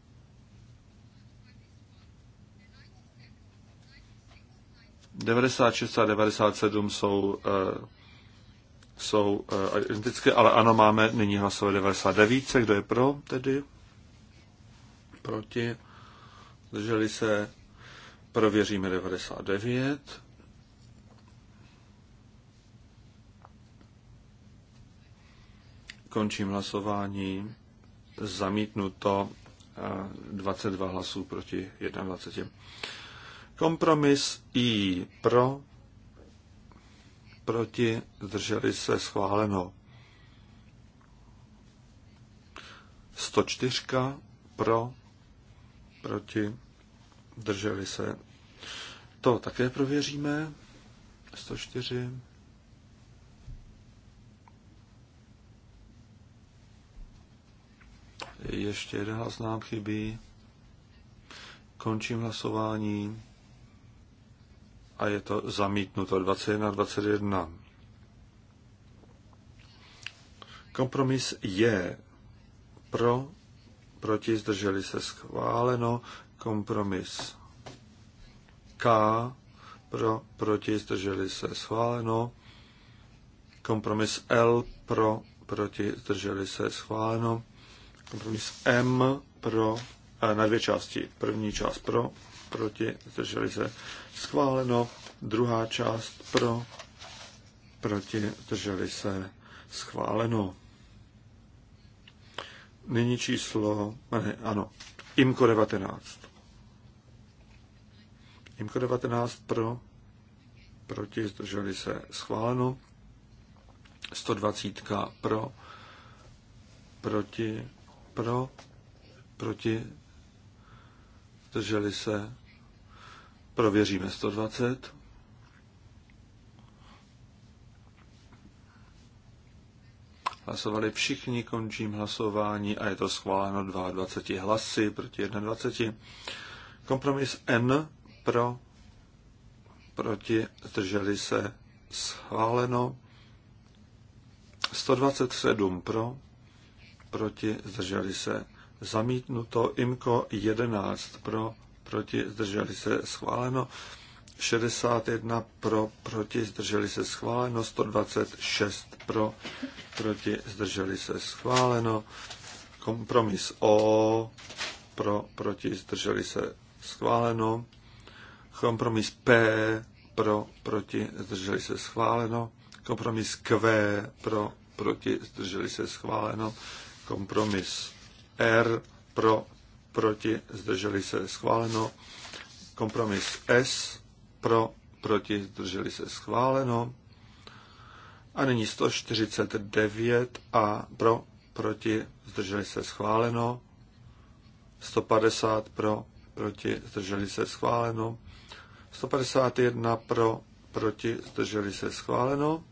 Devadesát 97 jsou, eh, jsou eh, identické, ale ano, máme nyní hlasové 99. Kdo je pro tedy? Proti? Zdrželi se? Prověříme 99. Končím hlasování zamítnuto 22 eh, hlasů proti 21. Kompromis I pro, proti, zdrželi se schváleno 104 pro, proti, drželi se. To také prověříme. 104. Ještě jeden hlas nám chybí. Končím hlasování. A je to zamítnuto 21 21. Kompromis je pro, proti, zdrželi se schváleno. Kompromis K, pro, proti, zdrželi se schváleno. Kompromis L, pro, proti, zdrželi se schváleno. Kompromis M pro, eh, na dvě části. První část pro, proti, zdrželi se. Schváleno. Druhá část pro, proti, zdrželi se. Schváleno. Nyní číslo, ne, eh, ano, IMCO 19. IMCO 19 pro, proti, zdrželi se. Schváleno. 120 pro, proti, pro, proti, zdrželi se, prověříme 120. Hlasovali všichni, končím hlasování a je to schváleno 22 hlasy proti 21. Kompromis N pro, proti, zdrželi se, schváleno 127 pro, proti, zdrželi se. Zamítnuto IMKO 11 pro, proti, zdrželi se. Schváleno 61 pro, proti, zdrželi se. Schváleno 126 pro, proti, zdrželi se. Schváleno kompromis O pro, proti, zdrželi se. Schváleno kompromis P pro, proti, zdrželi se. Schváleno kompromis Q pro, proti, zdrželi se. Schváleno Kompromis R pro, proti, zdrželi se schváleno. Kompromis S pro, proti, zdrželi se schváleno. A nyní 149 a pro, proti, zdrželi se schváleno. 150 pro, proti, zdrželi se schváleno. 151 pro, proti, zdrželi se schváleno.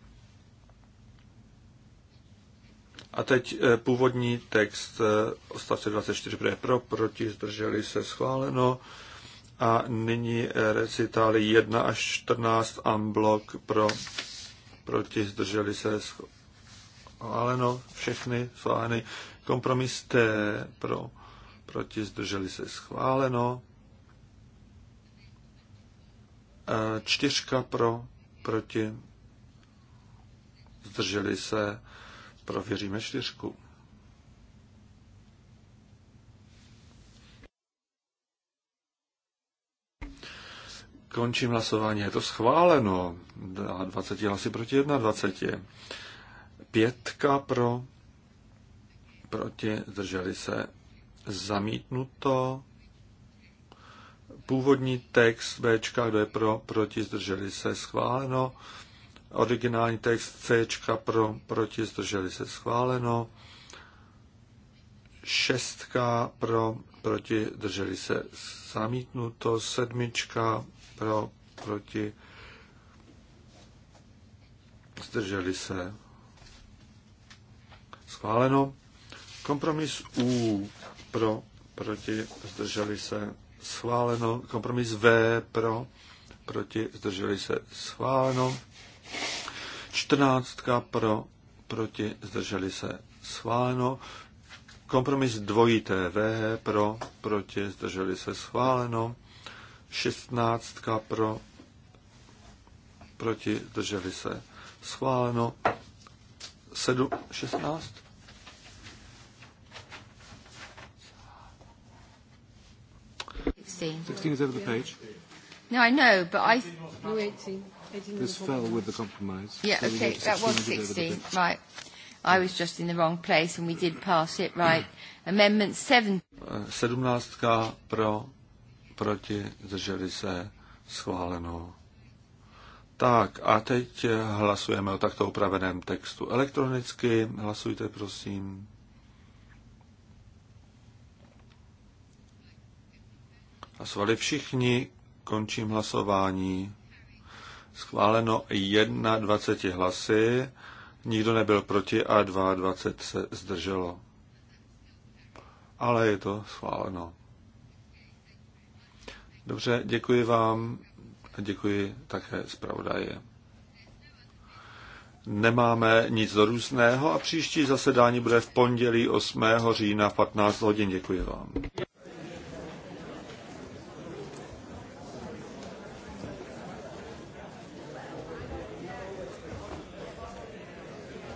A teď eh, původní text eh, odstavce 24, kde pro, proti, zdrželi se, schváleno. A nyní eh, recitály 1 až 14 amblok pro, proti, zdrželi se, schváleno. Všechny schváleny. Kompromis T pro, proti, zdrželi se, schváleno. Čtyřka pro, proti, zdrželi se, Prověříme čtyřku. Končím hlasování. Je to schváleno. 20 hlasy proti 21. Pětka pro, proti, zdrželi se. Zamítnuto. Původní text Bčka, kdo je pro, proti, zdrželi se. Schváleno. Originální text C pro, proti, zdrželi se schváleno. Šestka pro, proti, drželi se zamítnuto. Sedmička pro, proti, zdrželi se schváleno. Kompromis U pro, proti, zdrželi se schváleno. Kompromis V pro, proti, zdrželi se schváleno. Čtrnáctka pro, proti, zdrželi se schváleno. Kompromis dvojité V pro, proti, zdrželi se schváleno. Šestnáctka pro, proti, zdrželi se schváleno. sedu šestnáct? Sixteen. Sixteen is over the page. No, I know, but I... 18. This fell with the compromise. Yeah, so okay, that was 16, right. I was just in the wrong place and we did pass it, right. Mm. Amendment 7. 17 eh, pro, proti, zdrželi se, schváleno. Tak a teď eh, hlasujeme o takto upraveném textu elektronicky. Hlasujte, prosím. Hlasovali všichni, končím hlasování schváleno 21 hlasy, nikdo nebyl proti a 22 se zdrželo. Ale je to schváleno. Dobře, děkuji vám a děkuji také zpravodaje. Nemáme nic do různého a příští zasedání bude v pondělí 8. října v 15 hodin. Děkuji vám.